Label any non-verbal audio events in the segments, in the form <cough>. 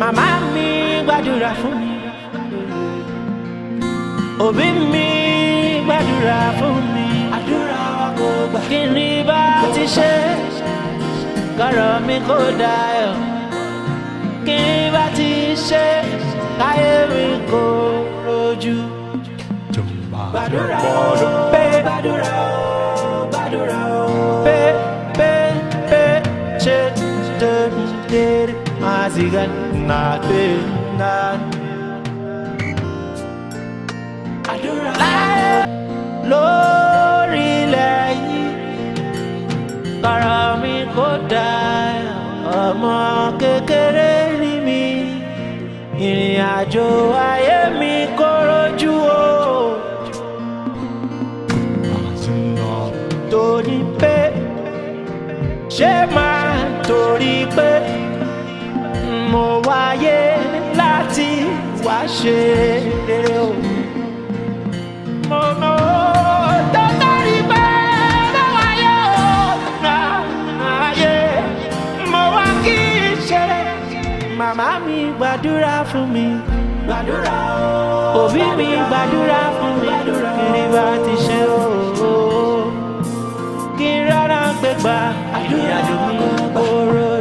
màmá mi gbàdúrà fún mi òbí mi gbàdúrà fún mi àdúrà wa kò gbà kí ni bá ti ṣe kọ̀rọ̀ mi kò dayọ̀ kí ni bá ti ṣe káyé mi kò rojú gbàdúrà ó pé gbàdúrà ó gbàdúrà ó pé pé pé ṣe tó máa zìgá ni not be not àdúrà lórí ilẹ̀ yìí kọ̀rọ̀ mi kò dá ọmọ kékeré ni mi mo wáyé láti wá ṣe rere o. mo mọ tó torí pé màmá mi gbàdúrà fún mi. gbàdúrà o. òbí mi gbàdúrà fún mi. kí ni bá ti ṣe o. kí n rárá gbégbá àdúrà ló mú oró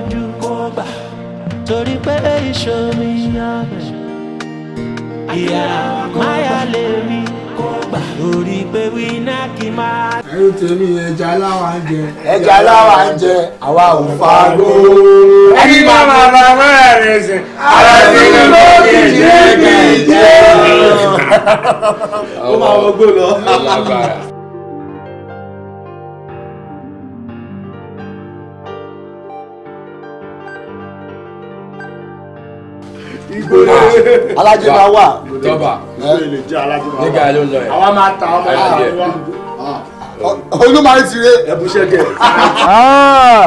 torí pé ìṣomi abẹ ìyá máyà lè rí gbà lórí pé wíná kì í máa. ẹrú tèmi ẹja aláwa ń jẹ. ẹja aláwa ń jẹ àwa ò fa gbó. ẹni bá máa bá mẹ́rẹ̀ rẹ̀ sìn. ara ti ní ló kì í jẹ́. ó máa wọgbó lọ. alájẹ máa wà. dọba nígbà ló ń lọ yẹn. àwa máa ta ọmọ àti wọn. olúmarí ti ré. ẹ̀bùn ṣẹ́gẹ̀. Ah!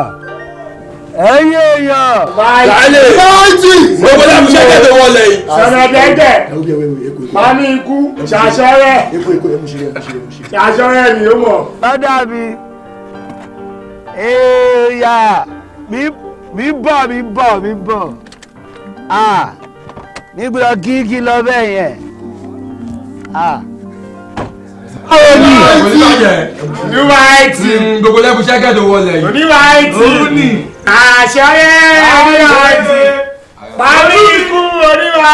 ẹ̀yin èèyàn. báyìí báyìí. gbogbo náà fún ṣẹ́gẹ̀ tó wọlé yìí. sọ̀rọ̀ dẹ́dẹ̀ mami ikú ṣàṣọrẹ ṣàṣọrẹ ni ó mọ. bàdà mi èèyàn mi bọ̀ mi bọ̀ mi bọ̀ ah nígbà gígí lọ bẹ́ẹ̀ yẹn. oníwà gbogbo lẹ́kùn ṣẹ́gẹ́ tó wọlé yìí. oníwà àìtì àṣọyẹ oníwà pàmí ikú oníwà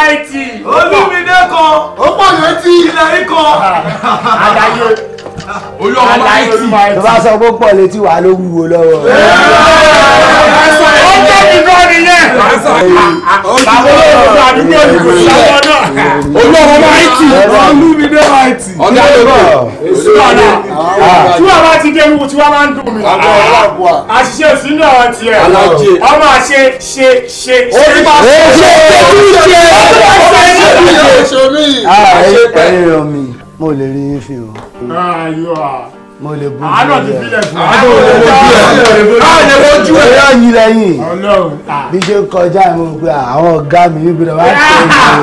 olúmídé kan ó pọ̀ létí ilẹ̀ ikọ̀. àdáyé olú ọmọ àìtì. tó bá sọ pé pọ̀ létí wàá ló wúwo lọ́wọ́ ọjọ́ mi náà nìyẹn. bàbá olóògùn àdúgbò olùkọ́ sábà náà. olóògùn àìtì olúmídé àìtì. ọ̀gá ló bọ̀. sùwàlà sùwàlà ti dé ewu tí wọ́n máa ń dùn mí. àṣìṣe òsínú ọ̀rọ̀ tiẹ̀. ọmọ àṣe ṣe ṣe. ó ti máa ṣe ṣe ṣe ṣe ṣe ṣe ṣe mi. mo lè rí yín fi o mo lè bú àádọ́ ti filẹ̀ fún àádọ́ lè bójú ẹ̀ àádọ́ lè bójú ẹ̀ yóò yí lẹ́yìn bí ṣe ń kọjá mo pé ah, àwọn ọ̀gá mi níbi rẹ̀ wá ṣe é ṣe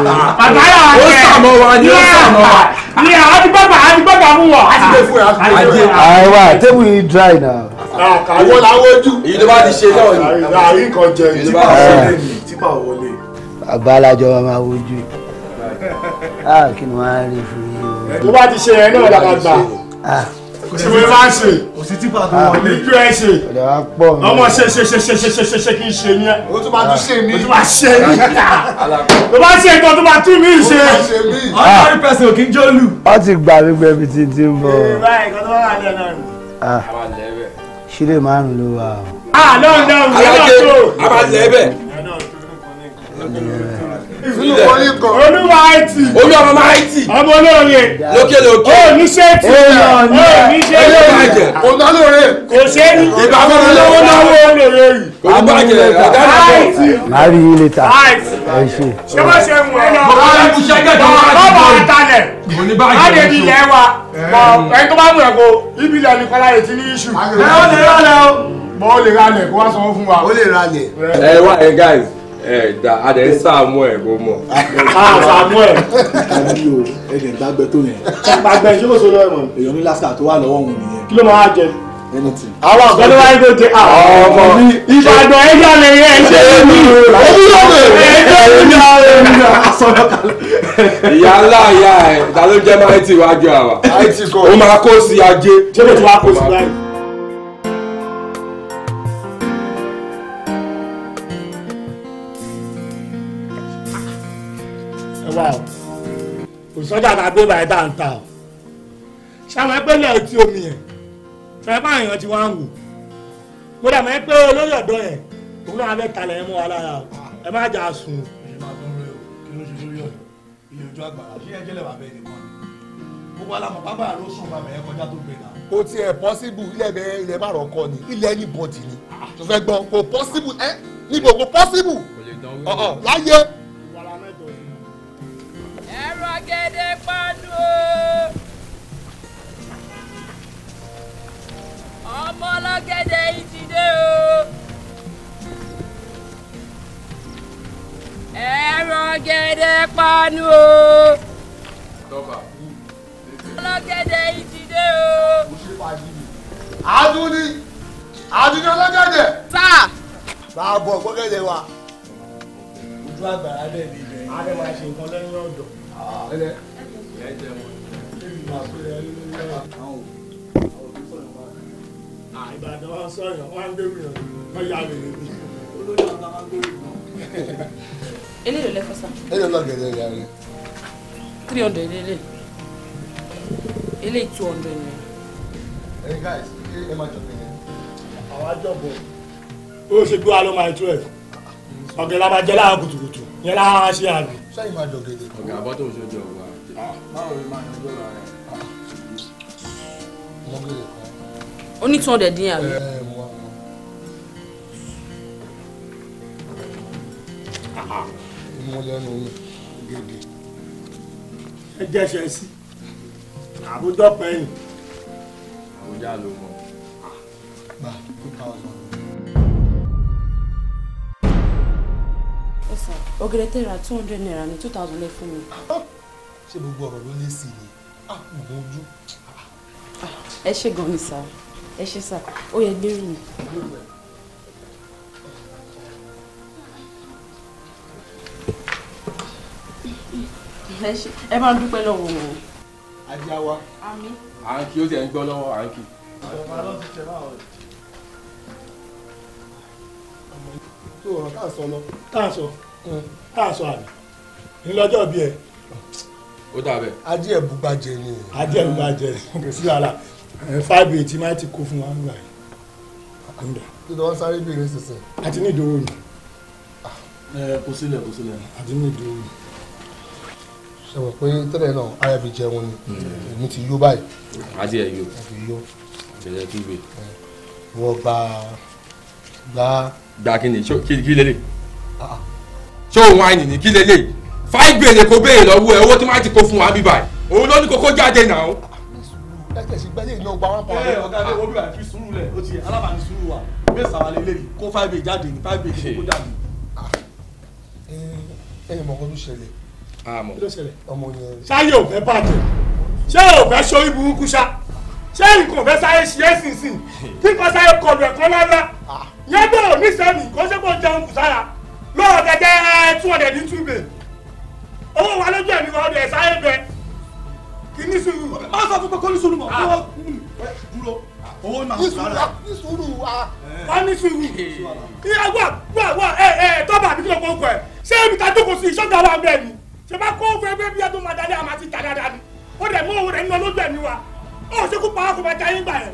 bàtàlà rẹ̀ ó sàmọ́ wa ni ó sàmọ́ wa ni àwọn ti bàbà àti bàbà mú wọ̀ àti lè fún ẹ̀ àwa tébù yìí dry now. àwọn làwọn ojú èyí ló bá ti ṣe náà ni àrí kan jẹ èyí bá ṣe lẹ́yìn ah. tí bá wọlé. bàbá alájọ òṣìwé má ṣe òṣì tí pàtó wọn ní ju ẹ ṣe ọmọ ṣe ṣe ṣe ṣe ṣe ṣe ṣe ṣe kí n ṣe ní ẹ o tún máa tún ṣe mí o tún máa ṣe mí tó bá ṣe nǹkan tó máa tún mí ṣe ah. ọjọ́ ìpẹ̀sẹ̀ òkè ń jọ́lù. wọ́n ti gbà gbígbẹ́ ibi tí tí ń bọ̀. Ah. ṣílè márùn-ún ló wà. àlọ́ ah, ọ̀dọ́ òun yẹn náà tó. àbálẹ̀ ẹ̀bẹ̀ olúwa àìtì. olúwa ọmọ àìtì. ọmọ olóore. lókè lókè. ó ní ṣé tì. ó ní ṣé tì. olúwa kò ná lóore. kò ṣe ní. ìbáfẹ́ mi lówó náwó lóore yìí. kò dá lóore. àìtì. máa rí ṣé wọ́n ṣe mú ẹ lọ. bàbá rẹ ti ṣe gẹ́gẹ́ bá a bọ̀ àtàlẹ̀. láti ibi ilẹ̀ wa. ẹni tó bá mú ẹ ko ibi ilẹ̀ nìkan láyè ti ní iṣu. ẹ ó lè rálẹ̀ o. bọ́ ó lè rálẹ̀ kó wá sanwó fún wa. ó lè rálẹ̀. ẹ wá ẹ guys ẹ da adẹ ń sàmú <laughs> ah, ẹ kó mọ. a sàmú ẹ. àbí o ẹ̀jẹ̀ ń gbàgbẹ́ tó yẹn. gbàgbẹ́ ìṣòro sọ lọ́wọ́ mọ̀. èèyàn ní lásìkò àti wà lọ́wọ́ òun nìyẹn. kí ló máa jẹ àwọn ọ̀gá ló wáyé tó jẹ ah, ọmọ ìbàdàn ẹ̀yà lè yẹ ẹ̀ṣẹ̀ mi ojúlọ́mọ ẹ̀jẹ̀ ìjà ẹ̀yà asọ̀dọ̀kalẹ̀. ìyá ńlá ìyá ẹ̀ ta ló jẹ́ máa ń tì wájú àwa ó máa kó sí ajé. ṣé kò tí wàá kó sí báyìí. wà o kò sọ́jà tá a gbé báyìí tá à ta o ṣàwọn ẹgbẹ́ náà ti omi yẹn ṣàwọn ẹgbẹ́ àyàn ti wá ń wò mo dà máa ń pé olórí ọ̀dọ́ yẹn òun náà fẹ́ talẹ̀ ẹ̀ mú wa lára o ẹ má jà sùn. ẹ̀yin máa tọ́ rẹ o kí ló ṣe lórí ọ̀dọ́ ilé ojú àgbàlá ṣé ẹjẹ́ lẹ́wà bẹ́ẹ̀ nìkan ni gbogbo alamọ̀ bábà ló sùn bàbà ẹ̀ kọjá tó gbé o ti ẹ̀ pọ́síbù ilẹ̀ bẹ́ẹ̀ ilẹ̀ má rọ̀kọ ni ilẹ̀ ẹni bọ̀dì ni tó fẹ́ gbọ́n kò pọ́síbù ẹ níbo kò pọ́síbù ọ̀ọ̀ láyé ẹ̀rọ ọ̀gẹ̀dẹ̀ panu o. ọmọ ọlọ́gẹ̀dẹ̀ yìí ti dé o. ẹ̀rọ ọ̀gẹ̀dẹ̀ panu o. ọlọ́gẹ̀dẹ̀ yìí ti dé o. adúní adúní ọlọ́gẹ̀dẹ̀. sáà. bá a bọ̀ gbọ́gẹ̀dẹ̀ wa. ojú àgbàrá dẹ̀ ni ibẹ̀ yìí. a lè máa ṣe nǹkan lẹ́yìn ọ̀dọ̀ ẹlẹ ìbàdàn wa sọ̀rọ̀ wọn gbé mi eléyìí lè three hundred eléyìí eléyìí two hundred ni. ẹyin guys ṣé ẹ máa jọ pé yẹn. àwa jọ bọ̀ ó ṣe gbé wa ló máa twelve ọ̀gẹ̀dẹ̀ la máa jẹ láàárọ̀ kùtùkùtù yẹn láàárọ̀ ṣe àgbẹ̀ sẹ́yìn máa jọ gèdè. ọ̀gá àbọ̀ tó ń ṣojú ọ̀gá. báwo ni máa yanjú ọ̀rọ̀ rẹ̀? mo gèdè kan. ó ní two hundred dín àbí. mo lẹ́nu mi gèdè. ẹ jẹ́sẹ̀ sí àbújọ pẹ́yìn. àbújá ló mọ̀. bá two thousand. sir ọ̀gẹ̀dẹ̀ tẹ́ ra two hundred naira ní two thousand lẹ́ fún mi. Ah! ṣé gbogbo ọ̀rọ̀ ló lé sí i ni a ah, kò mọ ojú. Ah, ẹ ṣe gan ni sir ẹ ṣe sir ó yẹ gbé rú mi. ẹ máa dúpẹ́ lọ́wọ́ wọn. ajá wa à ń ó ti ẹ̀ ń gbọ́ lọ́wọ́ à ń kí. ọ̀gá ló ti tẹ̀ tó ọ̀rọ̀ tá à sọ lọ tá sọ ká sọ àmì ńlọ́jọ́ bí ẹ. ó dà bẹ́ẹ̀. ajé ẹ̀ bùgbàjẹ́ ni. ajé ẹ̀ bùgbàjẹ́ kò sí wàhálà five eight máa ti kó fún wa nígbà yìí. kí ló ń sáré bí eré sísè. àti ní ìdòwò ni. kò sílẹ̀ kò sílẹ̀. àti ní ìdòwò ni. ṣe wọ̀ pé tẹ́lẹ̀ náà ayé fi jẹun ni èmi ti yó báyìí. ajé ẹ̀ yó. a fi yó. àbẹ̀rẹ̀ tó gbé. wọ́n gba gba. gba kí ni kí lélẹ̀. Ah, ah ṣé òun àìní ní kí lélẹ̀ five gbèlè kó béèrè lọ́wọ́ ẹ owó tí máa ti kó fún wa bíbá ẹ̀ òun ló ní kókó jáde náà. Ah, ẹsẹ̀ sí gbẹ́lẹ̀ iná gba wọn pa wọn. ẹ ọ̀gá mi wọ́n bí wàá fi sùúrù lẹ̀ ó ti yẹ five gbèlè jáde ní five gbèlè kó jáde. Ah, ẹ ẹ mọ̀ ọdún ṣẹlẹ̀. ọmọ yẹn. ṣáyé ò fẹ́ bàjẹ́ ṣé ò fẹ́ ṣorí burúkú ṣá ṣé nǹkan fẹ́ sáré ṣiyẹ́ sínsìn kíkọ sáré kọlu ẹ̀kọ́ lára ah. yẹn bẹ́ẹ̀ ò ní sẹ́mi kó ṣe kó jẹun kù lọ́wọ́ kẹjẹ two hundred ní túbẹ̀ owó wa lójú ẹ̀mí wa ọdún ẹ̀sán ẹ̀bẹ̀ kì í ní sùúrù mọ̀ má sọ fún pé kó ní sùúrù mọ̀ kó ah. dúró owó náà sùúrù rà ní sùúrù wa wá ní sùúrù ìyá wà wà wà ẹ ẹ tọ́ba àbí kílọ̀ kọ́kọ́ ẹ ṣé èmi ta jókòó sí ìṣọ́gà wa bẹ́ẹ̀ ni ṣe bá kó fẹ́ bẹ́ẹ̀ bí ẹ tó máa dalẹ́ àmà ti tà dáadáa ni ó dẹ̀ mú owó rẹ̀ ń lọ lójú ẹ̀mí wa ó ṣekú pa á kó máa jayé gbà yẹn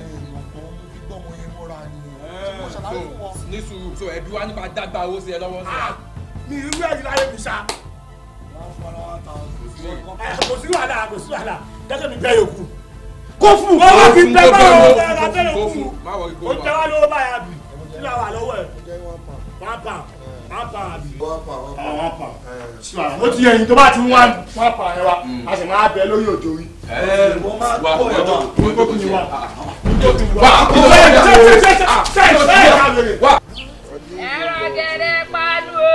ṣàlàyé fún wọn. ní sùúrù so ẹbí wa nípa dàgbà owó sí ẹ lọ́wọ́ sí. mi irú ẹ̀yìn láyé mi ṣá. kò sí wàhálà kò sí wàhálà dájọ́ mi bẹ́ẹ̀ yòókù. kó fún un kó fi bẹ́ẹ̀ bá wọn dára bẹ́ẹ̀ yòókù. ó jẹ́ wá lówó báyà bì kí làwọn àlọ́wọ́ ẹ̀ one pound ó ti yẹyin tó bá ti ń wá wọn ẹ wa a sì máa bẹ lórí òjò yìí. ẹ wọ́n máa kọ́ ẹ̀ wá wọ́n tó kì í wá. wà á kó o yẹ ẹ̀rọ gẹ̀rẹ́ pálú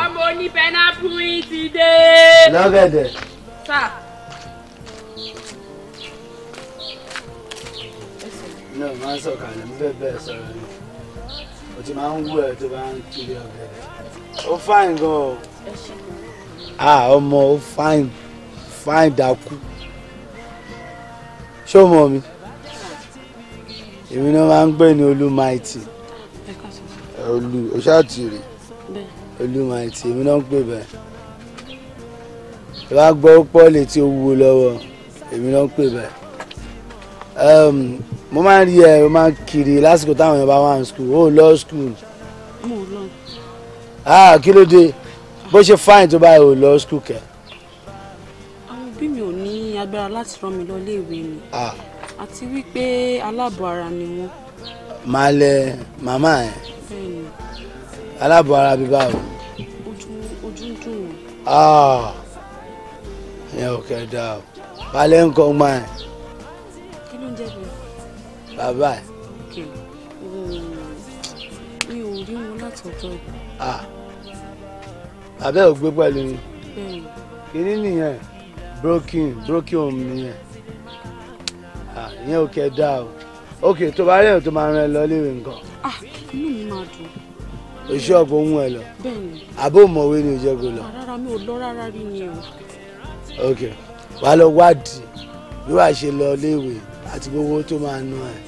ọmọ onípẹ́nápù yìí ti dé. lọ́gẹ̀dẹ̀. sáà. náà máa ń sọ̀kalẹ̀ ń bẹ́ẹ̀ bẹ́ẹ̀ sọ̀rọ̀ ni ti máa ń wú ẹ tó bá ń kiri ọ̀gẹ̀dẹ̀ ó fáìn gan o. ah ọmọ ó fáìn fáìn dákú ṣé o mọ̀ mi èmi náà máa ń gbé ní olúmaìtì olú oṣáàtìrì olúmaìtì èmi náà ń gbé bẹ́ẹ̀ ìwà gbọ́ pọ́ọ̀lì tí ó wúwo lọ́wọ́ èmi náà ń pè bẹ́ẹ̀. Um, mo máa ń rí ẹ mo máa ń kiri lásìkò táwọn èèyàn bá wà ní skul ó lọ skul. mo lọ. ah kí ló dé bó ṣe fáìn tó báyìí ò lọ skul kẹ. àwọn òbí mi ò ní agbára láti rán mi lọ iléèwé mi ah. àti wípé aláàbọ̀ ara ni wọ́n. máa lẹ màmá ẹ aláàbọ̀ ara bíbá o. ojú ń dùn. ah ìyẹn ò kẹ́ dáa o balẹ̀ ń kọ́ gbọ́n ẹ̀ bàbá ẹ. Mm, mi ò rí wọn látọjọ́. bàbá ẹ ò gbé pẹ̀lú mi kíní nìyẹn broken broken home nìyẹn ìyẹn ò kẹ dáa o ok tó bá rí ẹ̀ tó máa rán ẹ lọ léwe nǹkan. inú mi máa dùn. oṣù ọ̀pọ̀ ohun ẹ lọ. àbó mọ̀wé ni o jẹ́ lọ. rárá mi ò lọ rárá rí ni o. ok wàá lọ wádìí bí wàá ṣe lọ léwe àti gbogbo tó máa ná ẹ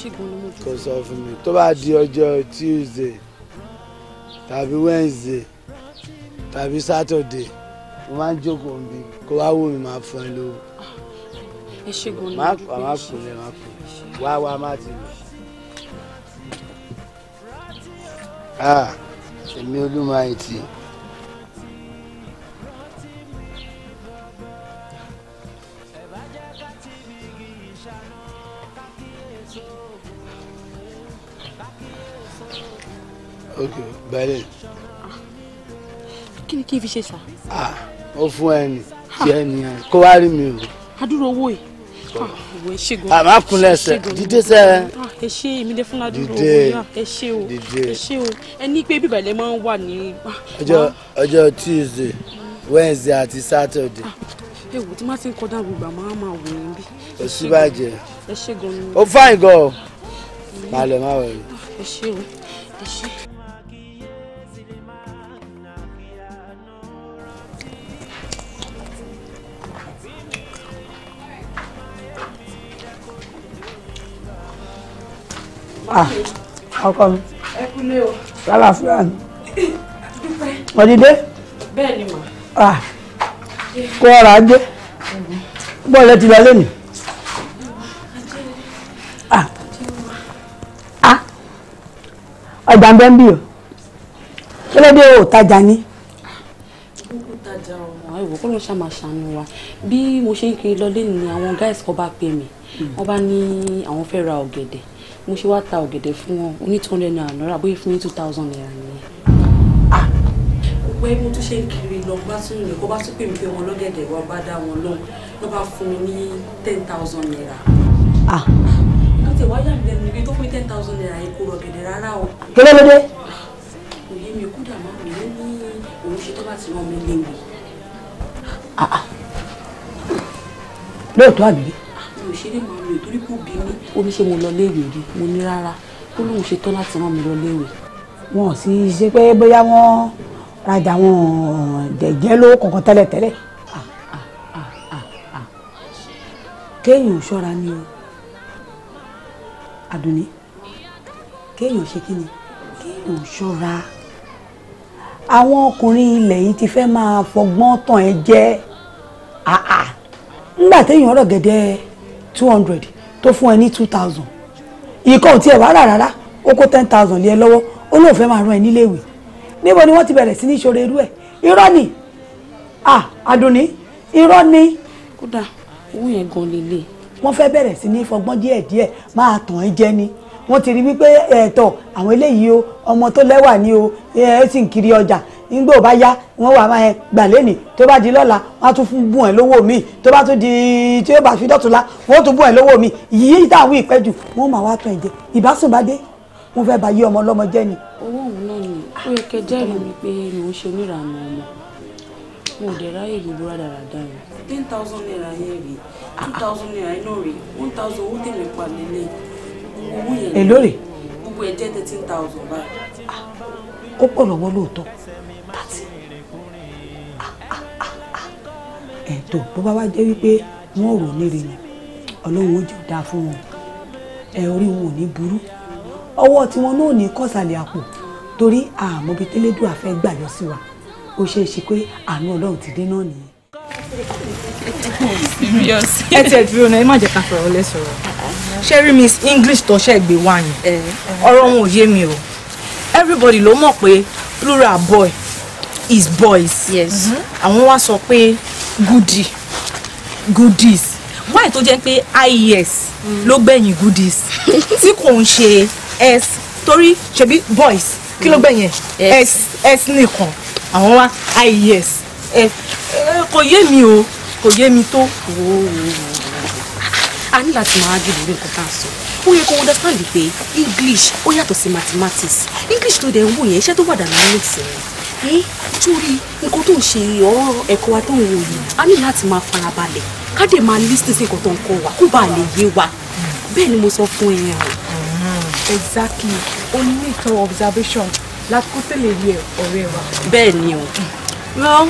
ṣígun ni mo dúró. kò sọ fún mi tó bá di ọjọ́ tuesday tàbí wednesday tàbí saturday mo máa ń jókòó nbí kó wá wò mí máa fún ẹ lówó. ẹ ṣígun ni mo dúró máa kú lẹ máa kú wá wá má ti lò. Ah, èmi olúmọ àìtì. ok bẹ́ẹ̀ni. kí ni kí n fi ṣe sà. ah ó fún ẹ ní tí ẹ ní ẹ kó wá rí mi o. adúrò owó yìí òwe ṣègùn àmà kúnlẹ̀ ẹsẹ̀ dídé sẹ́ ah, ẹ. ẹ ṣe ìmídé fúnra dúró owó yà ah, ẹ ṣe o ẹ ṣe o ẹ ní pé bíbẹ̀ lẹ máa ń wà ní. Ah, ọjọ́ ọjọ́ tuesday wednesday àti saturday. ẹ wò tí má ti ń kọjá gbogbo àmọ́ á máa wò yín bí. kò bàjẹ́ ẹ ṣe gan-an. ó fáìn gan-an. màá máa wọ̀ yìí. ẹ ṣe o ẹ ṣe. Ah, ọkọ mi. ẹ kúlé o. lálàáfíà ni. wọ́n ti dé. bẹ́ẹ̀ ni mà. Ah, kó ọ̀rọ̀ ajé bọ́ọ̀lù ẹ ti lọ lẹ́nu. Ah, ọjà ń bẹ ń bì o kí ló dé o tajà ni. gbogbo tajà ọmọ ẹ wò kó ló ṣàmà ṣàánú wa bí mo ṣe ń kiri lọ lẹ́nu ni àwọn guys kan bá pè mí hmm. wọ́n bá ní àwọn fẹ́ ra ọ̀gẹ̀dẹ̀ mo ṣe wá ta ọ̀gẹ̀dẹ̀ fún wọn oní two hundred naira náírà bóyá fún two thousand naira nìyẹn. Ah! pé mo tún ṣe ń kiri lọ bá tún rìn kó bá tún pè mí pé wọn lọ́gẹ̀dẹ̀ wa bá dá wọn lóhùn ló bá fún mi ní ten thousand naira. ó ah! ti wáyà mi lẹ́nu ibi tó fún ten thousand naira yẹn kó rọ̀gẹ̀dẹ̀ rárá o. kí ló dé. òye mi kúdà máa mi ó ní òun ṣe tó bá ti rán mi léwu. Ah, lóòótọ́ àbí ṣeré màá mi ò torí kò bí mi. ó ní ṣé mo lọ léèwé rí mo ní rárá ó lóun ṣe tán láti rán mi lọ léèwé. wọn ò sì ṣe pé bóyá wọn rajà wọn jẹjẹ lówó kankan tẹ́lẹ̀tẹ́lẹ̀. kéèyàn ò ṣọ́ra ni o àdùnní kéèyàn ṣe kí ni kéèyàn ò ṣọ́ra àwọn ọkùnrin ilẹ̀ yìí ti fẹ́ máa fọgbọ́n tàn ẹ́ jẹ́ nígbà téèyàn rọ̀ gẹ́dẹ́ two hundred tó fún ẹ ní two thousand ìkọ́ òtí ẹ̀ wá rà rárá ó kó ten thousand lé ẹ lọ́wọ́ ó lóun fẹ́ máa rán ẹ níléèwé níbo ni wọ́n ti bẹ̀rẹ̀ sí ní ìṣòro irú ẹ̀ irọ́ ni ah Adùnní irọ́ ni. kódà owó yẹn gan lélẹ̀. wọ́n fẹ́ bẹ̀rẹ̀ sí ní fọgbọ́n díẹ̀díẹ̀ máa tàn ẹ́ jẹ ni wọ́n ti rí wípé ẹ̀ẹ́tọ̀ àwọn eléyìí o ọmọ tó lẹ́wà ni o ẹ̀ ẹ́ sì ń kiri ọjà nígbà ò bá yá wọ́n wà máa gbà lẹ́nì tó bá di lọ́la wọ́n á tún fún bùn ẹ̀ lówó mi tó bá tún di tí ó bá fi dọ̀túnla wọ́n tún bùn ẹ̀ lówó mi yìí táwọn ìpẹ́jù wọ́n máa wá tún ẹ̀ jẹ ìbásùn bá dé wọ́n fẹ́ bá yí ọmọ ọlọ́mọ jẹ́ ni. owó òun náà ni ó yẹ kẹ́ jẹ́rìí mi pé mò ń ṣe oníranú ọmọ mo ò dẹ̀ ráyè gbogbo rádaràda rẹ̀. ten thousand naira yẹn rèé two thousand naira iná rèé one thousand owó tèmi pa lélẹ̀ owó yẹn. èló rèé. gbogbo ẹ̀ jẹ́ thirteen thousand báyìí. Ah, ó pọ̀ lọ́wọ́ lóòótọ́ pati ẹ tó bó bá wá jẹ́ wípé wọ́n rò níre ni ọlọ́run ó jẹ́ ò dáa fún wọn ẹ orí wọn ò ní burú ọwọ́ tiwọn náà ní kọ́sàlẹ̀ àpò torí àmọ́ bíi tẹ́lẹ́dùn àfẹ́ gbà yọ sí wa ó ṣeé ṣe pé àánú ọlọ́run ti dé náà nìyẹn. ẹ tiẹ̀ dúró náà ẹ má jẹ́ ká fọ̀rọ̀ lẹ́ sọ̀rọ̀ ṣé rí miss english tó ṣe gbé wá yẹn eh. ọ̀rọ̀ wọn ò yé mi o everybody ló mọ̀ pé plural boy Is boys. yes. Mm-hmm. àwọn wá sọ pé goody goodies why tó jẹ́ pé ies mm. ló gbẹ̀yìn goodies <laughs> tí kò ń ṣe s torí ṣebí boys kí ló mm. gbẹ̀yìn s s nìkan àwọn wá ies kò yé mi o kò yé mi tó. a ní láti máa jù lórí nǹkan tá a sọ ó yẹ kó understand pé english ó yàtọ̀ sí mathematics english tó dẹ̀ ń wò yẹn iṣẹ́ tó wà dànù ní ìsìn torí nǹkan tó ń ṣe ọ̀rọ̀ ẹ̀kọ́ wa tó ń wò yìí a ní láti máa farabalẹ̀ ká dẹ̀ máa lísìn sí nǹkan tó ń kọ́ wa kó bàa lè yé wa bẹ́ẹ̀ ni mo sọ fún ẹ hàn. exactly o ní ìtàn observation láti kó tẹ̀lé yẹ ọ̀rẹ́ wa. bẹ́ẹ̀ ni o. rán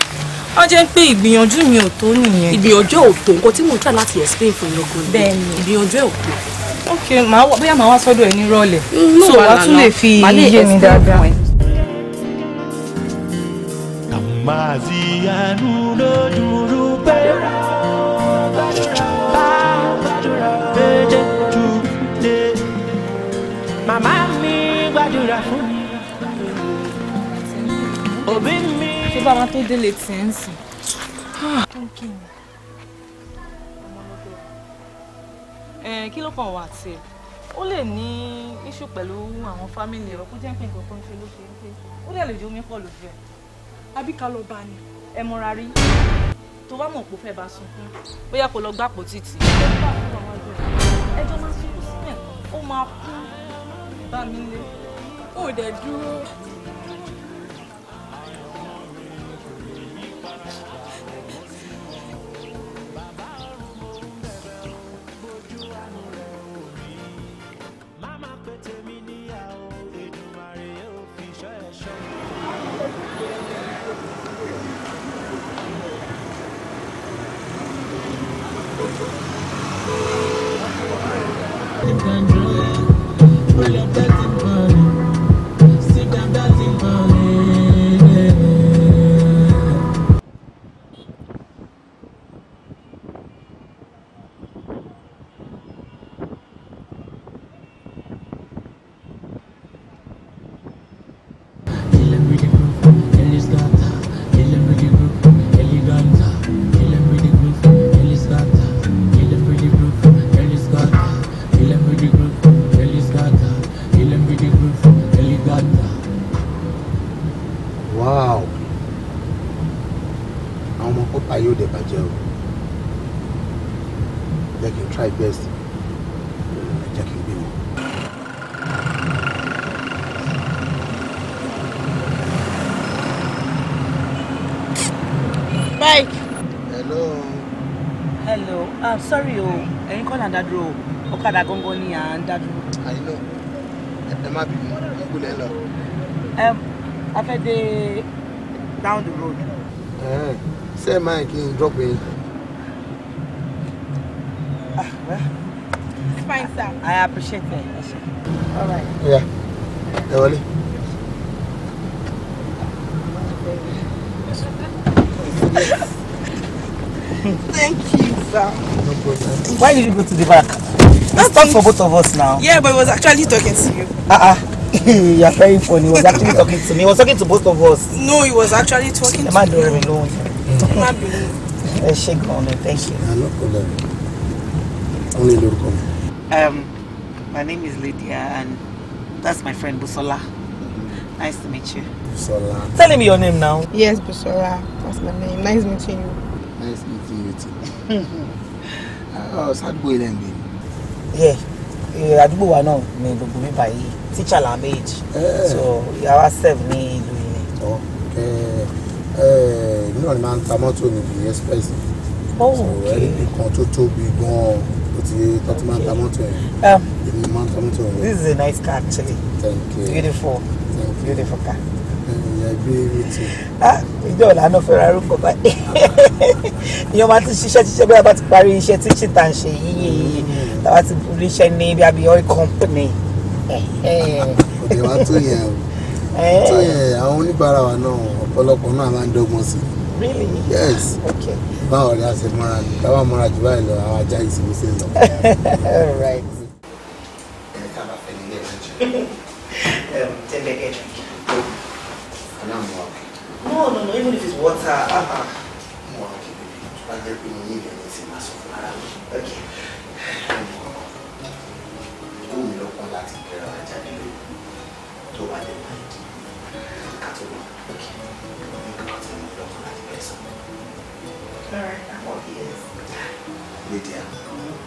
wọ́n jẹ́ pé ìgbìyànjú mi ò tó nìyẹn. ìgbìyànjú ò tó nǹkan tí mò ń tà láti explain fún yín gan-an. bẹ́ẹ̀ ni ìgbìyànjú ò tó. ok bóyá màá wá sọ́dọ̀ ẹ ní rọ̀lẹ́. Mm, so wàá tún lè fi iye mi dáadáa. Maazị Anudojuru Badura Badura Eje Tude Màmá mi gbàdúrà fún mi. Òbí mi. Ṣé bá wọn tó délé tí ń sìn? Kí ló kàn wá àti ẹ̀? ó lè ní iṣu pẹ̀lú àwọn fámìlì rẹ̀ kó jẹ́ pé nǹkan kan àbí ká lọ bá a ni. ẹ mọra rí tó bá mọ̀ pé ó fẹ́ bá sunkún bóyá kó lọ gbàpò títì. ẹjọ́ máa sunkún síbẹ̀ ó máa kú bá mi lé ó dẹ̀ dúró. ń dá dúró ọ̀kadà gangan ni à ń dá dúró. àyínà ẹ má bínú ikú lẹ lọ. a fẹ́ dé down the road. ṣé ẹ máa kí n drop in. Ah, it's fine, sir. I appreciate it. All right. Yeah. Why did you go to the back? Let's talk for both of us now. Yeah, but he was actually talking to you. Ah, ah. Uh-uh. <laughs> you're very funny. He was actually <laughs> talking to me. He was talking to both of us. No, he was actually talking to me. Am I doing alone? Am I being? Let's shake on it. Thank you. I'm ah, not problem. Only look on. Um, my name is Lydia, and that's my friend Busola. Mm-hmm. Nice to meet you. Busola. Tell him your name now. Yes, Busola. That's my name. Nice meeting you. Nice meeting you too. <laughs> sádùgbò ilẹ̀ ń gbé ni. yẹ àdúgbò wa náà ni gbogbo mi báyìí tíṣà là méjì eh. so yàrá sef ní ìlú yìí. Eh, èmi náà ni máa ń ta mọ́tò ní the express oh, ẹ̀rí nìkan tó tóbi gan-an ó ti tó ti máa ń ta mọ́tò yẹn um, èmi máa ń ta mọ́tò yẹn. this is a nice car actually. thank you beautiful thank you. beautiful car. Ah, ìjọ ọ̀la náà fẹ́ ra rúkọ báyìí <laughs> ìyẹn máa ti ṣiṣẹ́ ṣiṣẹ́ bí a bá ti parí iṣẹ́ tí ṣì tà ń ṣe yíyẹ yíyẹ tàbá ti parí iṣẹ́ ní bí abiy oil company. òde wa tó yẹn o <laughs> eh. tó yẹn àwọn oníbàárà wa náà ọ̀pọ̀lọpọ̀ náà máa ń dọ́gbọ́n sí really? yes báwo ni a ṣe mọ́ra táwọn mọ́ra jù báyìí lọ àwọn ajá ìsinmi sí lọ. <laughs> all right. even if it's water, ah ah. Mo wà kí bèbè tó bá jẹ́ pé mo ní ìrìn ẹni tí màá sọ fún ara mi. Ok. Kó mi lọ́kàn láti bẹ̀rẹ̀ ọ̀rọ̀ jáde lórí tó bá dé máa di kátó lọ. Ok. Ní kí wọ́n ti Alright, I'm all ears. Lydia,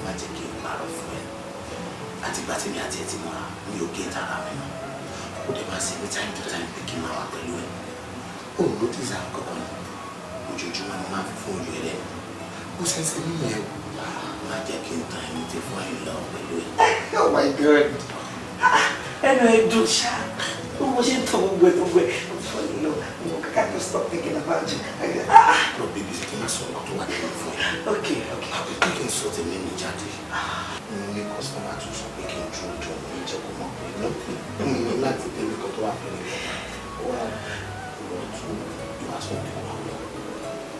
má jẹ́ kí n of fún I think that's mi àti ẹ ti mọ́ra, mi ò gé tara mi mọ́. Ó dẹ̀ máa ṣe ní time to time pé kí n máa wà pẹ̀lú ó ló ti sàn kankan ojoojúmọ́ ni máa fi fún ojú rẹ̀ bó ṣe ń ṣe mí yẹn máa jẹ́ kí n tan ẹni tí fún ẹ̀yìn lọ pẹ̀lú ẹ̀. <laughs> oh my god ah, ẹnu ẹ dùn ṣá bí mo ṣe ń tọ gbogbo ẹ gbogbo ẹ fún ẹ̀yìn lọ mo kàkà tó stop thinking about you. Ah, ah. lọ bíbí sí kí n má sọ ọkọ tó wà nínú fún ẹ. ok ok àbí kí n sọ tèmi mi jáde mo ní kọ́sítọ́mà tó sọ pé kí n dúró dùn mí jẹ́ kó mọ̀ pé lọ́pẹ́ mi ní láti tẹ̀lé kọ́ tó wà pẹ̀lú ẹ̀ wá tún ìwà tó kù wà lọ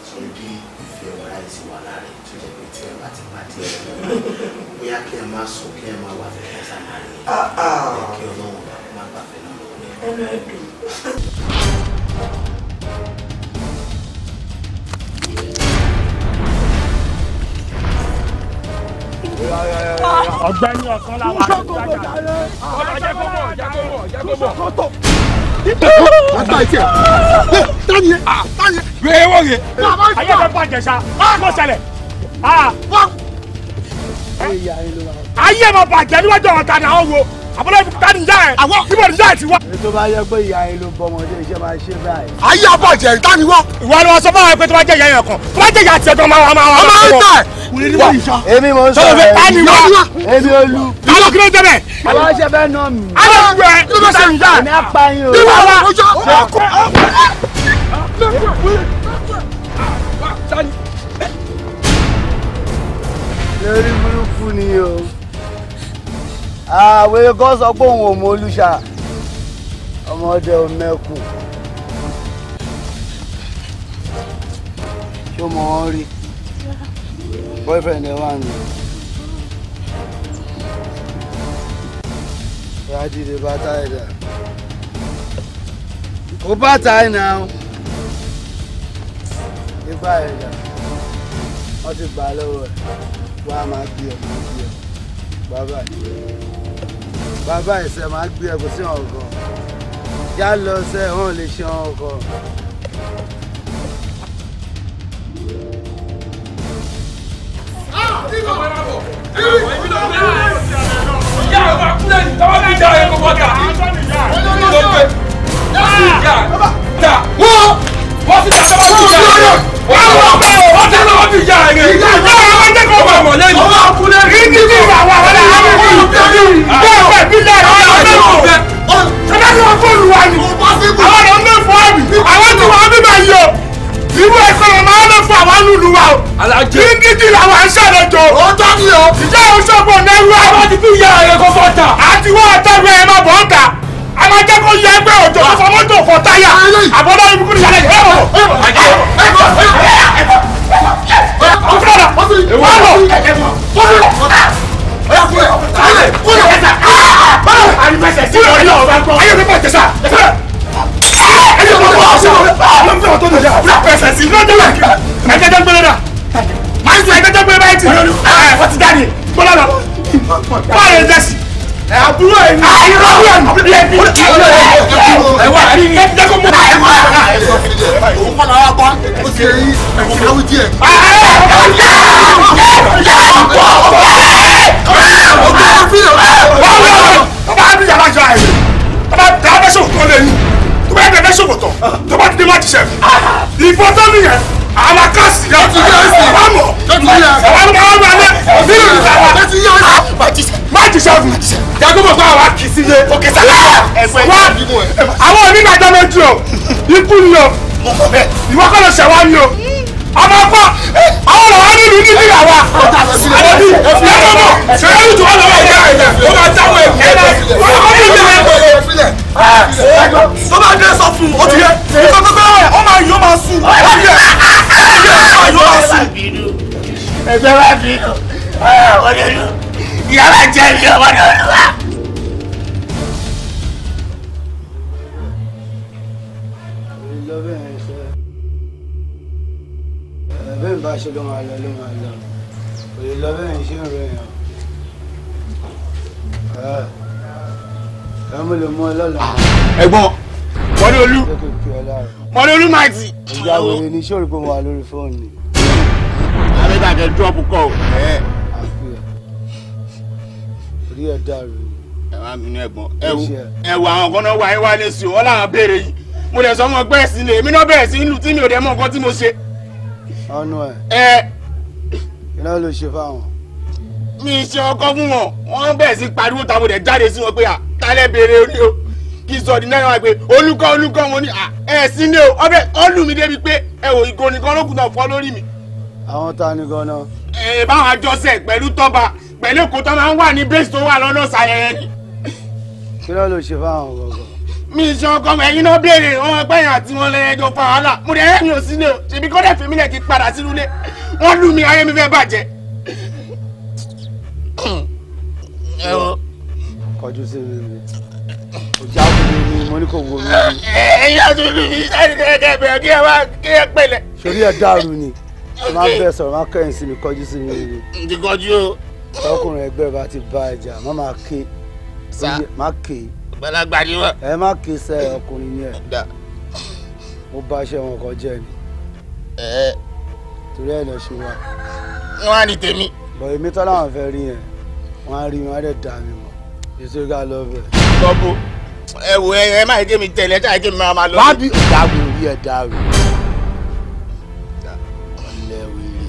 sórí bí ìfẹ́ wàrà yìí ti wà láàrin tó jẹ́ pé tí ẹ bá ti pàdé ẹ bóyá kí ẹ máa sùn kí ẹ máa wà fẹ́ fẹ́ sáà máa rìn ah, ah. kí ọlọ́run má gbàgbé náà lọ́wọ́ ọ̀gbẹ́ni ọ̀kan làwọn àgbàjà ọlọ jagobo jagobo jagobo. Bàtà ìtì ah. Ayé ah. ah. ma bàjẹ́ níwájú ọ̀tá ni àwọn wo àbọ̀dá ta ni ìyá ẹ̀. àwọn ibo ni ìyá ẹ̀ ti wá. ètò bá yẹ pé ìyá yẹn ló bọmọdé iṣẹ́ máa ṣe báyìí. ayé abọ́jẹ̀ ìta ni wọ́n. ìwà ni wọ́n sọ fún wa pé tó bá jẹ́ ìyá yẹn kan tó bá jẹ́ ìyá tiẹ̀ tó máa wà máa wà. ọmọ yìí tẹ̀. èmi mò ń sọ̀rọ̀ ẹ̀ ní wá èmi olú. àwọn kìlọ̀ jẹ bẹ́ẹ̀. àwọn ṣe fẹ́ nà mí. àwọn ìwẹ̀ ló ṣe ń jà. èmi apáyín o. ìwà wa ojú lórí burúkú ni o àwẹ̀ kọ́ sọ pé òun ò mọ olùṣà ọmọdé ò mẹ́kù mọ wọn rí boyfriend ẹ wà ní. Rájí lè bá táyà dà. Kò bá táyà náà. Nígbà yẹn dà. Wọ́n ti gbà lọ́wọ́ ẹ̀. Wọ́n á máa bí ọ̀ bí ọ̀. Bye bye bàbá ẹsẹ̀ máa gbé ẹ̀kú sí ọ̀gàn yá lọ sẹ́ wọn lè ṣe ọ̀gàn. Wọ́n ti dàgbà wọ́n ti dàgbà wọ́n lọ pé o. wọ́n tẹ lọ́wọ́ ti ìyá rẹ̀. ìyá rẹ̀ wọ́n máa jẹ́ kó wà mọ̀ lẹ́yìn. ọwọ́ akúlẹ̀ rẹ̀. kí ni kí wà wà wọlé àwọn ọmọ ìbílẹ̀ bẹ́ẹ̀ bẹ́ẹ̀ bílẹ̀ àwọn ọmọ ìbílẹ̀. ṣẹlẹ̀ ló ń fọ́ọ̀lù wa ni. àwọn ọmọ mi fọ́ mi. àwọn tí wọ́n bí bá yọ. irú ẹ̀sọ́ wọn máa ń fọ àwọn lulu wa o. alájẹ kí ni kí làwọn ń ṣàlejò. ó tọ́ ni o. ìyá òṣogbo náírà. àwọn ti fi ìyá rẹ̀ kó fọ́ta. àtiwọ́ ọ̀tá rẹ̀ máa bọ̀ ọ́ta máa jẹ́ kó yẹ ẹgbẹ́ òjò tó fọ mọ́tò fọ táyà àbọ̀dá ibi kúrò yàrá yìí ẹ̀rọ ọ̀fúnra Máa ń sọ ẹgbẹ́jọ́ gbé báyìí tì. Wọ́n ti dáre. Bọ́lá lọ. Bọ́lá yẹn dẹ́sì àbúrò ẹ̀ ní. àìrọ̀ bí ẹ̀ mọ̀ bí ẹ̀ bí ẹ̀ bí ẹ̀ wà ní. ẹ jẹ́ kó mú mi. ẹ máa ra ẹ sọ fìdí ẹ òun kọ́ náà bọ́ ó ti rí ẹ̀wọ̀n náà wí díẹ̀. ẹ ẹ ẹ bọ̀ bọ̀ ẹ ọgbẹ́ fi ọ̀rọ̀ ẹ ọba bí yàrá yà ẹ̀ ọba tẹ abẹ́sọ̀ tó lẹ́yìn tó bá yẹ kẹ́ abẹ́sọ̀ bọ̀tọ̀ tó bá ti dé má ti sẹ̀ ìbọn tó nìyẹn àwọn kásì láti yẹ ẹsẹ ọmọ ọmọ ọmọ alẹ nínú ìsàlẹ̀ láti yẹ ẹsẹ májísẹ́fù jagunmọ̀ fún àwọn akìsí yẹ wá àwọn onígbàjọ́ méjì o ikú ni o ìwọ́kọ̀ lọ ṣẹ̀wá ni o ọmọ ọkọ àwọn ọmọ wa ní ìdílé tó bá dé ẹgbẹ́ wa bí ọ̀rẹ́ lu ìyá wa jẹ́ ìyá wa bá ṣe ló máa lọ ló máa lọ kò lè lọ bẹ́ẹ̀ ṣé ń rẹ̀ yàn ah. ẹ mú lè mú ọlọ́lọ́. ẹ̀gbọ́n mọ́lẹ́olú mọ́lẹ́olú máa ti. ìjà wèrè ni sóòrù pé mo wà lórí fóònù ni. abẹ́tàkẹ́ dúrọ́pù kọ́ ò. orí ẹ̀ dàrú. ẹ wá mi ní ẹ̀gbọ́n ẹ wo ẹ wo àwọn kan náà wáyé wá lé sí i wọn làwọn béèrè mo lè sọ wọn pé ẹ̀sìn lè e. mí náà bẹ̀rẹ̀ sí í lù mi ò dẹ̀ mọ̀ nǹkan tí mo ṣe ọnu ẹ. ẹ. iná ló ṣe fáwọn. mi ṣe ọkọ fún wọn wọn bẹ̀rẹ̀ sí pariwo tàbí rẹ̀ jáde sí wọn pé à tálẹ̀ béèrè orí o kí sọ ní náírà pé olùkọ́ olùkọ́ wọn ni à ẹ sí ní o ọbẹ̀ ọlù mi débi pé ẹ wò ìgò nìkan lókun náà fọ́ lórí mi. àwọn ta ni gan-an. ẹ báwọn àjọṣe pẹ̀lú tọ́ba pẹ̀lú èkó tó máa ń wà ní bẹ́sì tó wà lọ́nà ṣàyẹ̀yẹ́ kí ló ló ṣe fáwọn gbọ̀ngàn mi ṣe ọkọ mi náà béèrè wọn ẹgbẹ́ yẹn àti wọn lẹ́yẹjọ fa wàhálà mo dẹ̀ ẹ̀mí ò sí lè ṣèbí kọ́dẹ̀ fèmí lẹ̀ kí padà sínú ilé wọ́n lù mí ayé mi fẹ́ bàjẹ́. kọjú sí mi ọjà mi ni mo ní kò wo mi. ẹ̀yin àti olú mi sáré kẹ́kẹ́ bẹ̀rẹ̀ kí ẹ wá kí ẹ pẹ̀lẹ́. sori ẹ dàrú ni ẹ máa bẹ sọ̀rọ̀ máa kẹ́yìn sí mi kọjú sí mi. ti kọjú o. ọkùnrin ẹgbẹ́ bá ti bá ẹja má máa ké má ké àgbàlagbà ni wọn. ẹ má kí sẹ ọkùnrin yẹn mo bá aṣẹ wọn kan jẹ ni. torí ẹ lọ ṣe wa. wọn á ní tèmi. bọ̀ èmi tọ́ làwọn fẹ́ rí yẹn wọn á rí wọn á dẹ̀ dà mí mọ́ èso ká lọ bẹ̀. lọ́bù ẹ wò ẹ ẹ má yẹ mi tẹ̀lé ẹ ṣáà mi máa ma lọ. wá bí ìdáwó orí ẹ dáwó. ọ̀lẹ́wìrì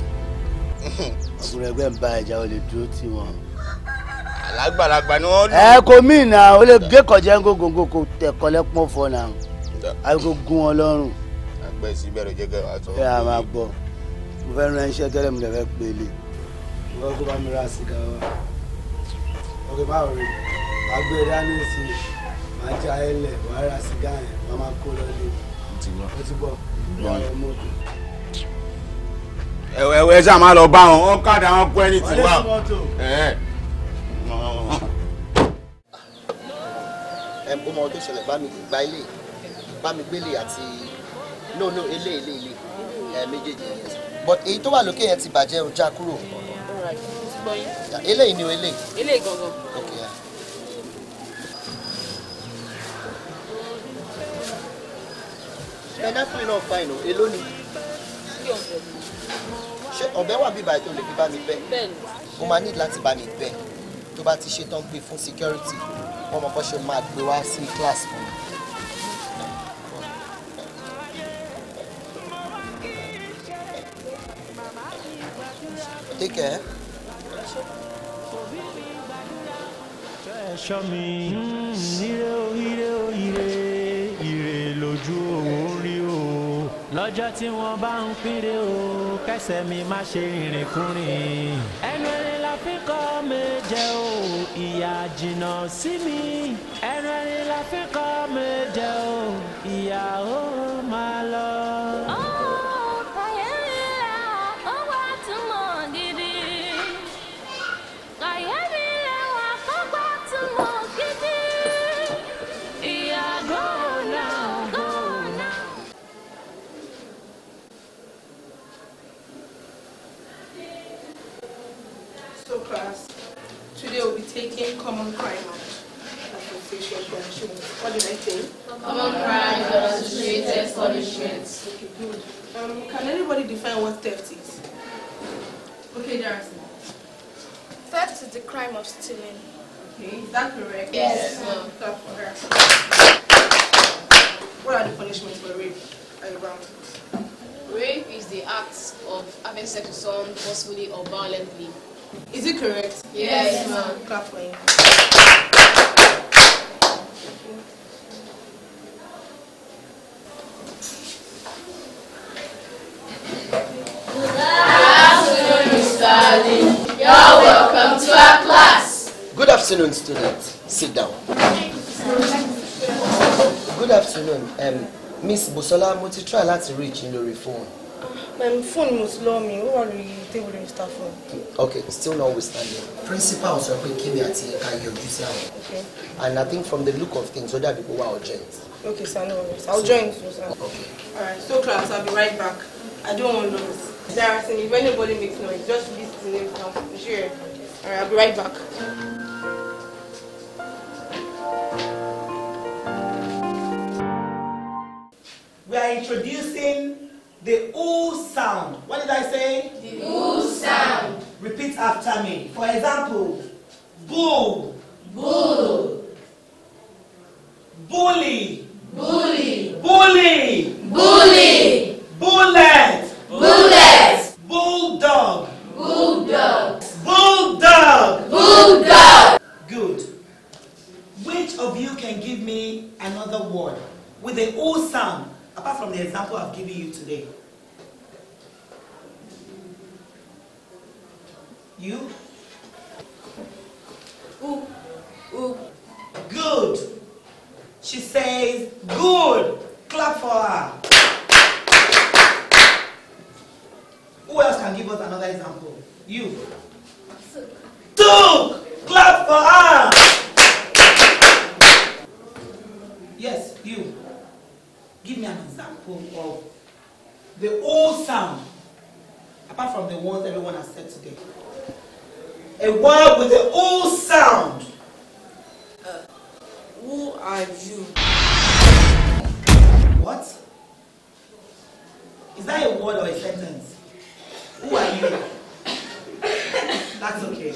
<laughs> ọkùnrin ń bá ẹja ó lè dúró tì wọ́n àgbàlagbà ni wọ́n lù. ẹ kò mí ìnà o lè gé kọjá gbogbo kò tẹ̀kọ́ lẹ́pọ̀n fọ náà àgbo gun ọ lọ́rùn. àgbẹ̀ sí bẹ̀rẹ̀ jẹ́gẹ̀ àtọ́. ẹ à máa gbọ́ mo fẹ́ ran iṣẹ́ tẹ́lẹ̀ mi lẹ́fẹ́ pélé wọ́n kó bá mi ra sìgá wa ọkọ̀ báwo rè àgbẹ̀ e dání sí i máa já ẹ e lẹ̀ wàá ra sìgá yẹn wàá máa kó lọ lé o ti gbọ́ ìyàwó mọ́tò ẹwẹ ẹwẹ ṣáà máa lọ bá wọn wọn wọn kú ẹni tí wà ẹ ó mọ ọdún ìṣẹ̀lẹ̀ bá mi gba ilé bá mi gbélé àti no no ilé ilé ilé méjèèjì but èyí tó wà lókè yẹn ti bàjẹ́ ọjà kúrò eléyìí ni o eléyìí. eléyìí gangan. ok ya. pẹnáfìlì náà fa ìnù èló ni. ṣé ọ̀bẹ wà bíbá ètò lè fi bá mi bẹ́. bẹ́ẹ̀ni. máa ní láti bá mi bẹ́ tó bá ti ṣe tán gbé fún security wọ́n mọ̀ bó máa gbé wá sí class fún mi. Take care. Show me, hmm, ire o, ire o, ire. lọ́jọ́ tí wọ́n bá ń pínre o kẹsẹ̀ mi má ṣe rìnrìn kúrìn. ẹnu ẹni la fi kọ́ méje o ìyá jìnnà sí mi. ẹnu ẹni la fi kọ́ méje o ìyá ó máa lọ. taking common crime punishment. What did I say? Common crime associated punishment. Okay, good. Um, can anybody define what theft is? Okay, Darcy. Theft is the crime of stealing. Okay, is that correct? Yes. yes. What are the punishments for rape and Rape is the act of having sex with someone forcefully or violently. Is it correct? Yes, yes ma'am. Clap for him. Good afternoon, Mr. Ali. You're welcome to our class. Good afternoon, students. Sit down. Good afternoon, um, Miss Busola, mo ti try to reach in lórí phone fóònù mo ti lọ́ọ́ mi ó wà lórí tébù lórí star phone. okay still not withstanding. principal sọ came here ni àti ẹ̀ka yọjú sí àwọn. and I think from the look of things so that people were urgent. okay sir no worries I'll join you sir. okay. alright so class I'll be right back I don't want noise. Darasini if anybody makes noise just list the names down sure alright I'll be right back. We are introducing The oo sound. What did I say? The oo sound. Repeat after me. For example, bull. Bull. Bully. Bully. Bully. Bully. Bullet. Bullet. Bulldog. Bulldog. Bulldog. Bulldog. Good. Which of you can give me another word with the O sound? apart from the example I've given you today. You? Ooh, ooh. Good. She says, good. Clap for her. Who else can give us another example? You. Took. Clap for her. Yes, you. Give me an example of the old sound, apart from the ones everyone has said today. A word with the old sound. Uh, who are you? What? Is that a word or a sentence? Who are you? <coughs> That's okay.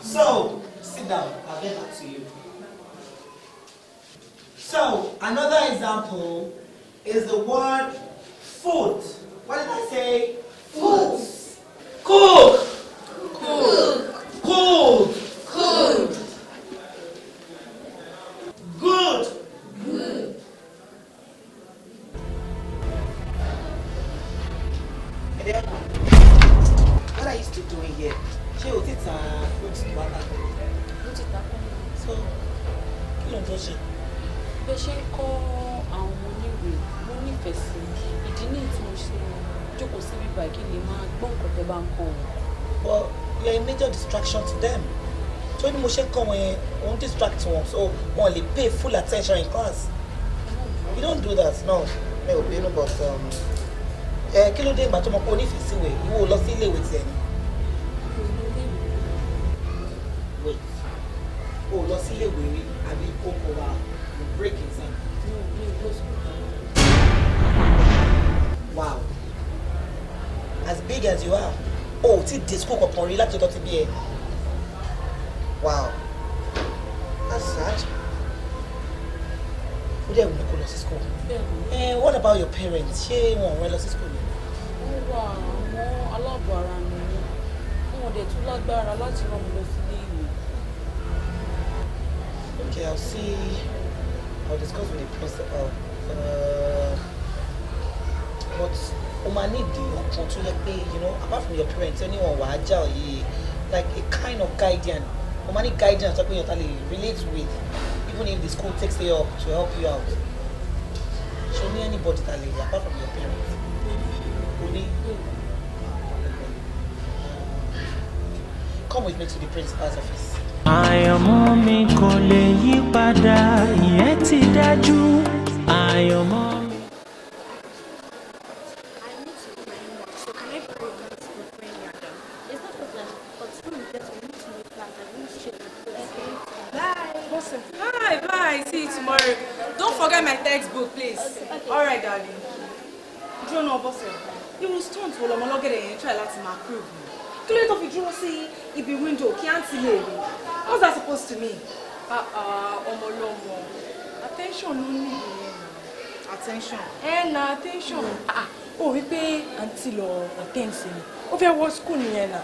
So, sit down. I'll get back to you. So, another example is the word "food"? What did I say? Foot. Cook. Cook. Cook. Cook. Good. Good. What are you still doing here? She o ti ta food to wá lágbẹ̀ẹ́? Mo ti So, you don't touch it. ṣe? she ṣe ń nífẹ̀ẹ́ sí ìdí ní ìtumọ̀ ṣe jókòó sí bíbá kí lè máa gbọ́ nǹkan tẹ́ bá ń kọ́ wọn. but you are a major distraction to them So ní mo ṣe ń kọ́ wọn yẹn òun distract wọn so wọn lè pay full attention in class you don't do that no mi ò bínú but um, ẹ kí ló dé ìgbà tó mọ pé onífẹ̀ẹ́ sí wẹ̀ ìwọ lọ sí ilé ìwé tiẹ̀ ni. o lọ sí ilé ìwé rí àbí kókó wa break exam. no mi ò lọ sí ilé ìwé wow as big as you are o ò tí ì dé school kankan rí láti ọjọ́ ti bí ẹ wow that's sad ó dẹ̀ wù kó lọ sí school ẹ eh, what about your parents ṣé wọn ò rán lọ sí school ni. wọ́n wà àwọn aláàbọ̀ ara mi wọn ò dẹ̀ tún lágbára láti ràn mí lọ sílé ìwé. okay i'll see i'll discuss with the principal. Uh, but o máa ní ìdí ọ̀kan tó yẹ pé you know apart from your parents anyone wàá jà òye like a kind of guardian, o máa ní guidance tó pé yọ̀tá lè relate with even if the school takes care of to help you out so ní anybody ta apart from your parents o ní. Come with me to the principal's office. àyànmọ́ mi kò lè yí padà ìyẹn ti dájú àyànmọ́ mi. attention ló ní attention ẹ na attention ah, ó rí pé àǹtí lọ attend sí mi ó fẹ́ wọ school nìyẹn na.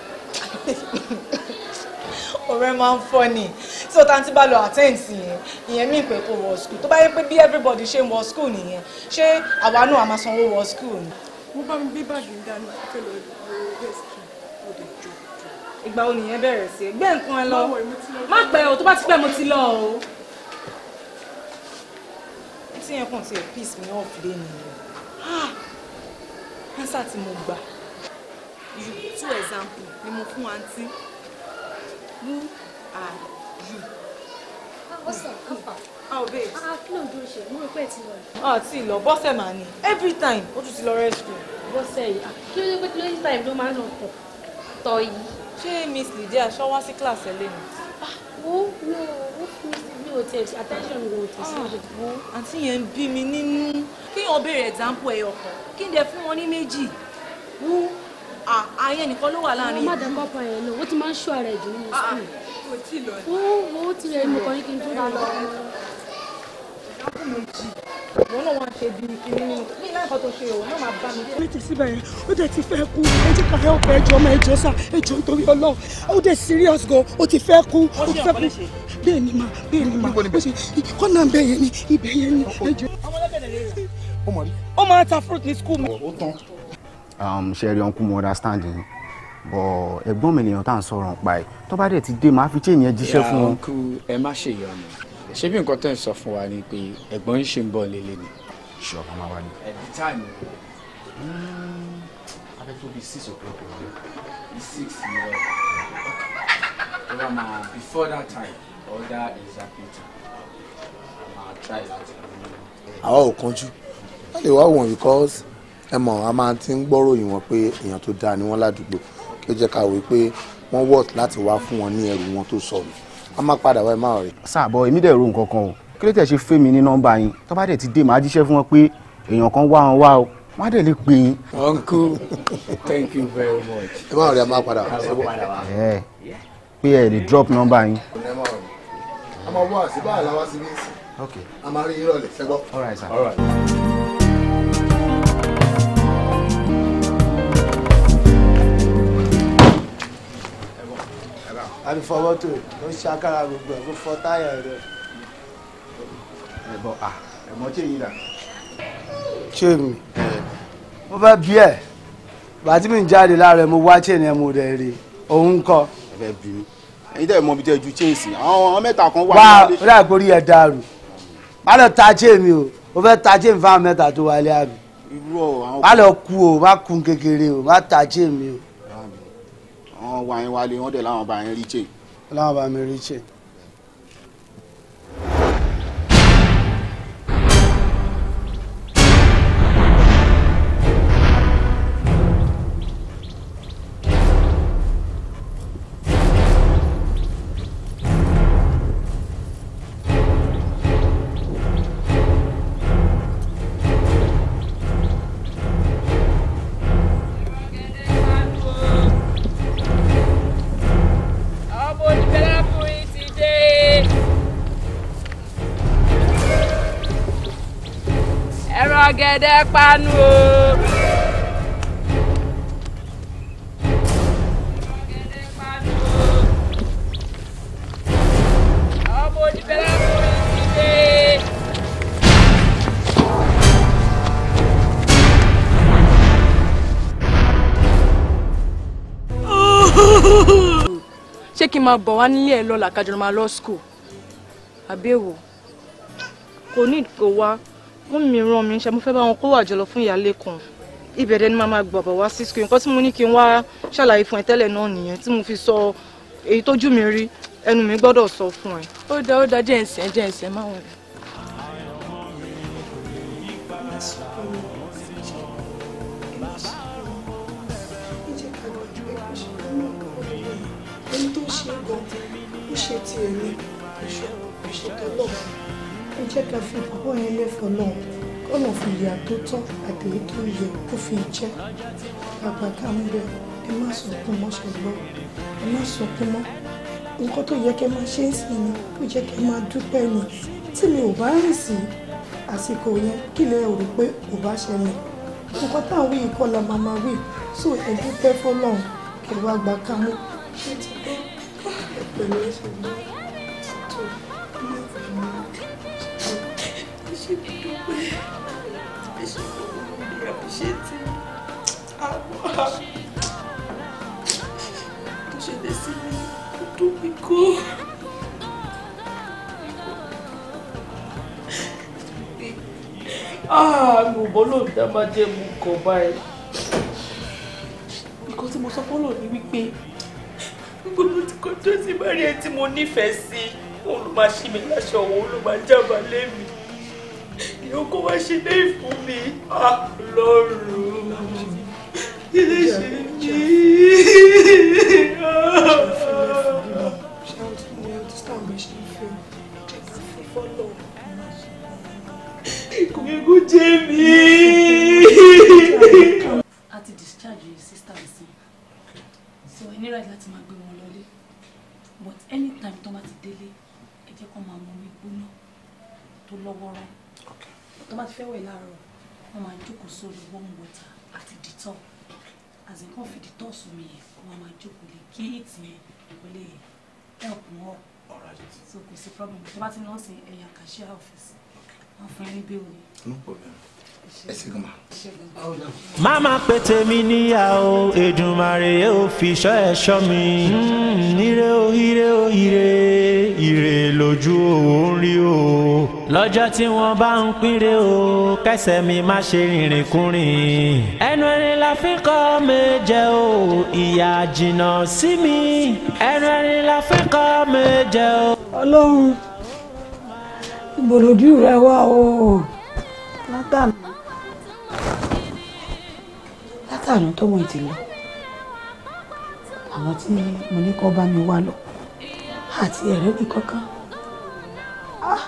<laughs> ọ̀rẹ́ máa ń fọ́ ni tí o tanti bá lọ attend sí yẹn ìyẹn mí pé kó wọ school tó bá yẹ pé bí everybody ṣe ń wọ school nìyẹn ṣé àwa náà a máa sanwó wọ school ni. mo bá mi bí bàgì ń dání pé lọ wọ school ó lè jó. ìgbà wo nìyẹn bẹ̀rẹ̀ sí gbé nǹkan ẹ lọ má pẹ́ o tó bá ti pẹ́ mo ti lọ o tí yẹn kàn ti ẹ̀ piece mi off dé nìyẹn ánsà tí mo gbà. you two example ni mo fún àǹtí who are you. bọ́sẹ̀ ah, kọ́pà. Ah, ah kí ló ń dúró ṣe mo rò pé ẹ ti lọ. bọ́sẹ̀ màá ní every time ó tún ti lọ rescue. bọ́sẹ̀ yìí ah, kí ló dé pé kí ló dé time ló máa ń lọ tọ̀ tọ̀ yìí. ṣé miss lydia ṣọ́ wá sí class, ẹ̀ lẹ́nu. ah wo wo wo mi ò tiẹ̀ attention mi ò tiẹ̀ sí ìṣèjìbó. àǹtí yẹn ń bí mi nínú. kíyàn béèrè example ẹyọ kan kí n dẹ fún wọn ní méjì wú àyẹn nìkan ló wà láàrin. ọmọ madam bọ́pọ̀ yẹn náà ó ti máa ń ṣọ́ ara ẹ̀ jù nínú ah, ah, school. kò tí ì ti rẹ̀ nìkan kí n tó lọ kápò méjì um, ìwọ náà wá ṣe bí kíní ní láìpẹ́ tó ṣe òun náà máa bá mi. mi ti síbẹ̀ yẹn nítorí ọlọ́run ó dẹ̀ serious gan ó ti fẹ́ kú ó ti fẹ́ kú bẹ́ẹ̀ ni mà bẹ́ẹ̀ ni mà kọ́nà bẹ́ẹ̀ yẹn ni ibẹ̀ yẹn ni ó máa ta fruit ní school mi. ṣe rí ọkùnrin mo understand yìí bọ ẹ̀gbọ́n mi lèèyàn tá à ń sọ̀rọ̀ nípa ẹ tó bá ti dé màá fi chéèyàn jíṣẹ́ fún wọn. ẹ má ṣèyọnu ṣé bí nǹkan tó ń sọ fún wa ni pé ẹ̀gbọ́n ń ṣe ń bọ̀ lélẹ̀ ni. ṣé ọmọ máa wá ní. ẹ̀dí táìmù abẹ́ tó bí six o'clock ọ̀rẹ́ bí six ni ẹ tó bá máa before that time order that exactly time máa try láti. àwa ò kánjú wọ́n lè wá wọ̀n because ẹ mọ̀ a máa ti ń gbọ́ròyìn wọn pé èèyàn tó dáa ni wọ́n ládùúgbò kí ó jẹ́ ká wí pé wọ́n wọ̀t láti wá fún wọn ní ẹrù wọn tó sọnù a máa padà wá ẹ máa rí. sáàbọ̀ èmi dẹ̀ ro nǹkan kan o kí ló tẹ̀ ṣe fẹ́ ní nọ́mbà yín tó bá dẹ̀ ti dé màá jíṣẹ́ fún wọn pé èèyàn kan wá wọn wá o wọn á dẹ̀ lè pè yín. uncle thank you very much. ẹ máa rí a máa padà wá. ẹ pé ẹ lè drop nọ́mbà yín. ọmọ bọ́ àṣìbá àlàwá sí bí a máa rí yín rọ̀lẹ́ ṣẹ́gbọ́. àbí fọwọ́tò ó ṣàkàrà gbogbo ẹ̀ kó fọ táyà rẹ̀. ẹ̀bọ̀ à ẹ̀mọ́ tí èyí rà. ṣé mi mo fẹ́ bí ẹ̀ bàtí mi ń jáde láàárọ̀ mo wá chain ẹ̀ mo rẹ̀ rí òun kọ́. ẹ fẹ́ bí mi ẹ̀yin tẹ́ ẹ̀ mọ ibi tẹ́ ẹ ju chain sí àwọn mẹ́ta kan wà. wá ó dà pé orí ẹ̀ dàrú má lọ ta chain mi o mo fẹ́ ta chain fáwọn mẹ́ta tó wálé àbí má lọ ku o má kun kékeré o má ta chain mi o wọ́n wá yín wálé wọ́n dẹ̀ láwọn bá yín rí chain. láwọn bá mi rí chain ọ̀gẹ̀dẹ̀ panu o. ọmọ oníbẹ̀rẹ̀ kò rí ilé. ṣé kí n máa bọ̀ wá nílé ẹ̀ lọ́la kájọ máa lọ school àbẹ̀wò kò ní kò wá wọ́n mi ràn mí ṣe mo fẹ́ bá wọn kó wà jọlọ fún ìyá lẹ́kùn ni màá máa gbàgbọ́ wá sí sukùl nǹkan tí mo ní kí n wá ṣàlàyé fún ẹ tẹ́lẹ̀ náà nìyẹn tí mo fi sọ èyí tójú mi rí ẹnu mi gbọ́dọ̀ sọ fún ẹ. ó da ó da jẹ́ ẹ̀sẹ̀ jẹ́ ẹ̀sẹ̀ máa wọ̀ ẹni tó ṣe é gan-an ó ṣe tiẹ̀ ní ìṣòro ìṣètò náà jẹ́ ká fi ọwọ́ yẹn lẹ́fọ̀ọ́ náà kó lọ́ọ́ fi ìyà tó tọ́ àtẹ̀yí tó yẹ kó fi jẹ́ bàbá ká ń bẹ ẹ má sunkún mọ́ ṣùgbọ́n ẹ má sunkún mọ́ nǹkan tó yẹ kẹ́ máa ṣe ń sìn ni tó yẹ kẹ́ máa dúpẹ́ ni tí mi ò bá rìn sí àsìkò yẹn kí lè rò pé ò bá ṣẹlẹ̀ nǹkan tá à ń wí ikọ́ la máa máa wí so ẹ dúpẹ́ fọlọ́run kẹ́ wá gba kámú. ẹ Thank you ṣe dúpẹ́ ẹ ṣe gbogbo mi àbíṣẹ́tì àwọn tó ṣẹlẹ̀ sí mi kò tó mi kó. mi ò bọ́ lóun dá máa jẹ́ mu kọ̀ báyìí. nǹkan tí mo sọ fọ́lọ̀ ni wípé gbogbo tí kò tó sí bá rí ẹ tí mo nífẹ̀ẹ́ sí òun ló máa ṣí mi láṣọ òun ló máa jábàá lé mi ìyókù wá ṣe dé ìfún mi lọ́rùn kí lè ṣe mí. Kò jẹ́ mi. A ti discharge sister mi sí. So ẹ ní right láti máa gbé wọn lọlé. But anytime tó bá ti délé, ẹ jẹ́ kó máa mú mi gbóná tó lọ́wọ́rọ́. Okay tó bá ti fẹ́ wẹ̀ láàárọ̀ wọ́n máa jókòó sórí warm water àti dìtọ́ àti nǹkan fi dìtọ́ sómi yẹn wọ́n máa jókòó lè kí ètì yẹn kò lè help wọn so kò sí problem tó bá ti lọ́sìn ẹ̀yà cashier office wọ́n fún ẹ ní bẹ́ẹ̀ ni. no problem. Mama pé tèmi níyàwó Èdùmàrè ó fi ṣọ́ ẹ̀ṣọ́ mi hmm, ire o ire o ire ire lójú òun rí o lọ́jọ́ tí wọ́n bá ń pínre o kẹsẹ̀ mi má ṣe rìnrìn kúrìn ẹnu ẹni la fi kọ́ méje o ìyà jìnnà sí mi ẹnu ẹni la fi kọ́ méje o. ọlọ́run ìbòlódù rẹ wá o látàmì látàánú tọ́mọ ìtì lọ àwọn tí mo ní kọ́ bá mi wá lọ àti ẹ̀rẹ́ mi kankan ah!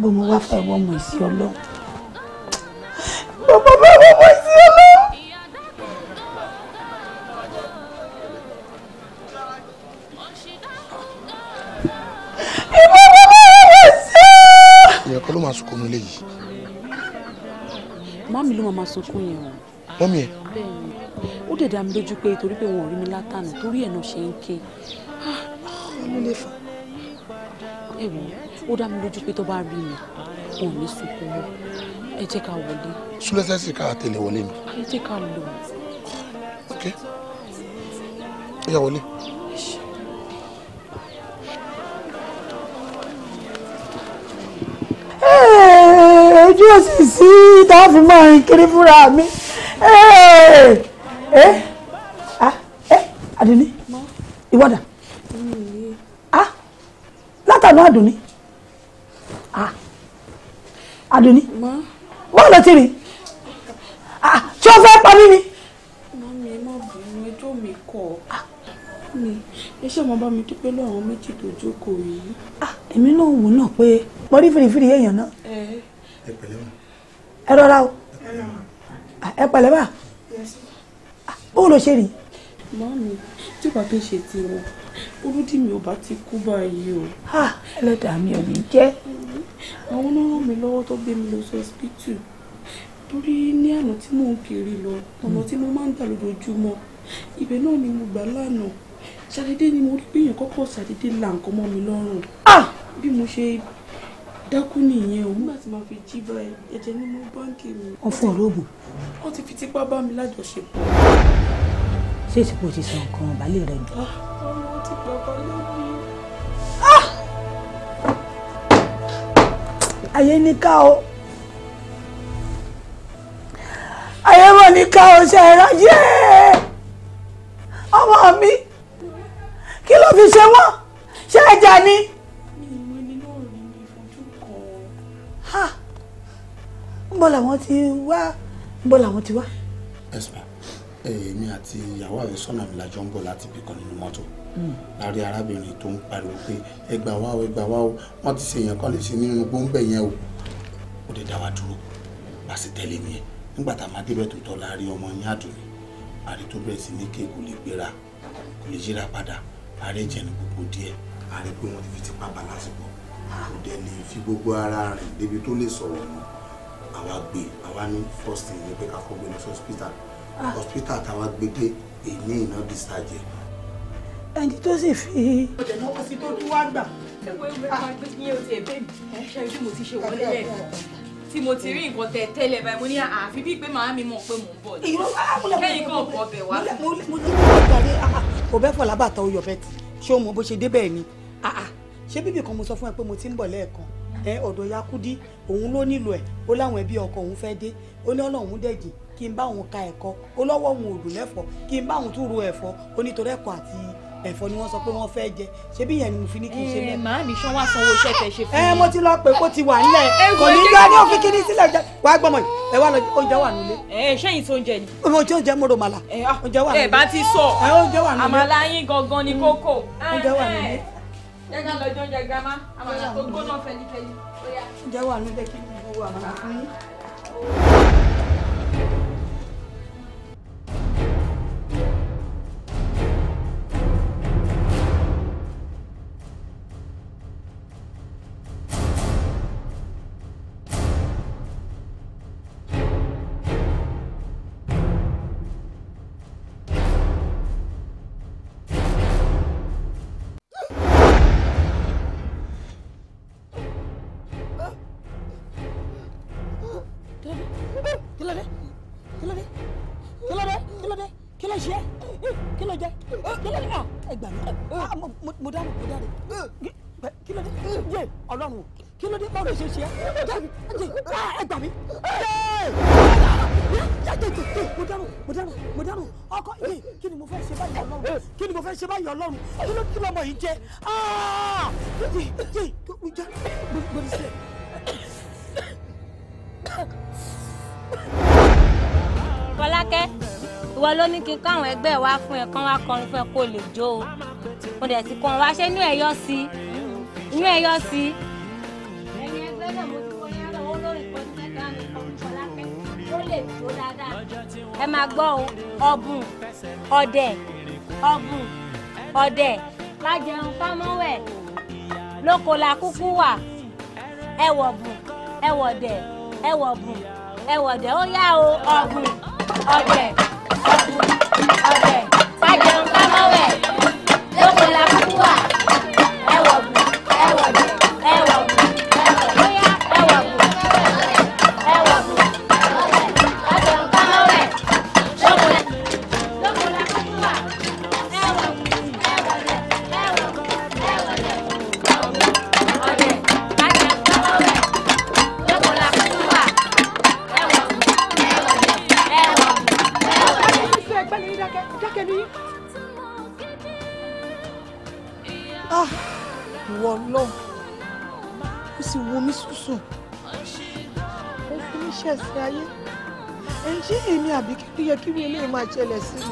bó mo wá fẹ́ wọ́n mọ̀ sí ọlọ́run bó mo fẹ́ wọ́n mọ̀ sí ọlọ́run. ìyẹn kọ́ ló máa sunkún sunkún yẹn o mọ́mí ẹ̀. ó dẹ̀ dá mi lójú pé torí pé wọn ò rí mi látànà torí ẹ̀ náà ṣe ń ké. ló lè fà. ẹ wò ó dá mi lójú pé tó bá rí mi wọn ò ní sunkún mọ́ ẹ jẹ́ ká wọlé. súlẹ́sẹ̀sì ká tẹ̀lé wọlé mi. ẹ jẹ́ ká lọ. ok ó yá wọlé. ojú òsì tá a fi máa rìn kiri fúnra mi. ẹ ẹ Àdùnní ìwọ́dà látànú Àdùnní Àdùnní wọ́n ah ti rìn ah ó fẹ́ pa ah ni. mami ẹ ọ bínú ẹjọ́ mi kọ̀ ah, mi ẹ ṣe máa bá tó ah, náà ah náà. ẹ o. ẹ pẹ̀lẹ́ bá bóun ló ṣe rí. mọ́mí tí bàbá ṣe ti wọ olùdí mi ò bá ti kú báyìí o. ẹlẹ́dàá mi ò ní jẹ́. àwọn ló ràn mí lọ́wọ́ tó gbé mi lọ sí ọsibítù torí ní àná tí mò ń kiri lọ ọ̀nà tí mo máa ń gbà lójoojúmọ́ ibẹ̀ náà ni mo gbà lánàá ṣàdédé ni mo rí pé èèyàn kọ́kọ́ ṣàdédé la nǹkan mọ́ mi lọ́rùn bí mo ṣe dákú nìyẹn o. nígbà tí mo fi jí báyìí ẹ̀jẹ̀ ni mo báńkì mi. wọ́n fún ọ lóògùn. wọ́n ti fi tipá bá mi lájọṣepọ̀. ṣé ìsìnkú ti sọ nǹkan ìbálẹ̀ rẹ dùn. Ah, ọmọ ti bàbá lóbi. Ah! ayé ní ká o ayé mọ̀ ní ká o ṣe ìrànjẹ́ ọmọ mi kí ló fi ṣe wọ́n ṣe ẹja ni. níbo làwọn ti wá níbo làwọn ti wá. yes ma eh, èmi àti ìyàwó àwọn sọ́nà mi lájọ ń bọ̀ láti ibì kan nínú mọ́tò hmm. láàrin arábìnrin tó ń pariwo pé ẹgbà wá o ẹgbà wá o wọ́n ti ṣe èèyàn kan lè ṣe nínú gbóńgbẹ̀ yẹn o ó lè dá wa dúró bá sì tẹ̀lé nìyẹn nígbà tá a máa débẹ̀ tó tọ́ láàrin ọmọ ní àdùnní àrí tó bẹ̀rẹ̀ sí ní ké kò lè gbéra kò lè yíra padà àrí ẹ̀jẹ̀ ní gbogbo díẹ̀ àrí pé wọ́n ti fi tipa balasi ah. bọ̀ kò dẹ̀ lè fi gbogbo ara rìn débi tó lè sọ̀rọ̀ náà àwa gbé àwa ní first thing ni pé ká kọ́ gbé lọ sí hospital ah. hospital táwa gbé dé èmi iná discharge. ẹni tó sì fi. ọ̀dẹ̀ náà sì tó tún wá gbà. ẹgbẹ́ ìwé máa gbé ní oṣù ẹ̀bẹ́ mi ṣe bí mo ti ṣe wọlé ẹ̀ tí mo ti rí nǹkan tẹ tẹ́lẹ̀ báyìí mo ní àfi bíi pé màá mi mọ̀ pé mò ń bọ̀ ni ah, kẹ́yìn kan kọ ọbẹ̀ wá. mo ní kí n gbàgbé kò bẹ́ẹ̀ fọ̀ lábàtà oyọ̀ bẹ́ẹ̀ tí ṣé o mọ bó ṣe débẹ̀ ni ah, ṣé bíbí kan mo sọ fún ẹ pé mo ti ń bọ̀ lẹ́ẹ̀kan ẹ ọ̀dọ̀ Yakudi òun ló nílò ẹ̀ ó láwọn ẹbí ọkọ òun fẹ́ dé ó ní ọlọ́run dẹ̀jì kí n bá òun ka ẹ̀kọ́ ó lọ́wọ́ òun ò dùn lẹ́fọ̀ọ́ kí n bá òun tún ro ẹ̀fọ́ ó nítorí ẹ̀kọ́ àti ẹ̀fọ́ ni wọ́n sọ pé wọ́n fẹ́ jẹ ṣé bí ìyẹn ni mo fi ní kí n ṣe mẹ́ta. Eh, màá mi sọ wá sanwó iṣẹ́ tẹ ṣe fún mi. Eh, ẹ mo ti lọ pé kó ti wà nílẹ̀ eh, kò ní lọ ní òfin kíní sílẹ̀ jẹ wà á gbọmọ ẹ wá lọ oúnjẹ wà nílé. ẹ sẹ́yìn tó ń jẹ ni. oúnjẹ oúnjẹ mo rò màlà. Ah, oúnjẹ wà nílé. ẹ bá ti sọ àmàlà yín gangan ni kókò. oúnjẹ wà nílé jẹ́gà lọ́jọ́ jẹ gàmá àmàlà tó gbóná fẹlifẹli. jẹ́wọ́ àánú jẹ́ kí gbogbo àmàlà fún yín. kí ló ṣe kí ló jẹ kí ló jẹ ah, ẹ gbà mí ah, mo dáre mo dáre kí ló dé yé ọlọ́run kí ló dé báwo ló ṣe ṣe ẹ ah, ẹ gbà mí mo dárò mo dárò mo dárò ọkọ yé kí ni mo fẹ́ ṣe báyìí ọlọ́run kí ni mo fẹ́ ṣe báyìí ọlọ́run kí ló kí lọmọ yìí jẹ yé mo jẹ mo ní sẹ. Fọlákẹ́ ìwọ ló ní kí n káwọn ẹgbẹ́ wa fún ẹ kán wá kọrin fún ẹ kó lè jó o mo dẹ̀ ti kọ́ ọ wá ṣé inú ẹ yọ sí inú ẹ yọ sí. ẹ máa gbọ́ o ọ̀bùn ọ̀dẹ̀ ọ̀bùn ọ̀dẹ̀ lájẹun fámọ́wẹ̀ lóko la kúkú wà ẹ̀wọ̀ bùn ẹ̀wọ̀ dẹ̀ ẹ̀wọ̀ bùn ẹ̀wọ̀ dẹ̀ ó yá o ọ̀bùn ọ̀dẹ̀. nos vamos a ver. Lo que la púa. ṣẹlẹ̀ sí mi.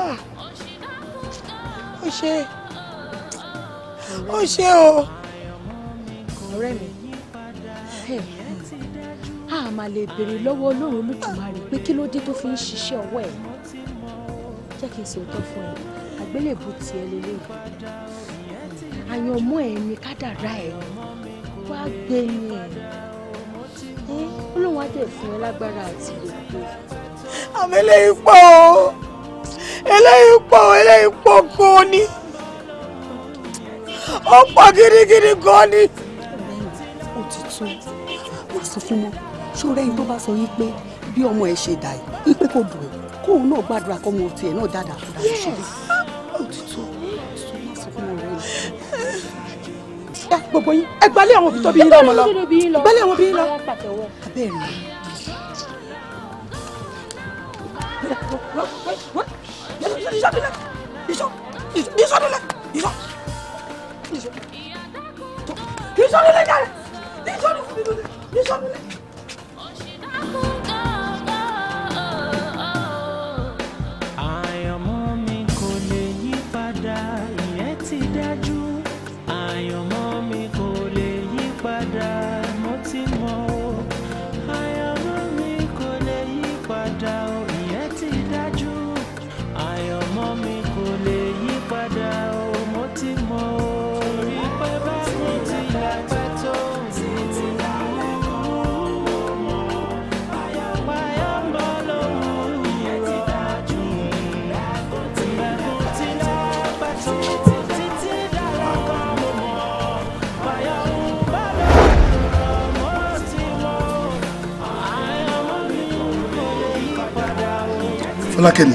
ó ṣe ó ṣe o. ọ̀rẹ́ mi a máa lè béèrè lọ́wọ́ Ọlọ́run Olódùmarè pé kí ló dé tó fi ń ṣiṣẹ́ ọwọ́ ẹ̀ jẹ́ kí n ṣe òótọ́ fún ẹ àgbélébù tiẹ̀ lélẹ́yìí àyànmọ́ ẹ̀ ni kádàrá ẹ̀ wá gbé ni ọlọ́run á dẹ̀ fún ẹ lágbára àti ìlòkù. àmì eléyìí pọ̀ o eléyìí pọ̀ o eléyìí pọ̀ gan ni ó pọ̀ gidigidi gan ni. ó ti tún wá sọ fún wọn ṣọ́ọ́rẹ́ yìí tó bá sọ yìí pé bí ọmọ ẹ ṣe dà yìí pé kò dùn ẹ kóun náà gbàdúrà kọ́mọ tiẹ̀ náà dáadáa fúnra ẹ ṣe. ẹ gbogbo yín ẹ gbalẹ̀ àwọn òbí tó bí yín lọ́mọ lọ gbalẹ̀ àwọn òbí yín lọ. abẹ́rẹ́ ìsọdúnlẹ̀ ìsọdúnlẹ̀ ìsọdúnlẹ̀ ìsọdúnlẹ̀ ìsọdúnlẹ̀. fọlákẹ́mi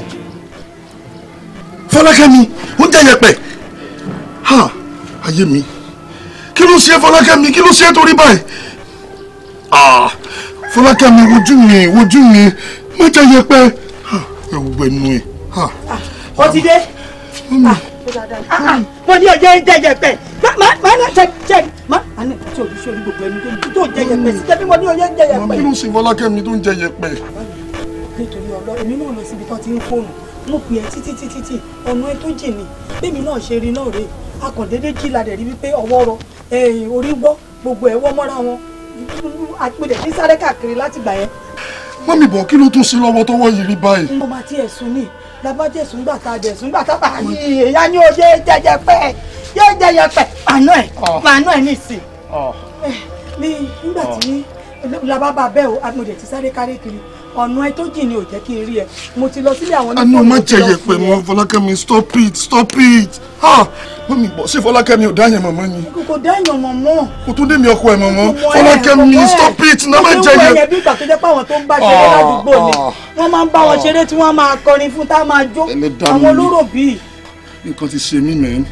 fọlákẹ́mi oúnjẹ yẹpẹ ha ayé mi kí ló ṣe fọlákẹ́mi kí ló ṣe torí báyìí ah fọlákẹ́mi wojú mi wojú mi má jẹ yẹpẹ ha ẹ wù ẹnu ẹ ha. ó ti dé ah, ah, ah, mo ní ọjọ́ ń jẹ́ yẹpẹ má má má jẹ jẹ má má ní sori sori gbogbo ẹni tó ń jẹ yẹpẹ sí jẹ bí mo ní ọjọ́ ń jẹ yẹpẹ. kí ló ṣe fọlákẹ́mi tó ń jẹ yẹpẹ nítorí ọlọ èmi náà lọ síbi tán ti ń fóònù mo pè ẹ́ títí títí títí ọ̀nà ẹ tó jìn ní bẹ́ẹ̀mi náà ṣe rí náà rèé akọ̀dédé jí la dẹ̀ rí wípé ọwọ́ rọ eh, orí wọ́ gbogbo ẹ̀ wọ́ mọ́ra wọn àpilẹ̀ ní sáré káàkiri láti gbà yẹn. mọ́mí bọ̀ kí ló tún sí lọ́wọ́ tọ́wọ́ yìí rí báyìí. mo máa ti ẹ̀sùn ni labájẹ́ ẹ̀sùn gbà tá a ẹ̀sùn gbà tá bá ní ìyá ní o yé jẹjẹ pẹ́ yé jẹjẹ pẹ́ àná ẹ̀ màánú ẹ̀ nìsín. Eh, ní nígbà tí labá bá bẹ́ẹ̀ o àpilẹ̀ ti sáré káàkiri ọ̀nà ẹ tó jìn ni ò jẹ́ kí n rí ẹ mo ti lọ sílé àwọn onífọ́ọ̀mù. àná má jẹ yẹpẹ mọ fọlákẹ́mi stop it stop it ha mọ mi bọ ṣé fọlákẹ́mi ò dáyẹn mọ̀mọ́ ni. kò dáyẹn mọ̀mọ́. kò tún dé mi ọkọ ẹ mọ̀mọ́ fọlákẹ́mi stop it ná má jẹ yẹn. kò tún wọ ẹyẹ bí ìgbà tó jẹ́ pé àwọn tó ń bá ṣeré ah. ládùúgbò ni wọ́n máa ń bá wọn ah. ṣeré tí wọ́n máa kọrin fún tá a máa jó àwọn olóró bíi. nǹkan ti ṣe mí mẹ́rin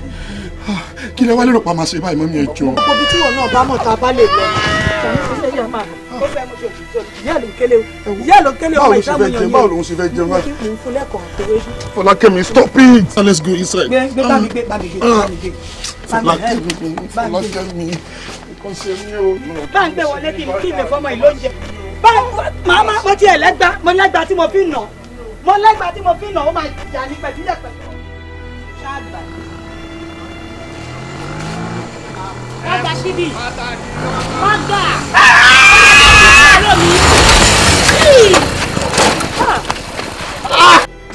kí lẹ wá lérò pa máa ṣe báyìí mọ́ mi ẹ jọ. ọkọ̀ bíi tí wọn náà bá mọ̀ tá a bá lè lọ ó fẹ́ mo ṣe òṣìṣẹ́ ìyá ló ń kélé o ìyá ló ń kélé ọmọ ìsámu yan yẹn báwo ló ń ṣe fẹ́ jẹun báyìí. mo ń fún lẹ́kọ̀ọ́ tòwé jù. Fọlákẹ́mi stop it let's go inside. gbé gbé bá mi gbé bá mi gbé ah. bá mi gbé. Fọlákẹ́mi Fọlákẹ́mi kò ṣe mí o. bá ń gbé wọlé kí kí mi fọmọ ìlú oúnjẹ. bá màmá mo tiẹ̀ lẹ́gbàá mo lẹ́gbàá tí mo fi nà mo lẹ́gbàá tí mo fi nà ó máa jà ní pẹ̀lú yẹ̀pẹ̀. ṣáà gbà ní. Ọgbà síbí. Ọgbà àánú mi.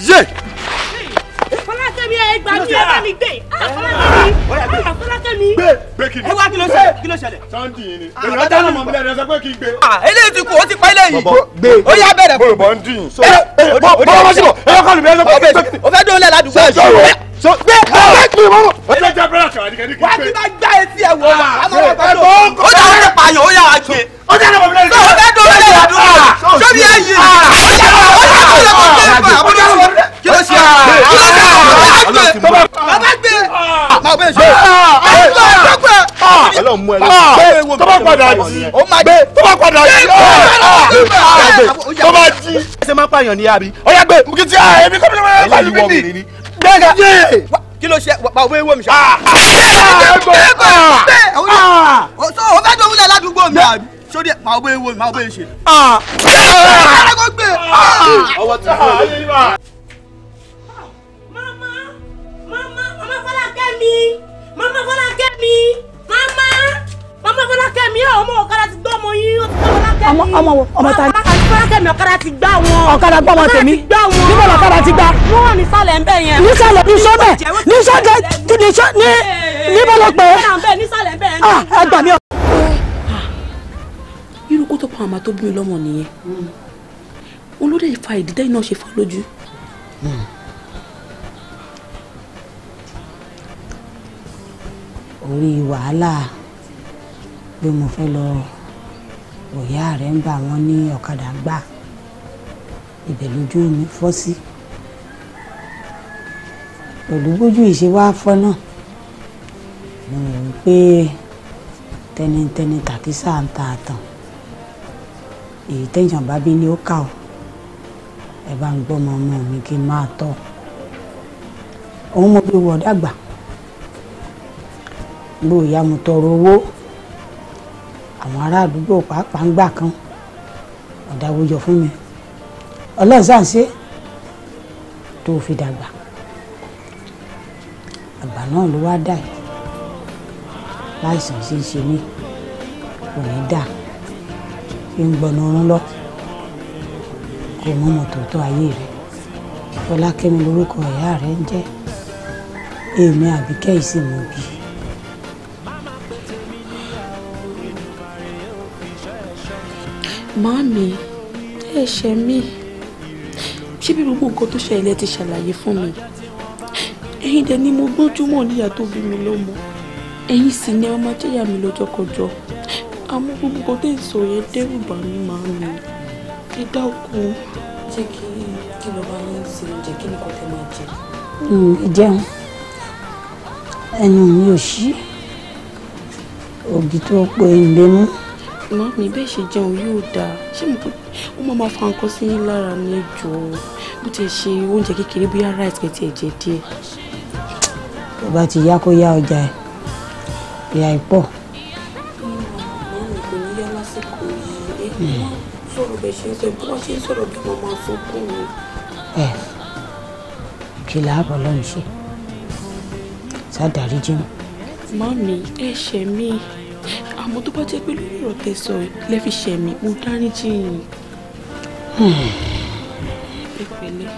yé. fọlákẹ́mi ẹ gbà mí ẹ bá mi gbé ah, ah, fọlákẹ́mi ah, fọlákẹ́mi. gbé gbé kí ni. ẹ ó jẹ́ àwọn ọmọdé náà. ọ̀gá tó lè àdúrà sórí ẹ̀yìn. ọjà ọjà tó lè kọ́ ọjà kí ló ṣe é. Ah, kí ló ah, ṣe ah, é. bàbá gbé. bàbá gbé. bàbá gbé. ọlọ́run mú ẹ lọ. tó bá padà jí. ó máa gbé. tó bá padà jí. tó bá jí. ẹsẹ̀ máa pààyàn ní àbí. ọ̀yà gbé mú kí tí a ẹ̀mí kọ́ mi lọ́wọ́ ẹ̀ pàlú bíbí. gbẹ́gà kí ló ṣe bàbá ewé mi ṣe. bẹ́ẹ̀ bẹ́ẹ̀ bẹ́ẹ̀ o fẹ́ dọ̀wúlẹ̀ ládùúgbò mi àbí sórí ẹ máa bẹ wo máa bẹ ṣe. ọwọ́ ti fún mi. Ah, mama mama mama Fọlákẹ́ mi mama Fọlákẹ́ mi mama mama Fọlákẹ́ mi ọmọ ọ̀kadà ti gbọ́ ọmọ yín ó ti gbọ́ Fọlákẹ́ mi. ọmọ ọmọ wo ọmọ ta ni fọlákẹ́mi ọ̀kadà ti gbá wọn. ọ̀kadà gbá wọn tèmi níbo lọ̀kadà ti gbá. wọ́n ní sálẹ̀ ń bẹ̀ yẹn. ní sálẹ̀ ní sọ́bẹ̀ ní sọ́dẹ̀ ní níbo lọ pẹ́. ní sálẹ̀ ń bẹ̀ ní. Ah, ẹ gbà mí kó tó pa màmá tó bí mi lọ́mọ nìyẹn òun ló dé fa ìdídẹ́ iná ṣe fọ́ lójú. orí wàhálà pé mo fẹ́ lọ òyà rẹ̀ ń bà wọ́n ní ọ̀kadà gbà ibẹ̀ lójú mi fọ́ sí pẹ̀lú bójú ìṣe wá fọ́ náà mo rò wípé tẹnitẹni tàkísà ń ta àtàn èyí tẹ̀yàn bá bí ni ó kà ó ẹ bá ń gbọ́mọ ọmọ mi kí n máa tọ́ òun mo bí wọ̀ dàgbà gbòòyà mo tọrọ owó àwọn ará àdúgbò pàápàá ń gbà kan ọ̀dàwòjọ fún mi ọlọ́sàǹsẹ́ tó fi dàgbà àgbà náà ló wá dà yìí láìsàn sí í ṣe mí kò ní dáa ń gbọ̀nà ọ̀run lọ kò mọ mọ̀tòótọ́ ayé rẹ Fọlákẹ́mi lórúkọ ìyá rẹ ń jẹ́ èmi Àbíkẹ́ yìí sì mú bí. màámi ẹ ṣe mí ṣé bí gbogbo nǹkan tó ṣẹlẹ̀ ti ṣàlàyé fún mi ẹ̀yin dẹ̀ ni mo gbójúmọ́ níyà tó bí mi lọ́mọ ẹ̀yin sì ni ọmọ jẹ́yà mi lọ́jọ́kọjọ́ àmọ́ gbogbo kan tẹ̀ ń sọ yẹn dẹ́rù bà mí máa ń mi ẹ dákun. jẹ́ kí kí lọ́ba ní ṣe oúnjẹ kí nìkan tẹ máa jẹ. ìjẹun ẹnu mi ò ṣí òbí tó pé ń lé mú. màmí bẹ́ẹ̀ ṣe jẹun yóò dáa ṣé mo kò ó máa máa fa nǹkan sí yín lára ní ìjọ bó ti ṣe oúnjẹ kékeré bóyá rice kẹ̀tì ẹ̀jẹ̀ díẹ̀. tó bá ti yá kó yá ọjà ẹ̀ ìyá ìpọ̀. bẹ́ẹ̀ ṣe ń sọ bí wọ́n ṣe ń sọ̀rọ̀ bí wọ́n máa sunkún mi. ẹ kí láàbọ̀ lọ́run ṣe ṣàdáríjì wọn. mọ́mí ẹ ṣe mí àmọ́ tó bá jẹ́ pé lórí ọ̀rọ̀ tẹ̀sán ẹ fi ṣe mí mo dáríjì yín. Hmm. ẹ pẹ̀lẹ́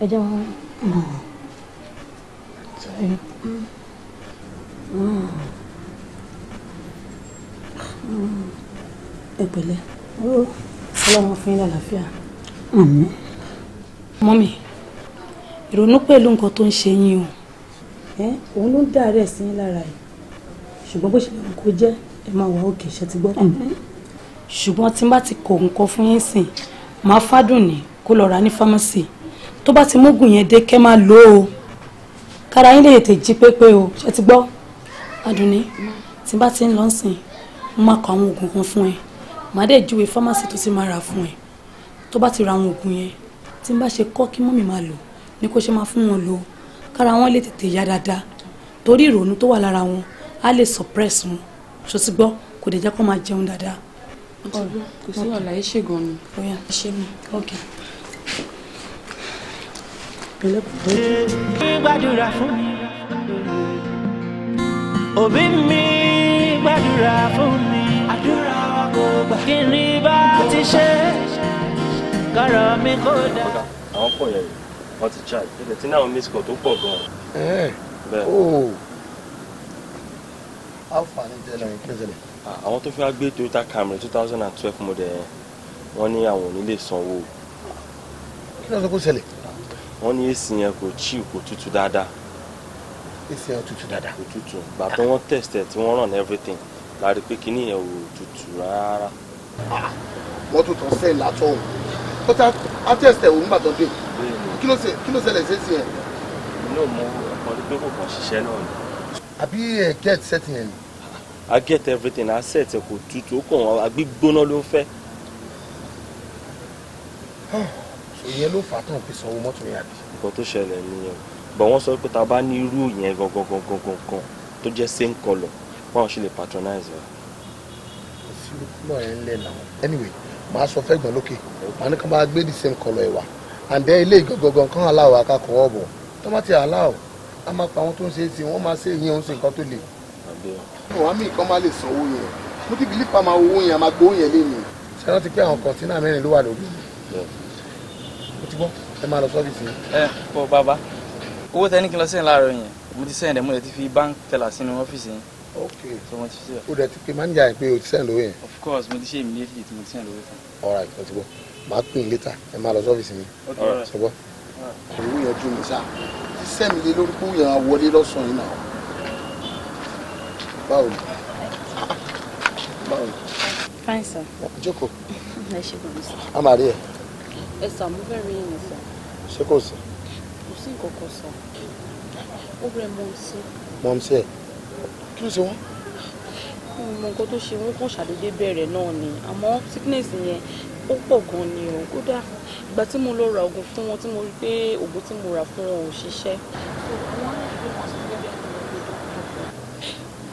ẹ jẹ́ wọn. sorry. Mm. Mm. Mm. ẹ pẹ̀lẹ́ ọlọ́run fún yín lálàáfíà. mọ́mì ìrònú pẹ̀lú nǹkan tó ń ṣe yín o. òun ló ń dá àárẹ̀ sí yín lára yìí ṣùgbọ́n bó ṣe lè kó jẹ́ ẹ máa wà òkè ṣe ti gbọ́. ṣùgbọ́n tí n bá ti kọ̀ nǹkan fún yín sìn màá fádùn ní kó lọ rà ní fámásì tó bá ti mógùn yẹn dé kẹ́ máa lò ó kára yín lè tètè jí pépé o ṣe ti gbọ́ Àdùnní tí bá ti ń lọ sìn mo máa kọ àwọn oògùn kan fún ẹ màá dẹ̀ júwe fámásì tó ti máa rà fún ẹ tó bá ti ra àwọn oògùn yẹn tí bá ṣe kọ́ kí mọ́mì máa lò ní kó ṣe máa fún wọn lò kára wọn lè tètè yá dáadáa torí ìrònú tó wà lára wọn á lè suppress wọn ṣó ti gbọ́ kò dé jẹ́ kó máa jẹun dáadáa kò sí ọ̀la ẹ gbàdúrà fún mi òbí mi gbàdúrà fún mi àdúrà kò gbà kí ni bá ti ṣe kọ́rọ̀ mi kò dá. àwọn pọ̀ yẹn wọ́n ti jà ìpínlẹ̀ tí náà miss call tó pọ̀ gan-an. bẹ́ẹ̀ o oh. àǹfààní tẹ́lẹ̀ ń kẹ́sẹ̀lẹ̀ àwọn tó fẹ́ gbé Toyota Camry two thousand and twelve model yẹn wọ́n ní àwọn ò ní lè sanwó. kí ló ń sọ kó ṣẹlẹ̀. wọ́n ní èsì yẹn kò chill kò tutù dáadáa. èsì yẹn ò tutù dáadáa. kò tutù gbà tó wọ́n test ẹ̀ tí wọ́n run everything la rí pé kíní yẹn ò tutù rárá. wọ́n tún tán sẹ́yìn látọ̀ òun ó ta á test ẹ̀ òun gbàtọ́ dé kí ló ṣẹlẹ̀ sí èsì yẹn. inú mo ọ̀pọ̀ ló pé kò kàn ṣiṣẹ́ náà ni. àbí ẹ̀ get setting ẹ̀ ni i get everything i set ẹ kò tutù ó kàn wọn agbígbóná ló ń fẹ́. ìyẹn ló fà á tán fi sanwó mọ́tò yẹn àbí. nǹkan tó ṣẹlẹ̀ nìyẹn bọ̀ wọ́n sọ pé ta bá ní irú yẹn gangan gangan gangan tó jẹ́ same colour báwọn ṣe lè patronize wa. kò sí olùkúlọ̀ ẹ̀ ń lẹ̀ náà anyway màá sọ fẹ́gbọ̀n lókè màá ní kí wọ́n bá gbé the same colour ẹ̀ wá àǹdẹ́ ilé gangan kan aláwọ̀ akákọ̀ọ́ ọ̀bọ̀ tọ́mátì aláwọ̀ a máa pa àwọn tó ń ṣe é sí wọ́n máa ṣe ìyẹn òun sí nǹkan tó le. àbí ọ ọ̀wá mi kan má lè san owó yẹn mo ti bìlí pa máa owó yẹn máa gbowó yẹn léyìn. ṣé rántí pé àwọn kọ̀ǹtínà mẹ́rin ló wà lórí mi mo ti gbọ́ ẹ máa lọ sọ́ọ̀bì sí i. ẹ bọ bàbá owó tẹ ní kí n lọ sẹ́yìn láàárọ̀ yẹn mo ti sẹ́yìn rẹ̀ mo lè ti fi bank teller sínú ọ́fíìsì yẹn. ok so mo ti o dẹ̀ ti pe manager yẹn pé o ti sẹ́yìn lówó yẹn. of course mo ti ṣe immediately tí mo ti sẹ́yìn lówó fún. alright mo ti gbọ́ màá pè é later ẹ máa lọ sọ́ọ̀fíìsì mi. ok alright ṣùgbọ́n. owó yẹn dùn mí sá sẹ́mi lé lórúkú yẹn wọlé lọ́sàn-án báwo ni báwo ni. fine sir. jókòó. ẹ ṣe kò ní sọ. a máa rí ẹ. ẹ sà mo fẹ́ rí yín sà. ṣé kò sí. kò sí nǹkan kan sà. ó rẹ mọ sí. mọ sí ẹ kí ló ṣe wọn. mo nǹkan tó ṣe wọn kàn ṣàdédé bẹ̀rẹ̀ náà ni àmọ́ sickness yẹn ó pọ̀ gan ni o kódà ìgbà tí mo lọ ra oògùn fún wọn tí mo rí pé oògùn tí mo rà fún wọn ò ṣiṣẹ́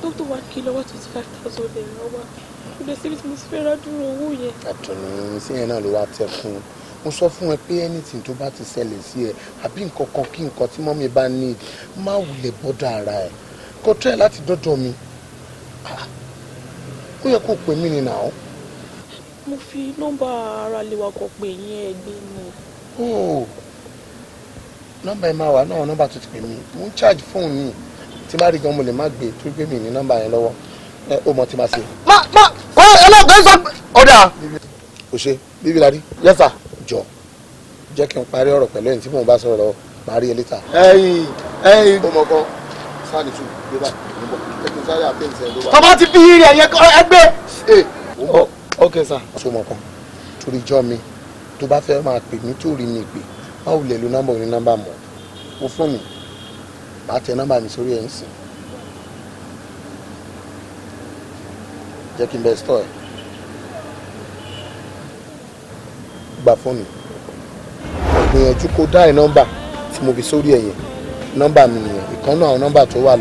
dókítà wa kí lọ́wọ́ twenty five thousand naira wa kò lè síbi tí mo ti fẹ́ ra dúró owó yẹn. àtùnú sí yẹn náà ló wá tẹ fún un mo sọ fún ẹ pé anything tó bá ti ṣẹlẹ̀ sí ẹ àbí nǹkan kan kí nǹkan tí mọ́mí bá need má wulẹ̀ bọ́dọ̀ ara ẹ kó tẹ́ ẹ láti dọ́dọ̀ mi ah, ó yẹ kó pè mí ni nà ó. mo fi nọ́mbà ara lè kan pè yín ẹgbẹ́ mi. Oh, nọ́mbà ẹ máa wà náà nọ́mbà tó ti pè mí mo ń charge fóònù yìí tí má rí gan mo lè má gbé tó gbé mi ní nọ́mbà yẹn lọ́wọ́ ẹ ó mọ tí má ṣe. má má kọ́ ẹlọ́gbẹ́ sọ ọ̀dà. kò ṣe bíbí la rí yẹ́sà jọ jẹ́ kí n parí ọ̀rọ̀ pẹ̀lú ẹni tí mò ń bá sọ̀rọ̀ máa rí eléta. ẹyin ẹyin. ó mọ kọ sáà nìtú gbé báyìí ẹ kí sáré àpéǹsì ló wà. tọ́ba ti fi rẹ̀ yẹ ẹgbẹ́. ok sir. O mọ̀ kan torí jọ́ mi tó bá fẹ́ máa pè mí tó rí mi pè má wulẹ̀ lo nọ́mbà oní nọ́mbà mọ́ o fún mi màá tẹ nọ́mbà mi sórí ẹ̀ ń sìn jẹ́ kí n bẹ stọ̀ ẹ̀ gba fóònù gbìyànjú kó dáì nọ́mbà tí mo fi sórí ẹ̀ yẹn nọ́mbà mi nìyẹn ìkànnù àwọn nọ́mbà tó wà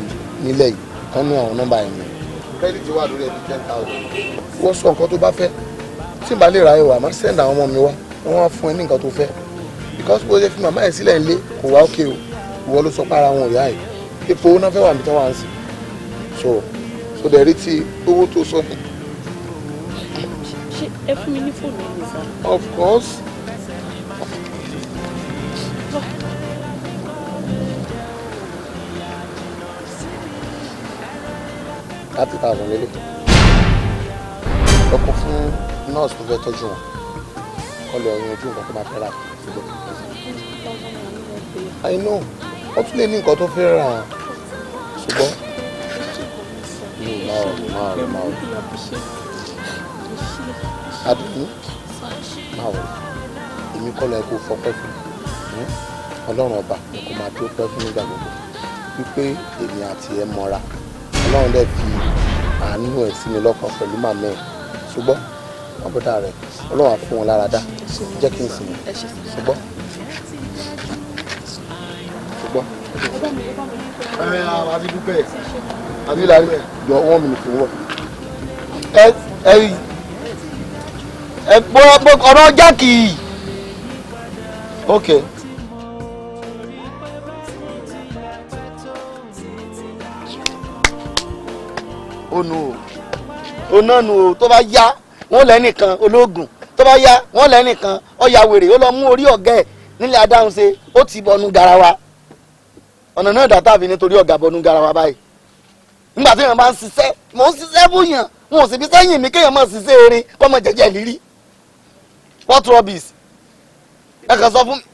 nílẹ̀ yìí ìkànnù àwọn nọ́mbà yẹn nìyẹn. kírẹ́dìtì wà lórí ẹbí ten thousand. wọ́n sọ nǹkan tó bá fẹ́ tí n bá lè ra ẹwà máa send àwọn ọmọ mi wá wọ́n wá fún ẹ ní nǹkan tó fẹ́ because bó ṣe fi màmá ẹ̀ sílẹ̀ ń lé kò wá ókè o ìwọ ló sọ pé ara wọn ò yá yìí ipò owó náà fẹ́ wà níbi tí wọ́n wá ń sìn so so dẹ̀ rí ti owó tó sọ ni. ṣé ẹ fún mi ní fóònù mi sá. of course. láti ta àwọn nílé lọ́kọ̀ fún nọ́ọ̀sì tó fẹ́ tọ́jú wọn kọ́ lọ yanjú nǹkan tó máa fẹ́ rà. I know ó tún lè ní nǹkan tó fẹ́ rà ṣùgbọ́n. máa máa máa adùn máa wọ èmi kọ́ lọ ẹ̀kọ́ fọpẹ́ fún mi hmm? ọlọ́run ọba kò máa tó pẹ́ fún nígbà gbogbo wípé èmi àti ẹ mọ́ra ọlọ́run dẹ̀ fi àánú ẹ̀ sí mi lọ́kàn pẹ̀lú màmá ẹ̀ ṣùgbọ́n ọ̀bọ̀dá rẹ̀ ọlọ́run á fún wọn lára dá jẹ́ kí n sinmi ṣùgbọ́n. ẹ àti dúpẹ́ àti ìlàrí jọ wọ́n mi nìkan wọ̀ ẹ ẹ ẹ gbọ́ ọ̀rọ̀ jákì yìí ok. ó nu o ó náà nu o tó bá yá wọn lẹ́nìkan ológun tó bá yá wọn lẹ́nìkan ọ̀yà wèrè ó lọ mú orí ọ̀gá ẹ̀ nílẹ̀ adáhùn ó ti bọnu garawa ọ̀nà náà dàtà fi nítorí ọ̀gá bọnú garawa báyìí nígbà tí èèyàn bá ń ṣiṣẹ́ mò ń ṣiṣẹ́ bóyàn wọn ò sì fi sẹ́yìn mi kéèyàn máa ṣiṣẹ́ erin kọ́mọ jẹjẹ lírí what rubbish ẹ kàn sọ fún mi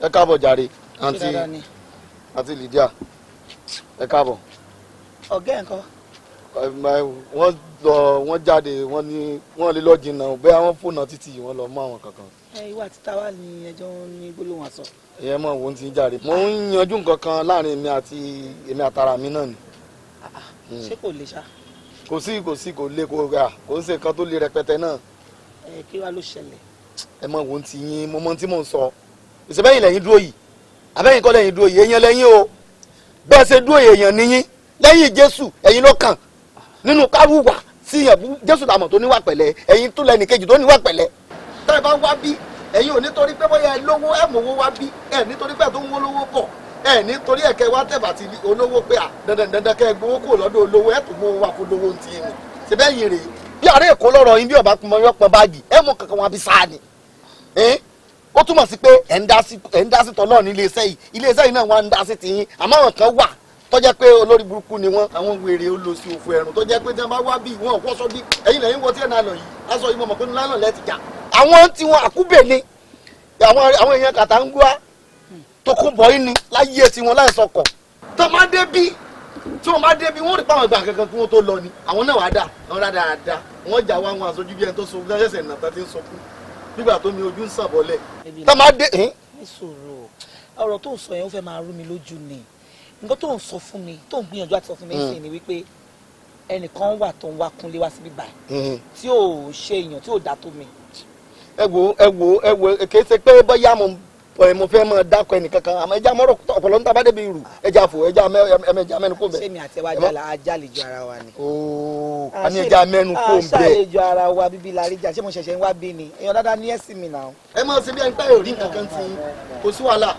ẹ káàbọ̀ jàre àǹtí àǹtí Lydia ẹ káàbọ̀. ọ̀gá ẹ̀ wọ́n jáde wọ́n ní wọ́n lè lọ́ọ́ jìnnà bẹ́ẹ̀ wọ́n fònà títì wọ́n lọ mú àwọn kankan ìwà títa wà ní ẹjọ́ ní gbólóhùn àṣọ. ẹ mọ wo ti jàre mo ń yanjú nǹkan kan láàrin èmi àti èmi àtara mi náà ni. Ah, ah, hmm. ṣé kò le ṣá. kò sí kò sí kò le kò rà kò ń ṣe nǹkan tó le rẹpẹtẹ náà. ẹ kí wàá ló ṣẹlẹ̀. ẹ mọ wo ti yín mo mọ tí mò ń sọ ìṣẹ́bẹ́yìn lẹ́yìn dúró yìí àbẹ́yìn kọ́ lẹ́yìn dúró yìí èèyàn lẹ́yìn o bẹ́ẹ̀ ṣe dúró èèyàn níyìn lẹ́yìn jésù ẹ̀yin ló kàn nínú kárùwà síyàn jésù làmọ̀ tó níwà pẹ̀lẹ́ ẹ̀yin tó lẹ́nìkejì tó níwà pẹ̀lẹ́ tẹ́ ẹ bá wá bí ẹ̀yin ò nítorí pé bóyá ẹ lówó ẹ mọ̀wó wá bí ẹ nítorí pé ẹ tó ń ẹ ẹ kẹ wá tẹ̀bà ti olówó pé à dandan dandan kẹ gbowó kúrò lọ́dọ̀ olówó ẹ tó wa fún lówó ti ni síbẹ̀ yìí rèé bí àárẹ̀ èkó lọ́rọ̀ yín bí ọba pọnmọ yọ pọn báàgì ẹ mú kankan wọn bí sáà ni ó túmọ̀ sí pé ẹ̀ ń dá sí ní iléeṣẹ́ yìí kan wà pé olórí burúkú ni wọ́n àwọn wèrè òfò ẹ̀rùn pé tí wọ́n bá wá bí bí àwọn tí wọn àkúbè ni àwọn èèyàn kàtà ń gbá tó kún bọ̀ yín ni láyé tiwọn láì sọkọ̀ tó má dé bí tí wọn bá dé bí wọn rí pàwọn ìgbà kankan kí wọn tó lọ ni àwọn náà wàá dà wọn rà dáadáa wọn jà wá wọn àsojú bí ẹni tó so gbọ́n ṣẹ̀ṣẹ̀ nàta ti ń sọkún nígbà tó mi ojú ń sàbọ̀lẹ̀. tó má dé. ìṣòro ọ̀rọ̀ tó ń sọ yẹn ó fẹ́ máa rú mi lójú ni nǹkan tó ń sọ fún mi tó ń gbìyànjú àti sọ fún mi hmm. sí ni wípé ẹnìkan wà tó ń wá kúnlé wá síbí báyìí hmm. tí ò ṣe èèyàn tí ò dá tó mi ẹ wò ẹ wò ẹ wò kì í ṣe pé bóyá mo ẹ mo fẹ́ mọ dákọ ẹnì kankan àmọ́ ẹja mọ́rọ̀ ọ̀pọ̀lọ́ níta bá débi irú ẹja fò ẹja ẹja mẹ́nu kò bẹ̀. sẹ́mi àti ẹwà jàlá ajálè ju ara wa ni. ooo àní ẹja mẹ́nu kò bẹ̀. aṣáálẹ̀ ju ara wa bíbí larí jà ṣé mo ṣẹ̀ṣẹ̀ ń wá bí ni èèyàn dáadáa ní ẹ̀sìn mi náà. ẹ máa ṣe bí ẹni pé èrò nǹkan kan ti kò sí wàhálà.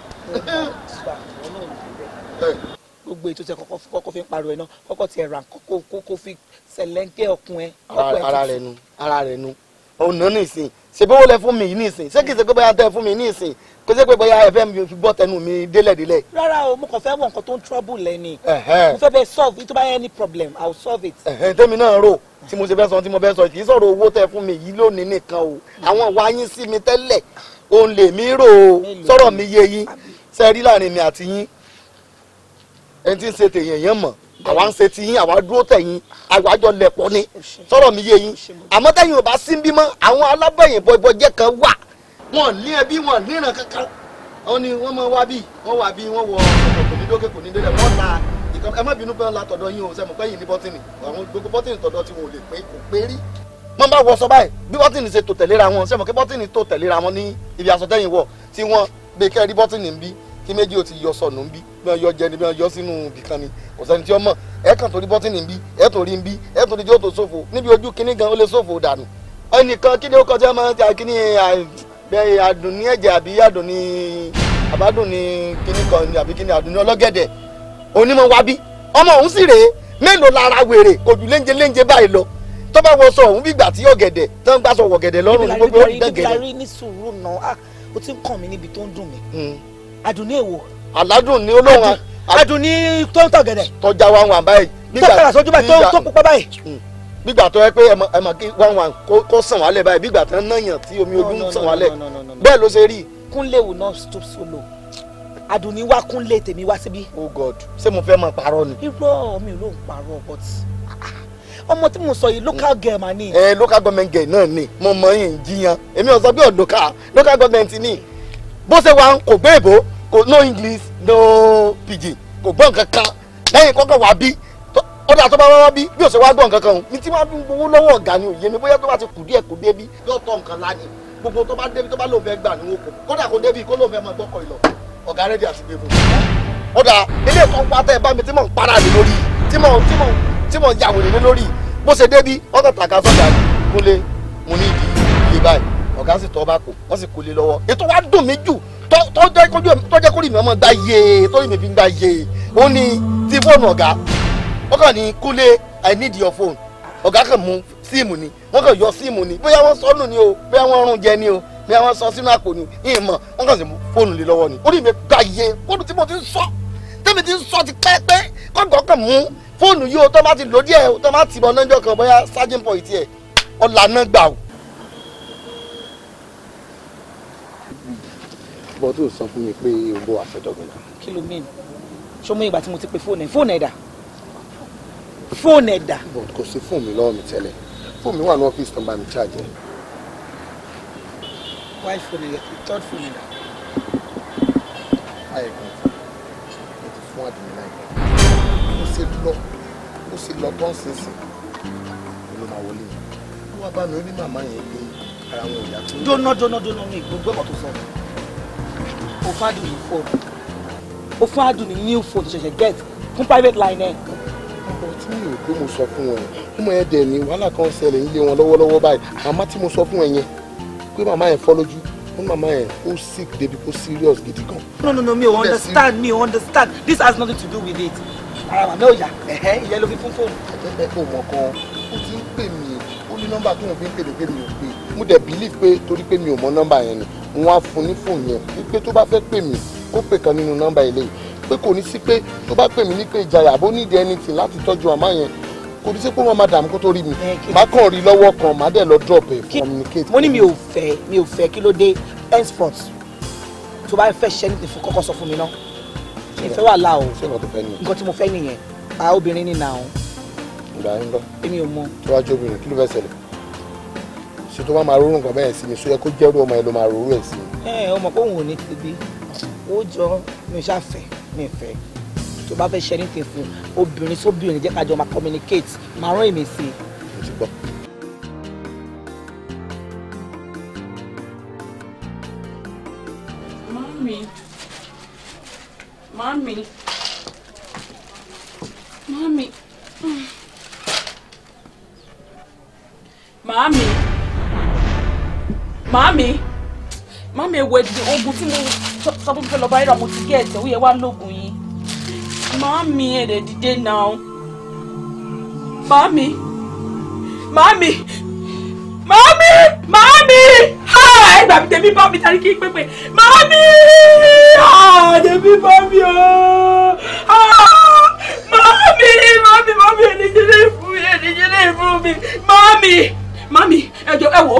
gbogbo ètò tẹ kọ́kọ́ fi ń pariwo ẹ náà kọ́kọ́ ti ẹ̀rà kókó fi sẹ̀lẹ́ńkẹ́ ọkùn ṣèbí owó lẹ fún mi yìí nísìn ṣé kì í ṣe pé bóyá tẹ fún mi nísìn kò ṣe pé bóyá ẹfẹ mi fi gbọ́ tẹnu mi délẹ̀délẹ̀. rárá o mo kàn fẹ́ wọ nǹkan tó ń trouble lẹ́ni mo fẹ́ fẹ́ solve it tó bá any problem i will solve it. tèmi náà rò tí mo ṣe fẹ́ sọ tí mo fẹ́ sọ kì í sọ̀rọ̀ owó tẹ fún mi yìí lónìí nìkan o àwọn ìwà yín sí mi tẹ́lẹ̀ òun lè mí rò o sọ̀rọ̀ mi yé yín ṣe láàrin mi àti yín ẹni tí ń ṣe tèèyàn yẹn mọ̀ àwa ń ṣe ti yín àwa dúró tẹ̀yìn àwa jọ lẹ̀pọ̀ ni sọ̀rọ̀ mi yé yín àmọ́ tẹ̀yìn ò bá sí bímọ àwọn alábẹ̀yìn bọ̀bọ̀jẹ́ kan wà wọn ní ẹbí wọn níran kankan wọn ni wọn máa wá bí wọn wà bí wọn wọ kò ní dókè kò ní délẹ̀ wọn la ìkan ẹ má bínú pé wọn la tọ̀dọ̀ yín o sẹ́mu pé yìí ní bọ́tìnì àwọn gbogbo bọ́tìnì tọ̀dọ̀ tí wọn ò lè pé kò pé rí wọn bá wọ sọ báyìí bí bọ́tìnì ṣe tò tẹ̀léra wọn sẹ́mu pé bọ́tìnì tò tẹ̀léra wọn ní ibi aṣọ tẹ́yìn wọ̀ tí wọ́n gbé kẹ́rí bọ́tìnì ń bí kí méjì ó ti yọ sọ̀nù ń bí bí wọ́n yọ jẹ ni bí wọ́n yọ sínú ibìkan ni kò sẹ́ni tí ó mọ̀ ẹ kàn torí bọ́tìnì ń bí ẹ torí ń bí ẹ torí tí tó ṣòfò níbi ojú kínní gan ó lè ṣòfò dànù ẹnìkan kí ni ó kọjá máa ń ta kí ni bẹ́ẹ̀ ẹ̀jẹ̀ àbí kínní kan àbí kínní ọlọ́gẹ̀dẹ̀ onímọ̀ wá bí ọmọ òun sì rèé mélòó lára wèrè báyìí lọ wọ aládùn ni olóhùn adùn ní tó ń tọ̀gẹ̀dẹ̀. tọjá wa wà báyìí. tó kàrà sójú báyìí tó pupa báyìí. gbígbà hmm. tó yẹ pé ẹmọ kí wà wà kó sàn wálẹ̀ báyìí gbígbà tó ń nàyàn tí omi ojú ń sàn wálẹ̀ bẹ́ẹ̀ ló ṣe rí. kúnlé wò náà tó solo adùn wá kúnlé tèmi wá síbí. oh god ṣé mo fẹ́ máa parọ́ ni. irọ́ mi ò lóun parọ́ but ah, ọmọ tí mo sọ yìí local girl mà ní. ẹ local government girl náà ni mo mọ yìí ń jiyàn èmi ò sọ pé ọ̀dọ́ka local government ni bó ṣe wà kò gbé èbó kò no english no pidgin kò gbọ́ nǹkan kan lẹ́yìn kọ́kọ́ wà bí ó dà tó bá wá bí bí ò ṣe wá gbọ́ nǹkan kan ní tí wọ́n fi ń gbowó lọ́wọ́ ọ̀gá ni òye mi bóyá tó bá ti kù díẹ̀ kò dé bí yóò tọ́ nǹkan lá ni gbogbo tó bá débi tó bá lòun fẹ́ gbà ní oko kódà kò débi kó lòun fẹ́ mọ gbọ́kọ̀ ìlọ ọ̀gá rẹ́dí àti gbé fún un. ó dà ilé kan wá tẹ́ ẹ bá mi tí mò ń para mi lórí tí mò tí mò tí mò ń yà wèrè mi lórí bó ṣe débi wọ́n kàn tàkà kúnlé mo ní ìdí iye báyìí ọ̀gá sì tọ́ bá kò wọ́n sì kúnlé lọ́wọ́ ètò wa dùn mí jù tó jẹ́ kójú tó jẹ́ kórìí mi ọmọ gba yé tó yìí mi fi gba yé ó ní ti fóònù ọ̀gá wọ́n kàn ní kúlé i need your phone ọ̀gá kàn mú síìmù ni wọ́n kàn yọ síìmù ni bóyá wọ́n sọnù ni o bóyá wọ́n rún jẹ ni o bóyá wọ́n sọ sínú àpò ni o mọ̀ wọ́n kàn sí fóònù lé lọ́wọ́ ni ó ní mi gba yé fóònù tí mo ti ń sọ tẹ́mi ti ń sọ ti pẹ́ẹ́pẹ́ kọ́ńtàn kàn mú fóònù yìí o tó bá ti lò díẹ̀ tó bá ti bọ̀ náà jọ bọ́ tó sọ fún mi pé o bọ́ àfẹ́dọ́gbìn náà. kí ló mean ṣó mú ìgbà tí mo ti pe fóònù ẹ̀ fóònù ẹ̀ dà fóònù ẹ̀ dà. but kò sí fóònù mi lọ́wọ́ mi tẹ́lẹ̀ fóònù mi wà ní ọ́fíìsì tó ń bá mi ṣáàjì. wáyé fóònù yẹ kí tọ́jú fóònù dà. àìkú mo ti fún àdùnnú náà yẹn mo ṣe lọ mo ṣe lọ tán sínsìn ló máa wọlé yẹn wọ́n bá mi ó ní màmá yẹn pé ara wọn ò yàtọ̀. jóná jóná jóná ní gbogbo ẹ̀kọ́ òfin adùn phone. fóònù òfin new phone ṣẹ̀ṣẹ̀ get fún private line ẹ̀. ọmọ tí mi ò gbé mo sọ fún ẹ ọmọ ẹ dẹ̀ ní wàhálà kan ṣẹlẹ̀ ń lé wọn lọ́wọ́lọ́wọ́ báyìí àmọ́ tí mo sọ fún ẹ yẹn pé màmá yẹn fọ́ lójú fún màmá yẹn ó sick débi kó serious gidi gan. no no no mi ò understand mi ò understand this has nothing to do with it ara màmá òyà ẹ̀hẹ́ ìyẹn ló fi fún fóònù. ẹ ẹ kò mọ̀ kan ó ti ń pè mí ó ní nọ́mbà tó ń fi ń pè mí pé mi ò mo dẹ̀ believe pé torí pé mi ò mọ nọ́mbà yẹn ni wọ́n á fún ní fóònù yẹn wípé tó bá fẹ́ pè mí kó pè kan nínú nọ́mbà eléyìí pé kò ní sí pé tó bá pè mí ní pé ìjayà àbó nídìí anything láti tọ́jú àmá yẹn kò ní sí pé wọ́n máa dààmú kó tó rí mi má kàn rí lọ́wọ́ kan má dẹ̀ lọ drop ẹ̀ communicate. mo ní mi ò fẹ́ mi ò fẹ́ kí ló dé henceforth tó bá fẹ́ ṣẹ́ ní ìfún kọ́kọ́ sọ fún mi náà ìfẹ́ wà láà o nǹkan tí mo fẹ́ nìyẹn o èmi ò mọ. tó wá jó obìnrin ṣe tó bá máa rórùn kan bẹ́ẹ̀ sí mi sọ yẹ kó jẹ́rú ọmọ ẹ ló máa rórùn ẹ̀ sí mi. ẹ ọmọ kó òun ò ní tibi ó jọ mi ṣàfẹ́ mi fẹ́ tó bá fẹ́ ṣe ní tèfù obìnrin sóbìnrin jẹ́ kájọ máa communicate máa rán èmi sí i. mami mami mami mami. Mami, Mami, ewu ẹdì oògùn tí mo sọ fún mi fẹ́ lọ bá rírà mo ti want ẹ̀tẹ̀ Mami. yẹ wá lóògùn yìí màámi Mami, Mami, Mami, màámi màámi màámi màámi ha ẹgbà mi tẹ̀mí bá mi tari kí n pépè màámi ha ah, tẹ̀mí Mami, Mami, ah, Mami, ha màámi màámi màámi ẹ̀dìjẹ́lẹ̀ fún Mami, Mami, fún mi màámi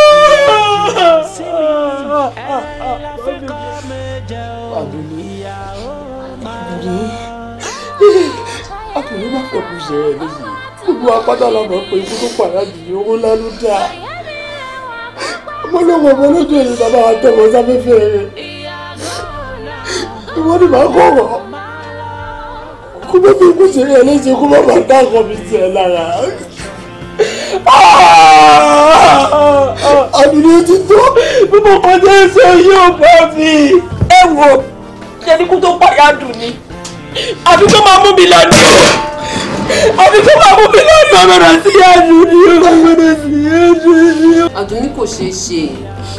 sí mi ẹlẹ́fẹ̀kọ́ méje o ìyàwó máa ń bá. ọkùnrin má fọkùn ṣe ẹ lẹ́yìn gbogbo apáta lọmọ pé ikú tó pààyà jù ní owó ńlá ló dáa ọmọ olówó ọmọ olójú ẹni bàbá wa tẹwọ sáfẹ́fẹ́ rẹ ìwọ ni màá kọrọ kó Ah! àdúrà ti tó bí mo kàn jẹ́ ṣe yóò bá mi. ẹ wo ṣẹ́nikú tó pàyà dùn ni àbí tó máa mú mi lọ ní o àbí tó máa mú mi lọ ní sí yájú ni o bẹ̀rẹ̀ sí yájú ni o. àdùnní kò ṣeé ṣe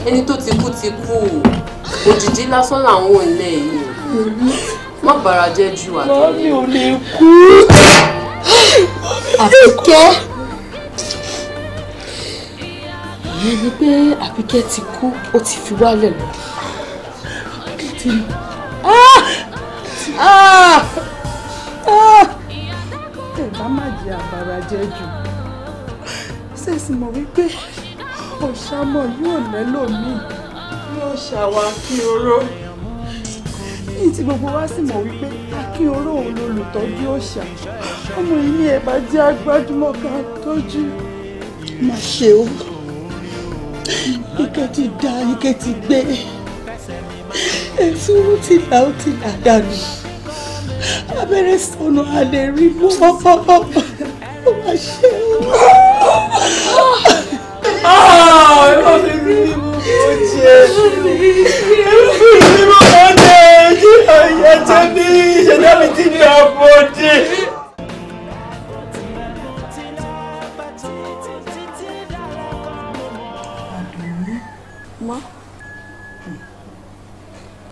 ẹni tó ti kú ti kú òjijì lásán làwọn ò lẹ yìí má bàrà jẹ́ ju àtọ́lé. mọ́mí ò lè kú àfikẹ́. ìyẹn ni pé àbíkẹ́ ti kú ó ti fi wálẹ̀ lọ. ẹ̀bá má jẹ àbàrà jẹ jù ṣèṣì mọ̀ wípé ọ̀ṣàmọ̀ yóò lẹ́lò míì yóò ṣàwà kí oró ní tí gbogbo wa sì mọ̀ wípé akínhoró òun lolùtọ́jú òòṣà ọmọ yìí ni ẹ bá jẹ́ agbájúmọ̀ ká tọ́jú. má ṣe o ike ti da ike ti gbé èso ló ti là ó ti là dànù abẹ́rẹ́ sọnù àlè rí mú ọkọ̀ ó máa ṣe ó. Ẹ̀rọ mi rí mú oúnjẹ. Ẹ̀rọ mi rí mú oúnjẹ. Ẹ̀jẹ̀ mi ìṣẹ̀dá mi ti ní àpò ọdẹ. mọ́.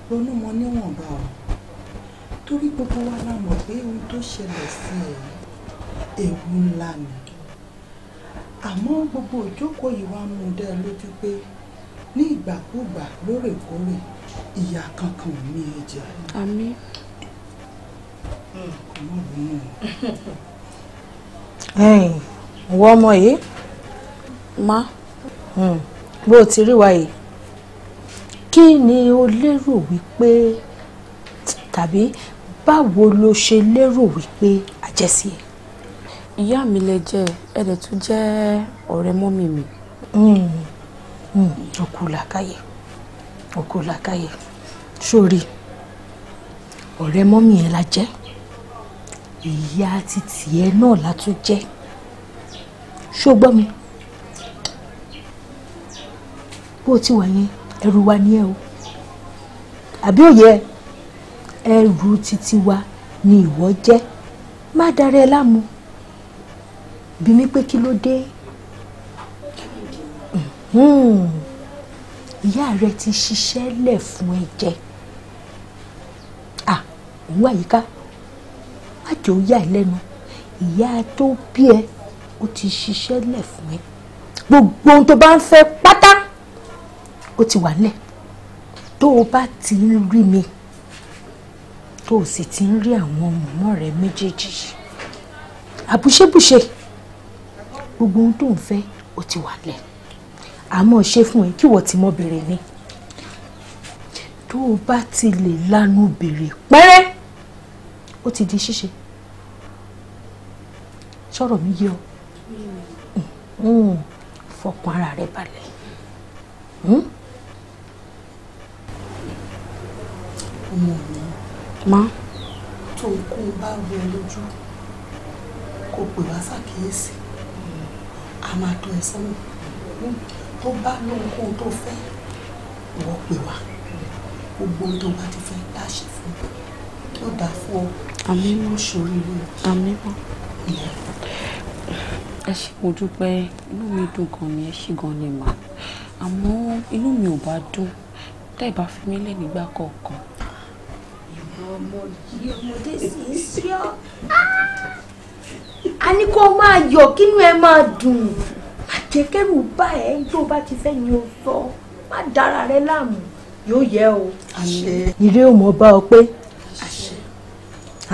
ronú mọ níwọ̀nba o torí gbogbo wa la mọ̀ pé ohun tó ṣẹlẹ̀ sí ẹ ewu ńlá ni àmọ́ gbogbo ìjókòó yìí wá mú un dá ẹ lójú pé ní ìgbàkúgbà lóòrèkóòrè ìyá kankan ò ní ẹ jẹ. àmín. Hmm, kò má o. ìwọ ọmọ yìí. má. Hmm, bó o ti rí wa yìí kí ni o lérò wípé tàbí báwo lo ṣe lérò wípé àjẹsí ẹ. ìyá mi lè jẹ ẹ dẹ̀ tún jẹ́ ọ̀rẹ́ mọ́mì mi. Hmm, hmm, òkú làkàyè òkú làkàyè sórí ọ̀rẹ́ mọ́mì yẹn la jẹ́ ìyá títì ẹ náà la tún jẹ́ ṣó gbọ́ mi bó ti wà yẹn ẹrù wa ni ẹ o àbí òye ẹrù títí wa ni ìwọ jẹ́ má darí ẹ láàmú bí mi pé kí ló dé ìyá rẹ ti ṣiṣẹ́ lẹ̀ fún ẹ jẹ ah òun àyíká má jẹ́ ó yà ẹ́ lẹ́nu ìyá tó bí ẹ ó ti ṣiṣẹ́ lẹ̀ fún ẹ gbogbo ohun tó bá ń fẹ́ pátá ó ti wà nílẹ̀ tó o bá ti ń rí mi tó o sì ti ń rí àwọn mọ̀mọ́ rẹ méjèèjì àbùṣebùṣe gbogbo ohun tó ń fẹ́ ó ti wà nílẹ̀ àmọ́ ṣe fún ẹ kí wọ́n ti mọ́ bèrè ni tó o bá ti lè lanu bèrè pẹ́rẹ́ ó ti di ṣíṣe sọ̀rọ̀ mi yé ọ fọkàn ara rẹ balẹ̀. Mm? ọmọ mi má tó ń kó bá rú ẹ lójú kó pè wá ṣàkíyèsí a máa tọ́ ẹ sọ́nà tó bá lóhunkóhun tó fẹ́ ìwọ pè wá gbogbo ohun tó bá ti fẹ́ láṣẹ fún kí ó dáa fún ọ àmì mọ́ ṣòríire àmì mọ́ ẹ ṣé mo dúpẹ́ inú mi dùn gan ni ẹ ṣé gan ni mà àmọ́ inú mi ò bá dùn tẹ́ ẹ bá fi mí lẹ̀ nígbà kọ̀ọ̀kan ọmọdé ọmọdé sì ń ṣe ọ ah! a ní kó máa yọ̀ kínú ẹ máa dùn má jẹ́ kẹ́rù bá ẹ tó bá ti fẹ́ ni o sọ má dára rẹ láàmú yóò yẹ o. ire ò mọ bá ọ pé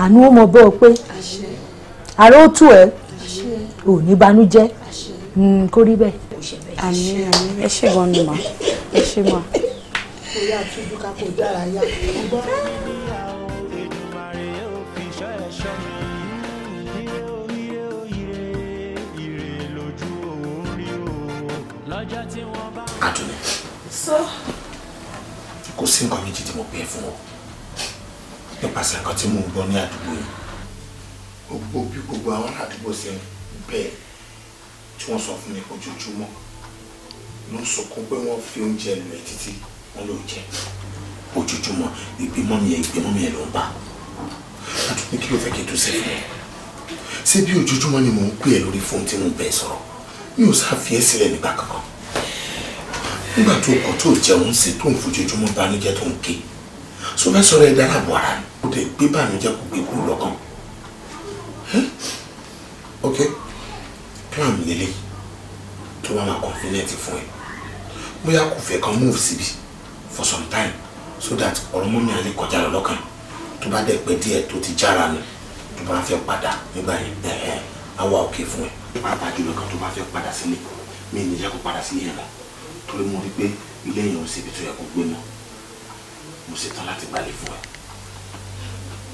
àánú ò mọ bá ọ pé àrà ó tù ẹ ò ní banújẹ́ hmm, kó rí bẹ́ẹ̀. ẹ ṣe gan ni mà ẹ ṣe mà. kò yá àtúndú ká kò dára yá. Adúlé. Sọ. Kò sí nǹkan méjì tí mo pè fún ọ. Nípasẹ̀ nǹkan tí mo ń gbọ́ ní àdúgbò yìí. Gbogbo bí gbogbo àwọn àdúgbò ṣe ń bẹ́ẹ̀ tí wọ́n sọ fún mi ojoojúmọ́ ló ń sọkún pé wọ́n fi oúnjẹ lu ẹ̀ títí wọ́n ló jẹ ojoojúmọ́ ìgbìmọ̀ mi ẹ̀ ìgbìmọ̀ mi ẹ̀ ló ń bá àtúntò kí ló fẹ́ kí n tún sẹ́yìn mọ́ ṣé bí ojoojúmọ́ ni mò ń pè ẹ́ lórí fóun tí mò ń sọ̀rọ̀ mi ò sá fi ẹ́ sílẹ̀ nígbà kankan nígbà tó kàn tó jẹun sí tó ń fojoojúmọ́ bànújẹ́ tó ń ké so fẹ́ sọ̀rọ̀ ẹ dáràbọ̀ ara ni ó dẹ̀ gbé bànújẹ́ kó gbé kúrò lọ́kàn ok plan mi lélẹ̀ tó bá máa convenient fún ẹ bóyá kò fẹ́ kan move síbi for some time so that ọ̀rọ̀ mọ́mí alẹ́ kọjá lọ lọ́kàn tó bá dẹ̀ pẹ́ díẹ̀ tó ti jára nù tó bá fẹ́ padà nígbà yẹn á wà òkè fún ẹ pàápàá jùlọ kan tó bá fẹ́ padà sílé mi ní jẹ́ kó padà sílé yẹn lọ torí mo rí pé ilé yẹn ò síbi tó yẹ kó gbé mọ́ mo ṣetán láti gbalẹ̀ fún ẹ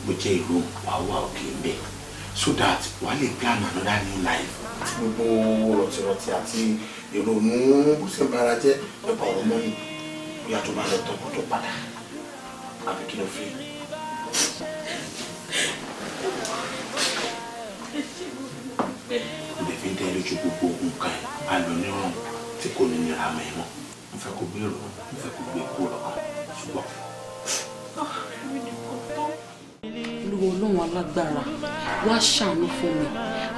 bó jẹ́ ìlú wàá wà òkè ń bẹ̀ so that wàá lè plan another new life àti gbogbo rọ̀tìrọ̀tì àti ìrònú bó ṣe ń bára jẹ́ ẹ̀bà ọ̀rọ̀ mọ́ni bóyá tó bá lọ tọkọ tó padà àbí kí ló fi. ju gbogbo nǹkan ẹ̀ á lọ nírọ̀rùn tí kò ní nira mẹ́mọ́ mo fẹ́ kó gbé ìrọ̀rùn mo fẹ́ kó gbé kúrò lọ́kàn ṣùgbọ́n ìwọ ọlọ́run alágbára wá ṣàánú fún mi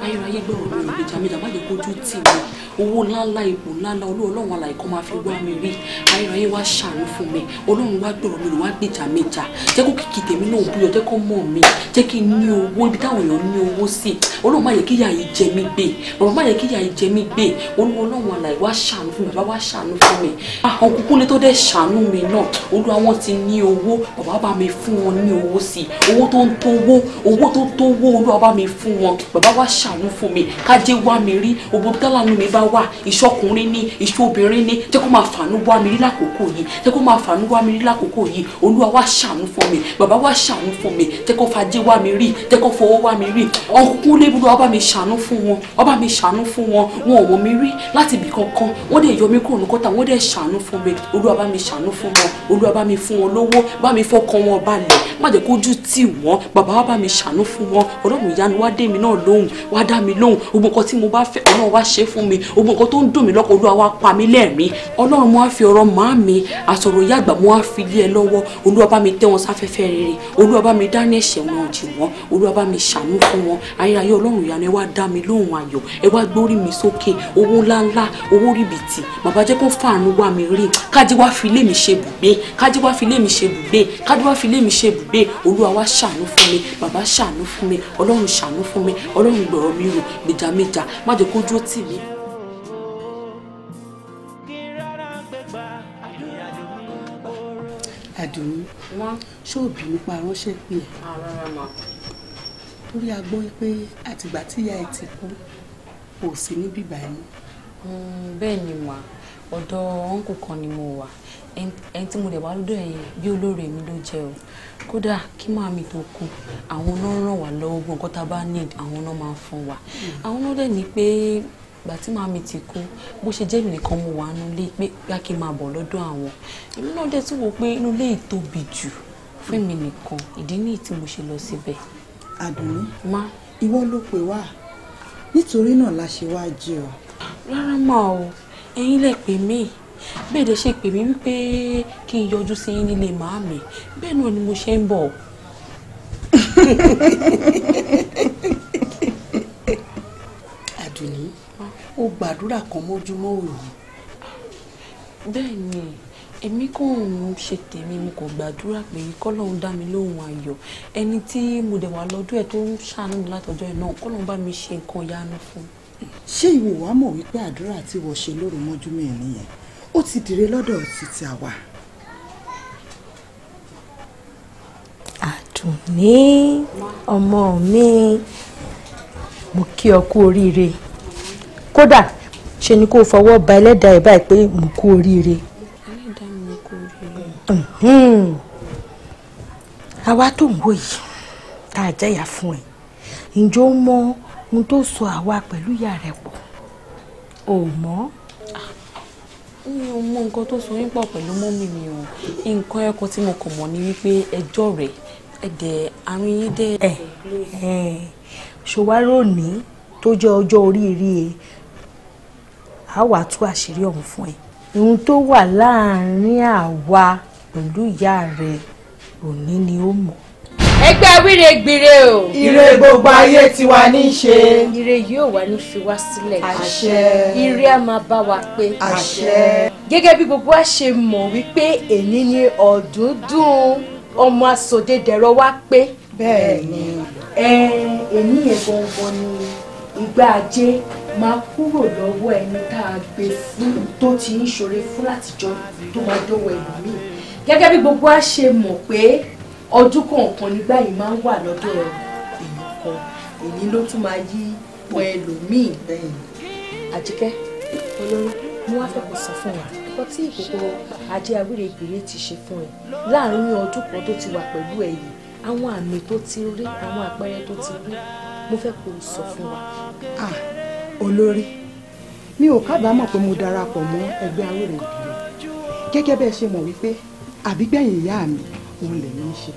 ayérayé gbọ́rọ̀ mi ìgbèjà mi dàbàjẹ́ kojú tì mí owó ńláńlá ipò ńláńlá olú ọlọ́run alàyè kan máa fi wá mi rí ayérayé wá ṣàánú fún mi ọlọ́run wá gbọ́rọ̀ mi wá gbèjà mi jà jẹ́ kó kìkì tèmi náà búyọ jẹ́ kó mọ̀ mi jẹ́ kí n ní owó ibi táwọn èèyàn ní owó sí ọlọ́run má yẹ kí ìyà yìí jẹ mí gbé ọ̀rọ̀ má yẹ kí ìyà yìí jẹ mí gbé olú ọlọ́run alàyè wá ṣàánú fún mi bàbá wá ṣàánú fún mi ah, àwọn kúkú tó dẹ̀ ṣàánú mi náà olú àwọn ti ní owó bàbá bá mi fún wọn ní owó sí owó tó ń tó owó owó tó tó owó olúwa bá mi fún wọn bàbá wa ṣàánú fún mi kájé wá mi rí owó tálánú mi bá wà ìṣọkùnrin ní ìṣọbìnrin ní jẹ́ kó máa fàánú wá mi rí lákòókò yìí jẹ́ kó máa fàánú wá mi rí lákòókò yìí olúwa wa ṣàánú fún mi bàbá wa ṣàánú fún mi jẹ́ kó fàájé wá mi rí jẹ́ kó fowó wá mi rí ọkùnkùn lébùdó wàá bá mi ṣàánú fún wọn wàá bá mi ṣàánú fún wọn wọn ò mọ mi rí láti ibì kankan wọ́n dẹ̀ yọ mí kúrò ní kọ́tà wọ́n dẹ̀ ṣàánú fún mi olúwa bá mi ṣàánú fún wọn olúwa bá mi fún wọn lówó bá mi fọkàn wọn balẹ̀ má jẹ́ kójú tì wọ́n bàb bàbá wa bá mi ṣàánú fún wọn ọlọ́run ìyanu wá dé mi náà lóhùn wá dá mi lóhùn gbogbo nǹkan tí mo bá fẹ́ ọlọ́run wá ṣe fún mi gbogbo nǹkan tó ń dùn mí lọ́kọ̀ olúwa wá pa mí lẹ́ẹ̀mí ọlọ́run mo wá fi ọ̀rọ̀ màá mi àsọ̀rọ̀ ìyá àgbà mo wá fi lé ẹ lọ́wọ́ olúwa bá mi tẹ́ wọn sáfẹ́fẹ́ rere olúwa bá mi dání ẹ̀ṣẹ̀ wọn jì wọ́n olúwa bá mi ṣàánú fún wọn ayérayé ọlọ́run ìyanu ẹ wá dá mi lóhùn mi sókè owó ńláńlá owó ríbitì bàbá jẹ́ kó fàánú wá mi rí kájí wá mi ṣe bùgbé kájí mi ṣe bùgbé kájí mi ṣe bùgbé olúwa wá ṣàánú fún mi bàbá ṣàánú fún mi ọlọ́run ṣàánú fún mi ọlọ́run gbọ̀rọ̀ mi rò méjàméjà má jẹ́ kó dúró tì mí. àdùnnú ṣó òbí nípa ránṣẹ́ pé ẹ̀ ah, torí a pé àtìgbà tíyá ẹ ti kú kò sí níbí báyìí. Hmm, bẹ́ẹ̀ ni mà ọ̀dọ̀ ọ̀nkù kan ni mo wà ẹni tí mo dẹ̀ wá lọ́dọ̀ ẹ̀yìn bí olóore mi ló jẹ́ o kódà kí máa mi tó kù àwọn náà ràn wá lọ́wọ́ gbogbo nǹkan bá need àwọn náà máa fún wa àwọn náà dẹ̀ ní pé ìgbà tí màmí ti kú bó ṣe jẹ́ mi nìkan mo wà nínú ilé pé bá kí n máa bọ̀ lọ́dọ̀ àwọn èmi náà dẹ̀ tún wò pé inú ilé yìí tóbi jù fún mi nìkan ìdí nìyí tí mo ṣe lọ síbẹ̀. àdùnní má ìwọ ló pè wá nítorí náà la ṣe wá jẹ ọ. rárá mà o ẹ̀yin lẹ pè mí bẹ́ẹ̀ lè ṣe pè mí wípé kí n yọjú sí yín nílé màámi bẹ́ẹ̀ náà ni mo ṣe ń bọ̀. àdùnní ó gbàdúrà kan mójúmọ́ òní. bẹ́ẹ̀ ni èmi kò ń ṣe tèmi mo kò gbàdúrà pé kọ́lọ́hún dá mi lóhùn ayọ̀ ẹni tí mo dẹ̀ wà lọ́dún ẹ̀ tó ń ṣàánú mi látọjọ́ ẹ̀ náà kọ́lọ́hún bá mi ṣe nǹkan yánu fún. ṣé ìwọ wàá mọ̀ wípé àdúrà tí wọ́n ṣe lóru mọ́jú mẹ́rin yẹn ó ti dìre lọ́dọ̀ títí àwa. àdùnní ọmọ mi mo kí ọ kú oríire kódà ṣe ni kó fọwọ́ ba ẹlẹ́dàá ẹ̀ báyìí pé mo kú oríire. ẹlẹ́dàá mi kú oríire. àwa tó ń wò yìí tá a jẹ́yà fún ẹ̀ ǹjọ́ mọ ohun tó so àwa pẹ̀lú ìyá rẹ̀ pọ̀ ò mọ́. Ah, mi ò mọ nǹkan tó so yín pọ̀ pẹ̀lú mọ́mì mi o nǹkan ẹ̀kọ́ tí mo kàn mọ̀ ni wípé ẹjọ́ rẹ̀ ẹ̀dẹ̀ àárín yín dẹ̀. ẹ ẹ ṣòwárò ní tó jẹ́ ọjọ́ oríire a wàá tú àṣírí ọ̀hún fún ẹ ohun tó wà láàárín àwa pẹ̀lú ìyá rẹ òní ni ó mọ̀ ẹgbẹ́ awíre gbére o. ire gbogbo ayé ti wà ní í ṣe. ire yóò wà ní fi wá sílẹ̀. àṣẹ. ire a máa bá wa pé. àṣẹ. gẹ́gẹ́ bí gbogbo wa ṣe mọ̀ wípé èní ni ọ̀dúndún ọmọ asòdedẹ̀rọ wa pé. bẹ́ẹ̀ni. èní yẹn gangan ni ìgbà ajé máa kúrò lọ́wọ́ ẹni tá a gbé fún tó ti ń ṣoore fún látijọ́ tó máa dọ́wọ́ ẹ̀mí gẹ́gẹ́ bí gbogbo wa ṣe mọ̀ pé ọdún kọ̀ọ̀kan nígbà yìí máa ń wà lọ́dọ̀ èèyàn kan èyí ló tún máa yí pọ̀ ẹlòmíì bẹ́ẹ̀ àjíkẹ́ olórí mo wá fẹ́ kó sọ fún wa ọkọ tí ìkòkò ajé awírègbèrè ti ṣe fún ẹ láàárín ọdún kan tó ti wà pẹ̀lú ẹ àwọn àmì tó ti rí àwọn àpẹẹrẹ tó ti rí mo fẹ́ kó sọ fún wa. ah olórí mi ò kábàámọ̀ pé mo darapọ̀ mọ́ ẹgbẹ́ awírègbèrè gẹ́gẹ́ bẹ́ẹ̀ ṣe mọ̀ wípé àbígbẹ̀yìn ìyá mi òun lèmi ń ṣe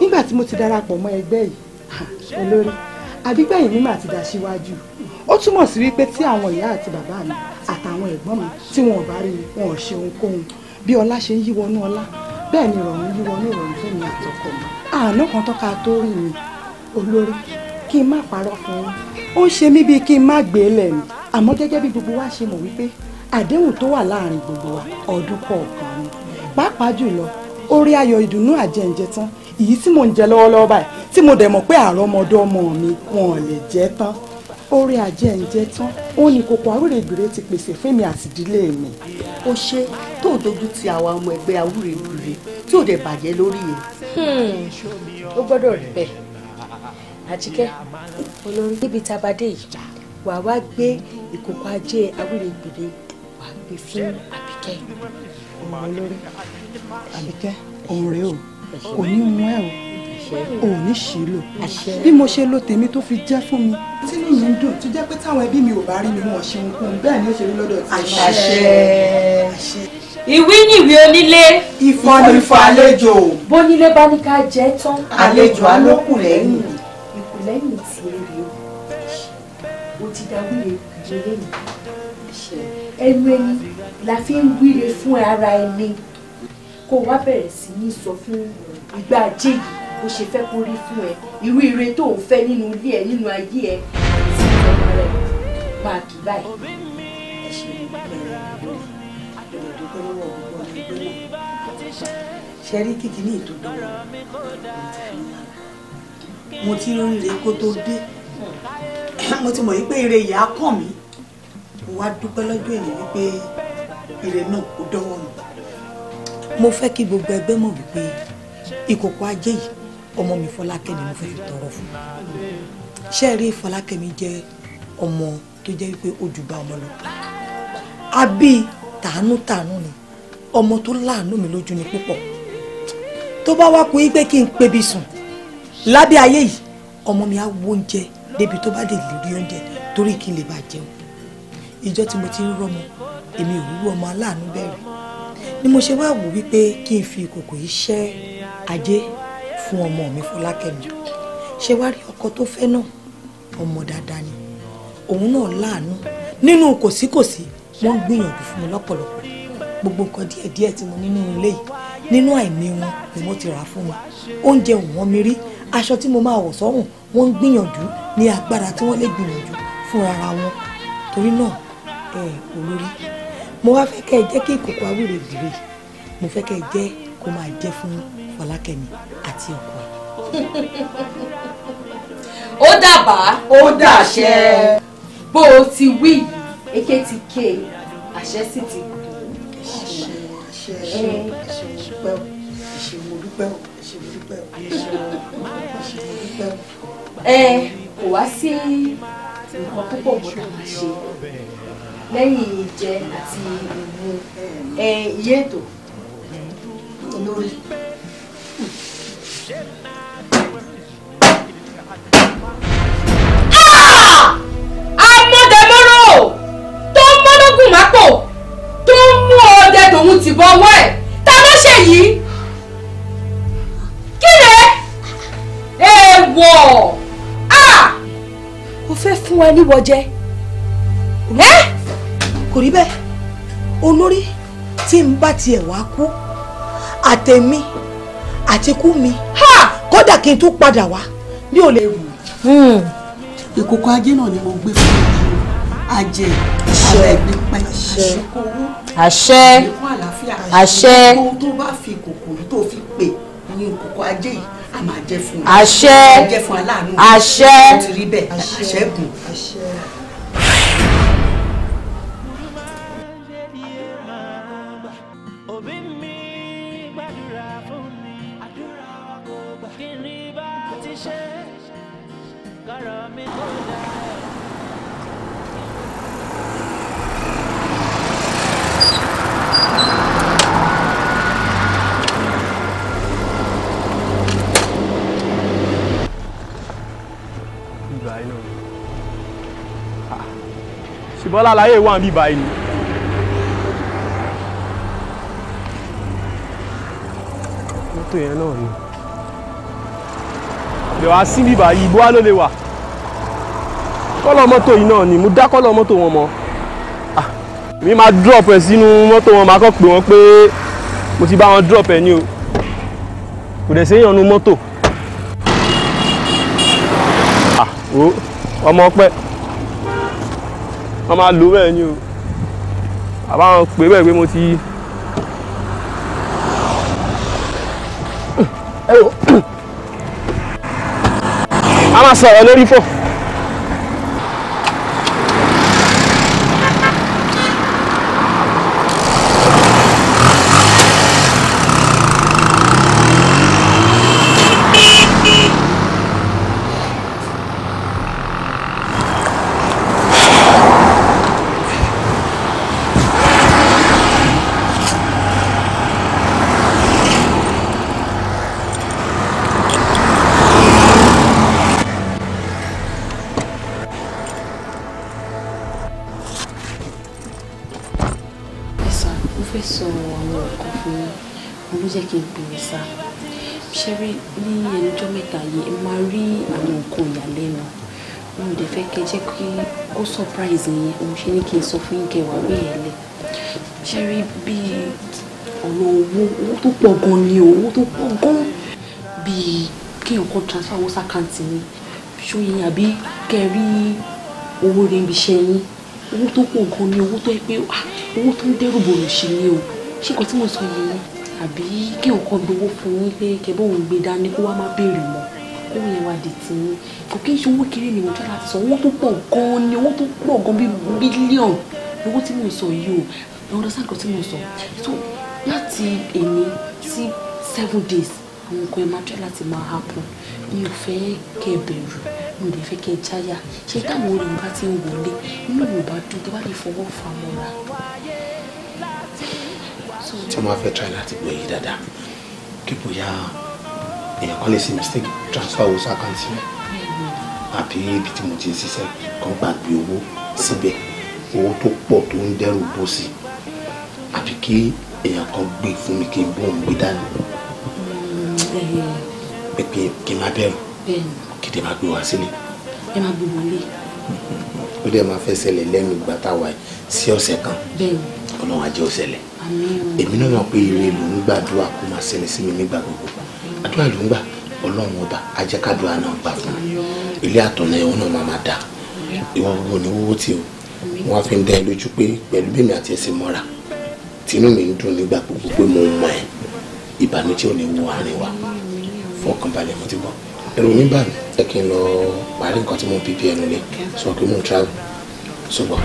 nígbà tí mo ti darapọ̀ mọ́ ẹgbẹ́ yìí <laughs> olórí àbígbẹ̀yìn mi máa ti dá síwájú ó túmọ̀ sí wípé tí àwọn ìyá àti bàbá mi àtàwọn ẹ̀gbọ́n mi tí wọn ò bá rí wọn ò ṣe ohunkóhun bí ọlá ṣe ń yí wọnú ọlá bẹ́ẹ̀ ni ìrọ̀rùn yí wọnú ìrọ̀rùn fún mi àtọkọ mi àná kan tọ́ka tó rí mi olórí kí n má parọ́ fún un ó ń ṣe mí bíi kí n má gbé e lẹ̀ mí àmọ́ gẹ́gẹ́ bí gbogbo wa ṣe mọ̀ wípé àdéhùn tó wà láàrin gbogbo wa ọdún kọ̀ọ̀kan ni pàápàá jùlọ orí ayọ̀ ìdùnnú àjẹǹjẹ tán èyí tí mò ń jẹ lọ́wọ́lọ́wọ́ báyìí tí mo dẹ̀ mọ̀ pé àrọ́mọdọ́ ọmọ mi wọn ò lè jẹ tán orí àjẹǹjẹ tán òun ni kòkò àwúrègbèrè ti pèsè fún mi àti ìdílé mi. ó ṣe tó o dojú ti àwa ọmọ ẹgbẹ́ àwúrègbèrè tí ò dẹ̀ bàjẹ́ lórí yẹn. Hmm, ó gbọ́dọ̀ rí bẹ́ẹ̀ àjíkẹ́ olórí níbi tabadé yìí wàá wá gbé ìkòkò ajé àwúrègbèrè wàá gbé fún àbíkẹ́ ọmọ olórí àbíkẹ́ òun rèé o kò ní mú ẹ o ò ní ṣe lò bí mo ṣe lo tèmi tó fi jẹ́ fún mi tínú mi ń dùn tó jẹ́ pé táwọn ẹbí mi ò bá rí mi wọn ṣe ohunkóhun bẹ́ẹ̀ ni ó ṣe rí lọ́dọ̀ tí mo ṣe. onílé. ìfọn ni ìfọ àlejò. bónílé bá ní ká jẹ tán. àlejò alókùn lẹ́yìn. ìkùlẹ́yìn tí ẹ rí o ó ti dá wílé ìgbìlẹ̀ lẹ́yìn ẹnu ẹni la fi ń wíre fún ara ẹni kó o wá bẹ̀rẹ̀ sí ní sọ fún ìgbà ajé yìí bó ṣe fẹ́ kó rí fún ẹ irú ire tó ń fẹ́ nínú ilé ẹ nínú ayé ẹ sí ọmọ rẹ máa kì báyìí. ẹ ṣe bẹ̀rẹ̀ àbẹ̀rẹ̀ tó pẹ́ lọ́wọ́ gbogbo ọmọ ẹgbẹ́ náà ṣe rí kíkiní ìdodo mo ti rí ire kó tó dé mo ti mọ̀ yí pé ire ìyá kàn mí mo wá dúpẹ́ lọ́jọ́ èyí wípé ire náà kò dọ́wọ́ mi mo fẹ́ kí gbogbo ẹgbẹ́ mọ̀ wípé ìkòkò ajé yìí ọmọ mi fọlákẹ́ ni mo fẹ́ fi tọrọ fún ṣe rí fọlákẹ́ mi jẹ́ ọmọ tó jẹ́ wípé ojú bá ọmọ lọ a tàánútàánú ni ọmọ tó láàánú mi lójú ni púpọ̀ tó bá wá kú wípé kí n pebi sùn lábẹ́ ayé yìí ọmọ mi á wó oúnjẹ débi tó bá lè rí oúnjẹ torí kí n lè bá jẹun ìjọ tí mo ti ń rọmọ èmi ò rú ọmọ aláàánú bẹ́ẹ̀ rí ni mo ṣe wá wò wípé kí n fi ìkòkò yìí ṣẹ́ ajé fún ọmọ mi Fọlákẹ́mi ṣe wá rí ọkọ tó fẹ́ náà ọmọ dáadáa ni òun náà láàánú nínú kòsíkòsí wọ́n ń gbìyànjú fún mi lọ́pọ̀lọpọ̀ gbogbo nǹkan díẹ̀díẹ̀ tí mo nínú ilé yìí nínú àìní wọn ni wọ́n ti rà fún mi oúnjẹ wọn mi rí aṣọ tí mo máa wọ̀ sọ́rùn wọ́n ń gbìyànjú ní agbára tí wọ́n lè gbìyànjú fúnra wọn torí náà ẹ olórí mo wá fẹ́ kẹ́ ẹ jẹ́ kí ìkòkò awúrò dìre mo fẹ́ kẹ́ ẹ jẹ́ kó máa jẹ́ fún fọlákẹ́mi àti ọkọ ẹ̀. ó dábàá ó dàṣẹ bó o ti wí èké ti ké àṣẹ sì ti ẹ kò wá sí nǹkan púpọ̀ bó máa ṣe lẹ́yìn ìjẹ àti ìmú iye ètò olórí. Ah! amọ̀dẹ̀mọ́rọ̀ tó ń mọ́lógún mápò tó ń mú ọdẹ tòun ti bọ́ ọwọ́ ẹ̀ ta ló ṣe yìí kí lè èèwọ̀ a. Ah! ó fẹ́ fún ẹ́ kò rí bẹ́ẹ̀ olórí tí n bá tiẹ̀ wá kú àtẹ̀mí àtikú mi kódà kí n tún padà wá bí ò lè rù. Hmm. ìkòkò ajé náà ni mo gbé fún mi ajé alẹ́ mi pẹ́ àṣekowó àṣẹ àṣẹ ohun tó bá fi kòkò tó fi pè ní ìkòkò ajé yìí a máa jẹ fún un àṣẹ àjẹ fún aláàánú àṣẹ ó ti rí bẹ́ẹ̀ àṣẹ gùn. ṣùgbọ́n lálàyé wà ń bí báyìí ni. mọ́tò yẹn náà ni. lè wá sí bíbá yìí bó wá ló lè wà. kọ́lọ̀ mọ́tò yìí náà ni mo dá kọ́lọ̀ mọ́tò wọn mọ́. èmi máa drop ẹ̀ sínú mọ́tò wọn máa kọ́ pé wọ́n pé mo ti bá wọn drop ẹ̀ ní o. kò dẹ̀ séyàn nu mọ́tò. ọmọ ọpẹ́ wọ́n máa lò bẹ́ẹ̀ ni o àbáwọn pè bẹ́ẹ̀ pé mo ti. <coughs> <coughs> a máa sọ̀rọ̀ lórí fọ́ọ̀. surprise yẹn òun ṣe ní kí n sọ fún yín wá bí ẹ̀lẹ́ ṣe rí bí ọ̀nà owó owó tó pọ̀ gan ni owó tó pọ̀ gan bíi kéèyàn kan transfer owó sàkáǹtì ni ṣó yẹn àbí kẹ́ rí owó rẹ̀ ibi iṣẹ́ yín owó tó pọ̀ gan ni owó tó yẹ pé ah, owó tó ń dẹ́rù bòrò sí ni o ṣé nǹkan tí mo sọ yìí àbí kéèyàn kan gbowó fún yín pé kẹ́ bóun gbé dání kó wá má béèrè mọ́ owó yẹn wá di tìyín kò kí n ṣe owó kéré ni mo jẹ́ láti sọ owó tó pọ̀ gan ni owó tó pọ̀ gan-an bílíọ̀n owó tí mò sọ yìí o àwọn ọ̀dọ́sàgbà tí mò sọ so láti èmi sí seven days àwọn nǹkan ẹ̀ máa jẹ́ láti máa happen mi ò fẹ́ kẹ́ ẹ bẹ̀rù mi ò lè fẹ́ kẹ́ ẹ jáyà ṣé táwọn olùbá ti ń wọlé inú mi ò bá dùn tó bá lè fọwọ́ fà mọ́ra tí wọ́n máa fẹ́ try láti gbé yìí dáadáa kí bóyá èèyàn kan lè ṣe mistake transfer owó sí àkáǹtì rẹ̀ àbí ibi tí mo ti ń ṣiṣẹ́ kan gbàgbé owó síbẹ̀ owó tó pọ̀ tó ń dẹ́rù bó sí àbí kí èèyàn kan gbé fún mi kí n bóun gbé dání pépé kí n má bẹ̀rù kí n má gbé wá sílé. ẹ má gbé wọlé. ó dẹ̀ máa fẹ́ ṣẹlẹ̀ lẹ́nu ìgbà táwa sí ọ̀sẹ̀ kan ọlọ́run á jẹ́ ó ṣẹlẹ̀ èmi náà yàn pé ire ló ń gbàdúrà kó máa ṣẹlẹ̀ sí mi nígbà gbogbo àdúrà ló ń gbà ọlọ́run ọba ajẹ́kádùá náà gbà fún ilé àtọ̀nà ẹ̀hún náà máa dà ìwọ gbogbo ní wọ́wọ́ tí o wọ́n fi ń dá ẹ lójú pé pẹ̀lú bèmi àti ẹsẹ̀ mọ́ra tínú mi ń dùn nígbà gbogbo pé mo mọ ẹ ìbànújẹ́ ò ní wo àárín wa fọkànbalẹ̀ mo ti bọ̀ ẹ̀rù mi bà mí ẹ kí n lọ parí nǹkan tí mo bíbí ẹnu lé sọ pé mo ń travel ṣùgbọ́n.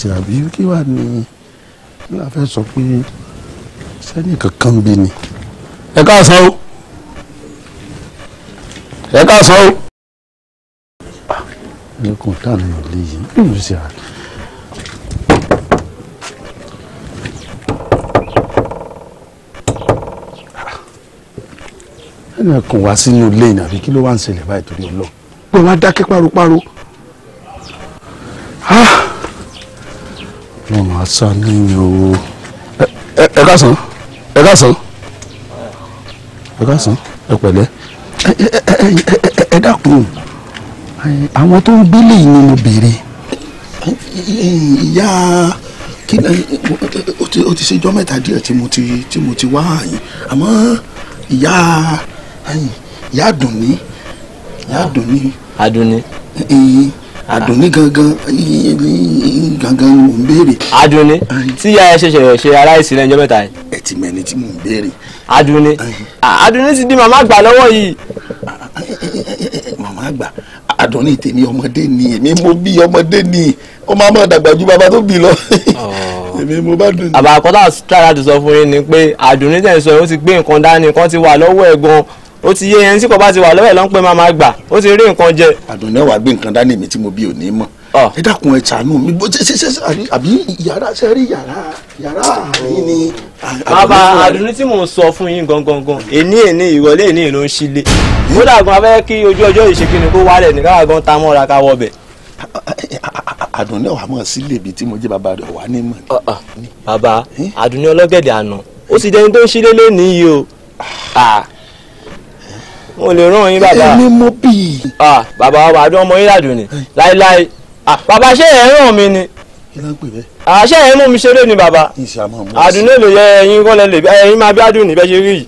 sí àbí kí wàá ní la fẹ́ sọ pé sẹ́ni kankan bí ni. ẹ káàsán o ẹ káàsán o. lẹ́kùn táwọn èèyàn lè yí ìlú sí àná. ẹnì kan wá sínú ilé yìí àfi kí ló wá ń ṣẹlẹ̀ báyìí torí ọlọ́ọ̀ pé wọ́n á dákẹ́ páropáro. ah sani o ẹ káàsán ẹ káàsán ẹ káàsán ẹ pẹ̀lẹ́ ẹ dákun àwọn tó ń gbélé yìí ni mo béèrè ìyá kí ni ó ti ṣèjọ́ mẹ́ta díẹ̀ tí mo ti tí mo ti wá yín àmọ́ ìyá ìyá àdùnní ìyá àdùnní. àdùnní. Ah. àdùnní gangan gangan mò ń béèrè. àdùnní tí ya ẹ ṣẹ̀ṣẹ̀ ṣe aláìsí lẹ́jọ́ mẹ́ta yìí. ẹ ti mẹ́ni tí mò ń béèrè. àdùnní ah, àdùnní ti di màmá àgbà lọ́wọ́ yìí. màmá àgbà àdùnní tèmi ọmọdé ni èmi mo bí ọmọdé ni ó máa mọ̀ dàgbà ju bàbá tó bí lọ oh. èmi mo bá dùn. àbàkọ́tà tíra láti sọ fún yín ni pé àdùnní tẹ̀ ń sọ ó ti gbé nǹkan dání kan ti wà lọ́wọ́ ẹ̀ gan-an ó ti yé ẹni tí kò bá ti wà lọ́wọ́ ẹ̀ ló ń pẹ́ máa gbà ó ti rí nǹkan jẹ. àdùnnẹ́ wàá gbé nǹkan dání mi tí mo bí ò ní mọ̀ ẹ dákun ẹ ṣàánú mi bó ṣe ṣe ṣe àbí yàrá ṣe rí yàrá yàrá yìí ni. bàbá àdùnnú tí mò ń sọ fún yín gangan gan èní èní ìrọ̀lẹ́ èní ló ṣílé hmm? kódà gan afẹ́ kí ojú ọjọ́ ìṣèkínni kó wálẹ̀ ní káwá ta mọ́ra ká wọ bẹ̀. àdùnnẹ́ wàá mọ̀ sílé mo jẹ́ bàbá rẹ̀ wà ní mọ̀ ni. bàbá hmm? mo lè rán yín bàbá. èmi mo bì í. bàbá wa àdó ọmọ yín ládùn ni láéláé bàbá ṣé ẹ̀ ń ràn mí ni. kí ló ń pè bẹ́ẹ̀. àṣẹ ẹ̀ ń mú mi ṣeré ni bàbá. àdùnnú lè yẹ ẹyin kọ́lẹ̀ lè ẹyin máa bí àdùn ní bẹ́ẹ̀ ṣe rí yìí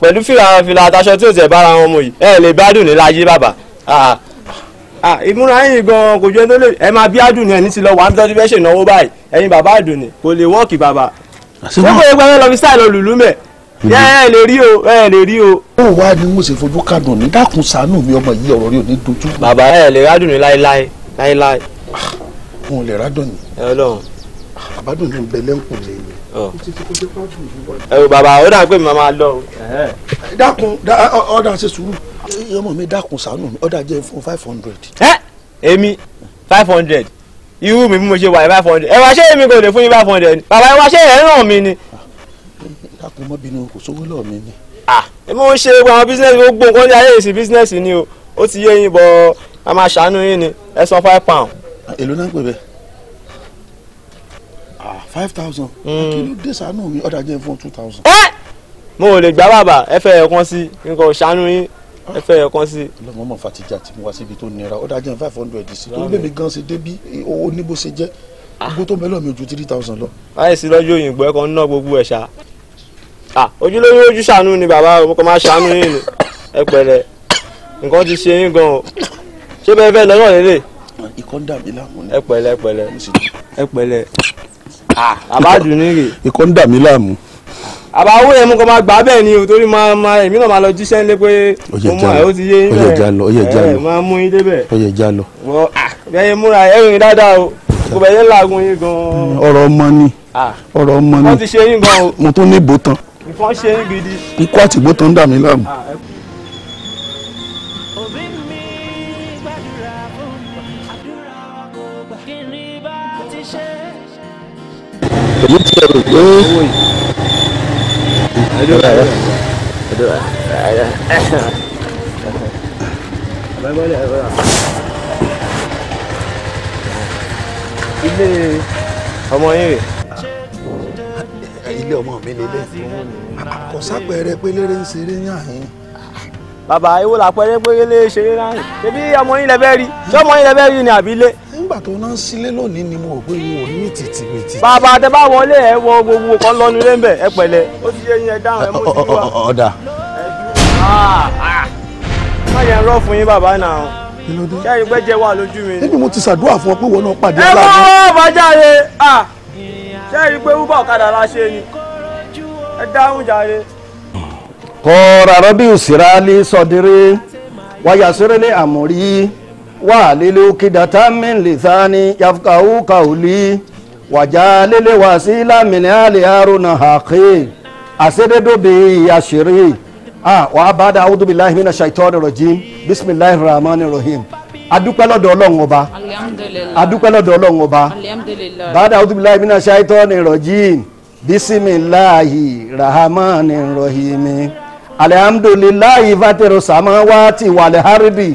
pẹ̀lú fìlà fìlà àtàṣọ tí ò tẹ̀ bára wọn mu yìí ẹ lè bá àdùn ní láyé bàbá. ìmúra yín gan kò jẹ́ tó lè ẹ máa bí àdùn ní ẹni tí lọ wà ń tọ́jú fẹ́ ṣènáwó báyìí ẹyin bàbá àdùn ní kò lè wọ́ọ̀kì bàbá. ó kò yẹ pé ẹ lọ fi sáà ẹ ẹ lè rí o ẹ lè rí o. ó wá ní mo ṣe fojú kádùn ní dákun ṣàánú mi ọmọ yìí ọ̀rọ̀ rí o ní dojú. bàbá ẹ lè rádùn ní láéláé láéláé. mo ah, lè rádùn ní. ẹ lọ́hùn. Ah, àbádùn ní bẹ lẹ́kùn lè mi. ẹ o bàbá ó dà pé mi máa lọ. dákun ọ̀dà ṣe sùúrù ọmọ mi dákun ṣàánú mi ọ̀dà jẹ́ fún five hundred. ẹ èmi five hundred irú mi bí mo ṣe wà ní five hundred ẹ wá ṣé èmi kò lè fún yín five hundred bàbá ẹ wá ṣé ẹ ràn mí ni. Ah dákun mọ́ bínú kò sówó lọ́ọ̀ mi ni. ẹ mọ̀ ń ṣe àwọn bísíǹnẹ̀sì gbogbo nǹkan ní ayé ìsì bísíǹnẹ̀sì ni o ó ti yé yín bọ̀ a máa ṣàánú yín ni ẹ san five pound. èló náà ń pè bẹ́ẹ̀ five thousand mm. kí ló dé ṣàánú mi ọ̀dà jẹ́ fún two thousand. ẹ mo ò lè gbá bàbà ẹ fẹ́ ẹ̀kan sí nǹkan ṣàánú yín ẹ fẹ́ ẹ̀kan sí. lọ́mọ mọ̀ fatijá tí mo wá síbi tó nira ọ̀dà jẹ́ five hundred sí tó bẹ́ẹ̀ mi gan ṣe débí owó níbo ṣe jẹ́ gbogbo tó mẹ́lọ́ mi ju three thousand lọ. láì sí lọ́jọ́ òyìnbó ẹ̀kan ná gbogbo ẹ̀ ṣá ojúlówó ojú ṣàánú ni bàbá o máa ṣàánú yín ni ẹ pẹ̀lẹ́ nǹkan ti ṣe yín gan o ṣé bẹ́ẹ̀ bẹ́ẹ̀ lọ́rọ̀ lélẹ̀. ikọ́ ń dà láàmú ni. ẹ pẹ̀lẹ́ ẹ pẹ̀lẹ́ ẹ pẹ̀lẹ́ àbádùn ní rè. ikọ́ ń dà mí láàmú àbáwó yẹn mú kó máa gbà bẹ́ẹ̀ ni o torí máa máa èmi náà máa lọ jíṣẹ́ ńlé pé mo mọ àyè ó ti yé yín bẹ́ẹ̀ ọyẹ̀já lọ ọyẹ̀já lọ máa mú yín débẹ̀ ọyẹ̀já lọ. wọ́n bẹ́ẹ̀ múra ẹ̀rìn dáadáa o kò bẹ̀ yẹn làágùn yín gan-an. ọ̀rọ̀ ọmọ ni ọ̀rọ̀ ọmọ ni mo tún ní ìbò tán nǹkan ṣe é gidi. ikú àtìgbó tó ń dà mí láàmú. èyí ti ẹrù pé. ilé ọmọ yín rèé ilé ọmọ mi lélẹ̀ kò sápẹ̀rẹ̀ pé lérè ń ṣeré ní àyín. bàbá ewo la pé lè ṣeré láyìn ṣebí ọmọ yín lẹ rí ṣé yín lẹ rí ni àbí ilé. nígbà tó ná sílé lónìí ni mo rò pé wo ní tìtì méjì. bàbá tẹ bá wọlé ẹ wọ gbogbo kan lọnu lé mbẹ ẹ pẹ̀lẹ́ ó ti yé yín ẹ dáhùn ẹ mọ ojú wa. Ah, ah. má yẹn rọ fún yín bàbá náà kí ló dé. kẹ́rin pẹ́ wà lójú mi. níbi mo ti ṣàdúrà fún ọ pé wọn náà pàdé aláàbò. ẹ wọ́n bàjá re ṣé ẹ rí i pé uber ọ̀kadà la ṣe ni ẹ dáhùn jàre. kọ́ra rọ́bì òsìrá lè sọdẹ́rẹ́ wáyà sẹ́rẹ́lẹ̀ àmọ́rí wà lílé kìdàtà mi lè sá ni yafukawu kàwùlí wàjà lílé wà sí lámìnì àlè àrùn àhàkè àṣẹdẹ́dọ́bì àṣírí. ah wa bada a'udhu billahi minash shaitani rajim bismillahir rahmanir rahim adúpẹ́ lọ́dọ̀ ọlọ́run ọba adúpẹ́ lọ́dọ̀ ọlọ́run ọba bàdà ọdúnbìláì mí ṣáìtọ́ ni rọ̀jìn bísímìláì rahamani rọ̀hìmí ti wàlẹ̀ haribi.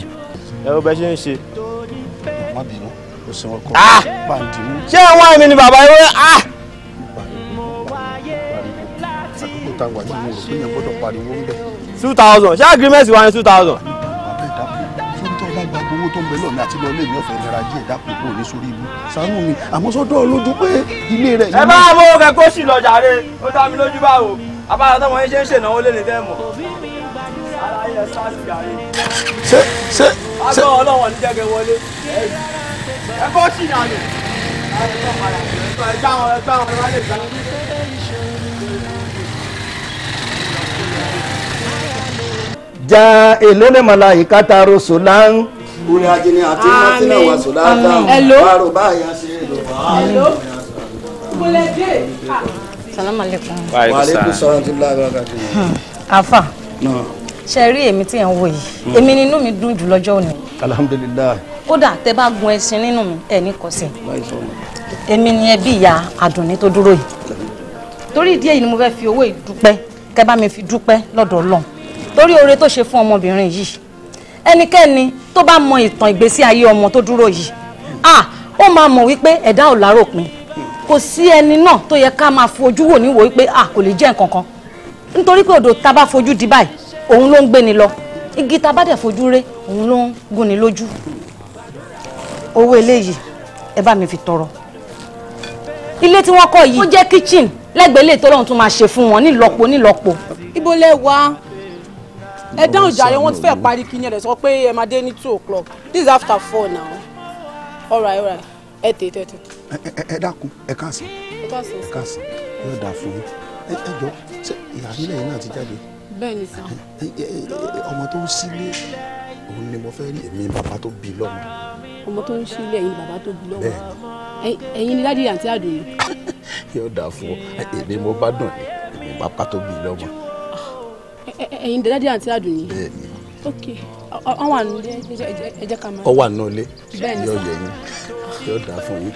ẹ o bẹ ṣe ń ṣe. màmá bínú o sì wọn kọ ah! ṣé ẹ wá mi ni bàbá ewé. tó ń bẹ lọ́ọ̀mí àti lọ́ọ̀lẹ́ mi ọ̀fẹ́ nira díẹ̀ dákun kúrò ní sórí ibú ṣàánú mi àmọ́ sọ́dọ̀ lójú pé ilé rẹ̀. ẹ bá àwọn òkè kó sì lọ́jà rẹ ó dá mi lójú báwo abára tó wọn ṣe ń ṣènáwó lé ní tẹ́ mọ̀. ṣé ṣé ṣé. àgọ́ ọlọ́wọ̀n ní wọlé ẹ kó sì nàlè ẹ gbá wọn lè gbá wọn. ja elele malaikata rusulan kúrẹ́ ajínní àti mọ́tínà wà sọ̀dá dáhùn bárò báyà ṣe é lò. salamu alaykum. wa aleykum salaam ti lágbára kàkiri. afa ṣe rí èmi tí ẹ ń wò yìí hmm. èmi nínú mi dùn jù lọ́jọ́ òní. alhamdulilayi. kódà tẹ bá gun ẹṣin nínú mi ẹ ní kọsí. èmi ni ẹbí ìyá àdùnní tó dúró yìí. torí ìdí èyí ni mo fẹ́ fi owó ìdúpẹ́ kẹ́ bá mi fi dúpẹ́ lọ́dọ̀ torí oore tó ṣe fún ọmọbìnrin yìí ẹnikẹ́ni tó bá mọ ìtàn ìgbésí ayé ọmọ tó dúró yìí ah ó máa mọ̀ wípé ẹ̀dá ò láròpin kò sí ẹni náà tó yẹ ká máa fojú wò níwò wípé ah kò lè jẹ́ nǹkan kan nítorí pé odò tá a bá fojú di báyìí òun ló ń gbé ni lọ igi tá a bá dẹ̀ fojú ré òun ló ń gún ni lójú owó eléyìí ẹ bá mi fi tọrọ ilé tí wọ́n kọ́ yìí ó jẹ́ kitchen lẹ́gbẹ̀ẹ́ lè tọ́lọ́run tún máa ṣe fún wọn nílọ́po nílọ́po. ibo lẹ wà ẹ dáhùn jàre wọn ti fẹ́ parí kí ni ẹ sọ pé ẹ máa dé ní two o'clock this is after four now All right, alright alright ẹ tè tè tè. ẹ dákun ẹ káàsán ẹ káàsán yóò dà fún yín ẹ jọ ṣé ìyá nílẹ̀ yìí náà ti jáde. bẹ́ẹ̀ni sàn. ọmọ tó ń sílé òun ni mo fẹ́ rí èmi bàbá tó bí lọ́mọ. ọmọ tó ń sílé ẹ̀yin bàbá tó bí lọ́mọ. ẹ̀yin ni ládìyà àti àdùn yìí. <laughs> yóò dà fún ọ èmi mo bá dùn ní èmi bàbá tó bí lọ́mọ ẹ̀yin dẹ́dẹ́dẹ́ àti àdùnní. bẹ́ẹ̀ni. ok ọ wà nílé ẹ ká máa. ọ wà nílé yọ yẹ yín yọ dà fún yín.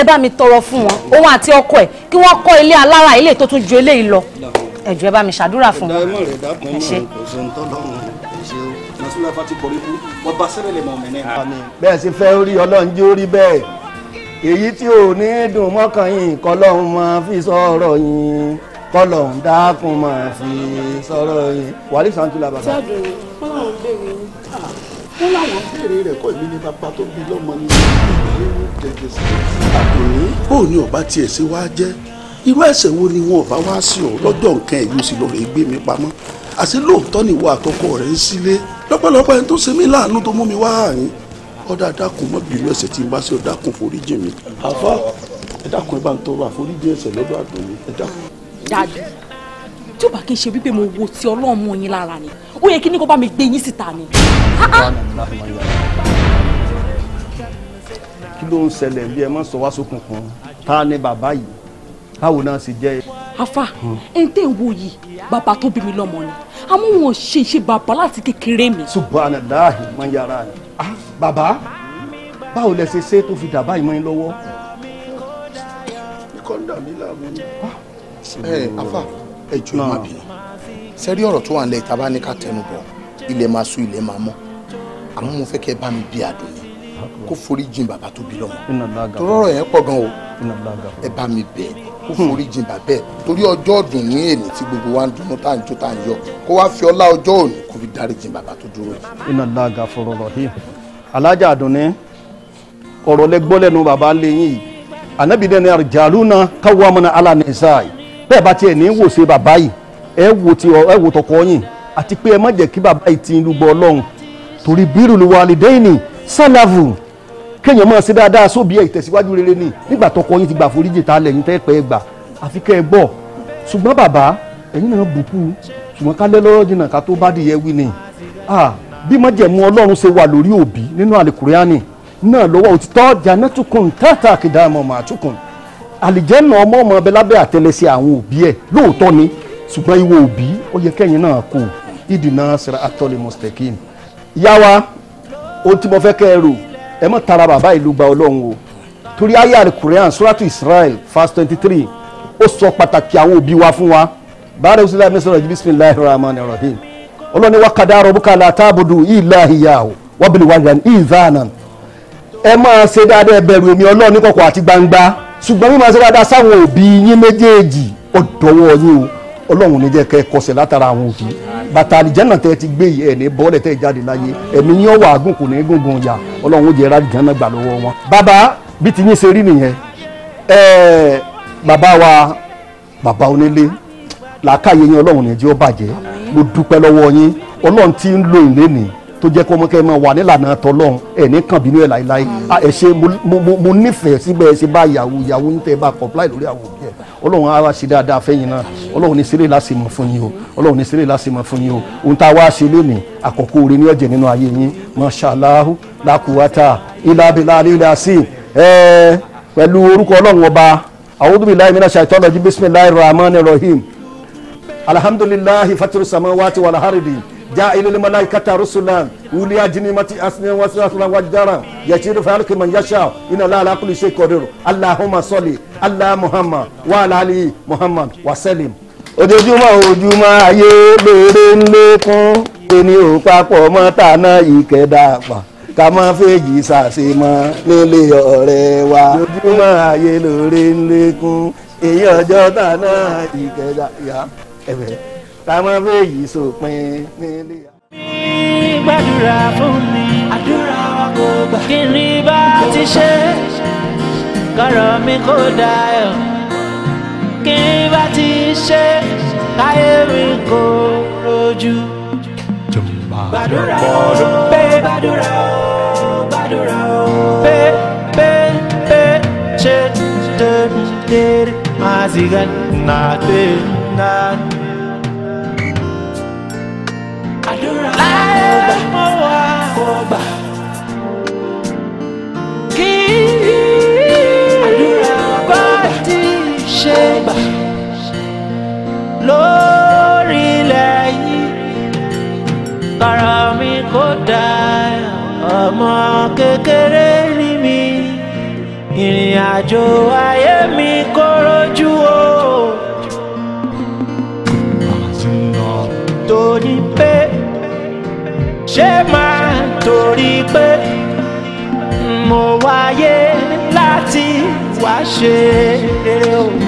ẹ bá mi tọrọ fún wọn òun àti ọkọ ẹ̀ kí wọ́n kọ́ ilé alára ilé tó tún ju eléyìí lọ ẹ ẹ bá mi ṣàdúrà fún wọn. ẹ ṣe bẹ́ẹ̀ sì fẹ́ orí ọlọ́run jí ó rí bẹ́ẹ̀ èyí tí ò ní dùn mọ́kàn yìí kọ́ lọ́hún máa fi sọ ọ̀rọ̀ yìí kọlọ̀ ń dákun máa fi sọ̀rọ̀ yìí wàlí sàǹtúlà bàbá. jáde fọláwọn ah. béèrè yín wọn làwọn béèrè rẹ kọ èmi ní bàbá tó bí lọ́mọ ní ìlú jẹjẹ sí àtòní. ó ní ọba tiẹ̀ sí wá jẹ́ irú ẹ̀ṣẹ̀ wo ni wọn ọba wá sí ọ lọ́jọ́ nǹkan ẹ̀yìn sì lọ́ọ́ rẹ̀ gbé mi pamọ́ àti lóòótọ́ ni ìwọ àtọkọ rẹ̀ ń sílé lọ́pọ̀lọpọ̀ ẹni tó ṣe mí láàánú tó mú mi wá àárín ọ̀dà dákun mọ́ bínú ẹ̀ṣẹ̀ tí n bá ṣe ọ̀dàkùn foríjì mi. àfa ẹ̀dàkùn ẹ̀ bá ń tọrọ àforíjì ẹ̀ṣẹ̀ lọ́dọ̀ àtòní ẹ̀dàkùn dájú tí ó bá kí n ṣe wípé mo wo ti ọlọ́run mú yín lára ni ó yẹ kí ní kó bá mi gbé yín síta ni. kí ló ń ṣẹlẹ̀ bí ẹ má sọ wá sókun kan ta ni bàbá yìí báwo náà ṣe jẹ́. afa ẹni hmm. tẹ́ ń wo yìí bàbá tó bí mi lọ́mọ ni àmọ́ wọn ṣe ṣe bàbá láti kékeré mi. subhanallahi man yara ni. Ah, bàbá báwo lẹ ṣe ṣe tó fi dàbá ìmọ̀ yín lọ́wọ́. ikọ̀ ń dà mí láàmú ni. Ah, ẹ afa ẹ jù ẹ má bínú sẹ́rí ọ̀rọ̀ tó wà ń lẹ̀ ìta bá ní ká tẹnu bọ̀ ilẹ̀ máa sún ilẹ̀ máa mọ́ àmọ́ mo fẹ́ kẹ́ bá mi bí àdùn ni kó forí jìn bàbá tó bí lọ́mọ torí ọ̀rọ̀ yẹn pọ̀ gan o ẹ bá mi bẹ̀ kó hmm. forí jìn bàbá ẹ̀ torí ọjọ́ ọdún ní èmi tí gbogbo wa ń dunnú tá à ń jó tá à ń yọ kó wá fi ọlá ọjọ́ òní kó fi dárí jìn bàbá tó dúró. iná lága fọ̀rọ̀ rọ̀ yìí alájà àdùnní ọ̀rọ̀ lẹ́gbọ́lẹ́nu bàbá lẹ́yìn yìí ànábìdẹ́ni àrùjálù náà káwọ́ amúnà alánìsáì bẹ́ẹ̀ bá tiẹ̀ ní wò ṣe bàbá yìí ẹ wò ti ẹ wò tọkọ yín àti pé ẹ má jẹ́ kí bàbá yìí ti ń lùgbọ́ ọlọ́run torí bírù ló wà lédè ìní sálàvù kéèyàn máa ṣe dáadáa sóbi ẹ̀ ìtẹ̀síwájú rere ni nígbà tọkọ yín ti gbà foríjì ta lẹ́yìn tẹ́ pẹ́ gbà àfi kẹ́ ẹ gbọ́ ṣùgbọ́n bàbá ẹ̀yin náà bùkún ṣùgbọ́n ká lẹ́ lọ́rọ́ jìnnà ká tó bá dìyẹ wí ni bí májẹ̀mú ọlọ́run ṣe wà lórí òbí nínú àlìkùrẹ́ánì náà lọ́wọ́ òtítọ́ jàǹdà tukùn tààtà kìdá àmọ́ àlìjẹ́nà ọmọ ọmọ ọbẹ̀ lábẹ́ àtẹlẹsẹ̀ àwọn òbí ẹ̀ lóòótọ́ ni ṣùgbọ́n ìwọ òbí ó yẹ kẹ́yìn náà kù ìdìnnà sira atọ́lé mustaqim. ìyá wa ohun tí mo fẹ́ kẹ́ ẹ rò ẹ mọ̀ tara bàbá ìlú gba ọlọ́run o torí àyá al suratu Israel verse twenty three ó sọ pàtàkì àwọn òbí wa fún wa báyìí ọ̀sùn láì mẹ́sàn-án ọ̀jì bismillahir rahmanir rahim ọlọ́ni wa qada rabbuka la ta'budu illa iyyahu wa bil walidayni ihsanan ẹ máa ṣe dáadáa ẹ bẹ̀rù èmi ọlọ́run ní àti gbangba ṣùgbọ́n mímọ ṣe dáadáa sáwọn òbí yín méjèèjì ọ̀dọ́wọ́ yín o ọlọ́run ní jẹ́ kẹ́ kọsẹ̀ látara àwọn òbí bàtà àlìjánà tẹ́ ti gbé yìí ẹ̀ní bọ́ọ̀lẹ̀ tẹ́ jáde láyé ẹ̀mí ya ọlọ́run ó jẹ́ àlìjánà gbà lọ́wọ́ wọn. bàbá bí ti yín ṣe rí nìyẹn ẹ̀ẹ́ bàbá wa bàbá onílé làákàyè yín ọlọ́run ní bàjẹ́ tó jẹ́ kó mọ́ kẹ́ ẹ máa wà nílànà tọ́lọ́run ẹ̀ ní kàn bínú ẹ̀ láéláé ẹ ṣe mo nífẹ̀ẹ́ síbẹ̀ ẹ ṣe bá ìyàwó ìyàwó ń tẹ́ bá comply lórí àwọn òbí ẹ̀ ọlọ́run á wá ṣe dáadáa fẹ́yìn náà ọlọ́run ní sílẹ̀ láti mọ̀ fún yín o ọlọ́run ní sílẹ̀ láti mọ̀ fún yín o ohun tá a wá ṣe lénìí àkọ́kọ́ oore ní ọ̀jẹ̀ nínú ayé yín mashallah lakuwata ilabila lilasi ẹ pẹ̀lú orúkọ ọlọ́run ọba a'udhu billahi minash shaitanir rajim bismillahir rahmanir rahim alhamdulillahi fatirus samawati wal جاء للملائكة رسلا أولي أجنمة أسنان وسنان وجدارا يشير في خلق من يشاء إن الله على كل شيء قدير اللهم صل على محمد وعلى Muhammad, wa Salim. ojoojúmọ́ ojúmọ́ ayé lóore ń lékún ẹni ò papọ̀ mọ́ tàná ìkẹ́dà pa ká má fèjì ṣàṣe mọ́ nílé ọ̀rẹ́ wa. ojoojúmọ́ ayé lóore ń lékún èyí ọjọ́ tàná ìkẹ́dà ya ẹ̀bẹ̀ táwọn fèyí sòpin nílé. mi gbàdúrà fún mi àdúrà wa kò gbà kí ni bá ti ṣe kọ́rọ̀ mi kò dayọ̀ kí ni bá ti ṣe káyé mi kò rojú. gbàdúrà ó pé gbàdúrà ó gbàdúrà ó pé pé pé ṣe tẹ̀ tẹ̀ tẹ̀ máa sì gẹ̀ nà tẹ̀ nà tẹ̀. ṣe gbà lórí ilẹ̀ yìí kára mi kò dá ọmọ kékeré ni mi ìrìn àjò ayé mi kò rojú o. torí pé ṣé máa torí pé mo wáyé láti wá ṣe rere o.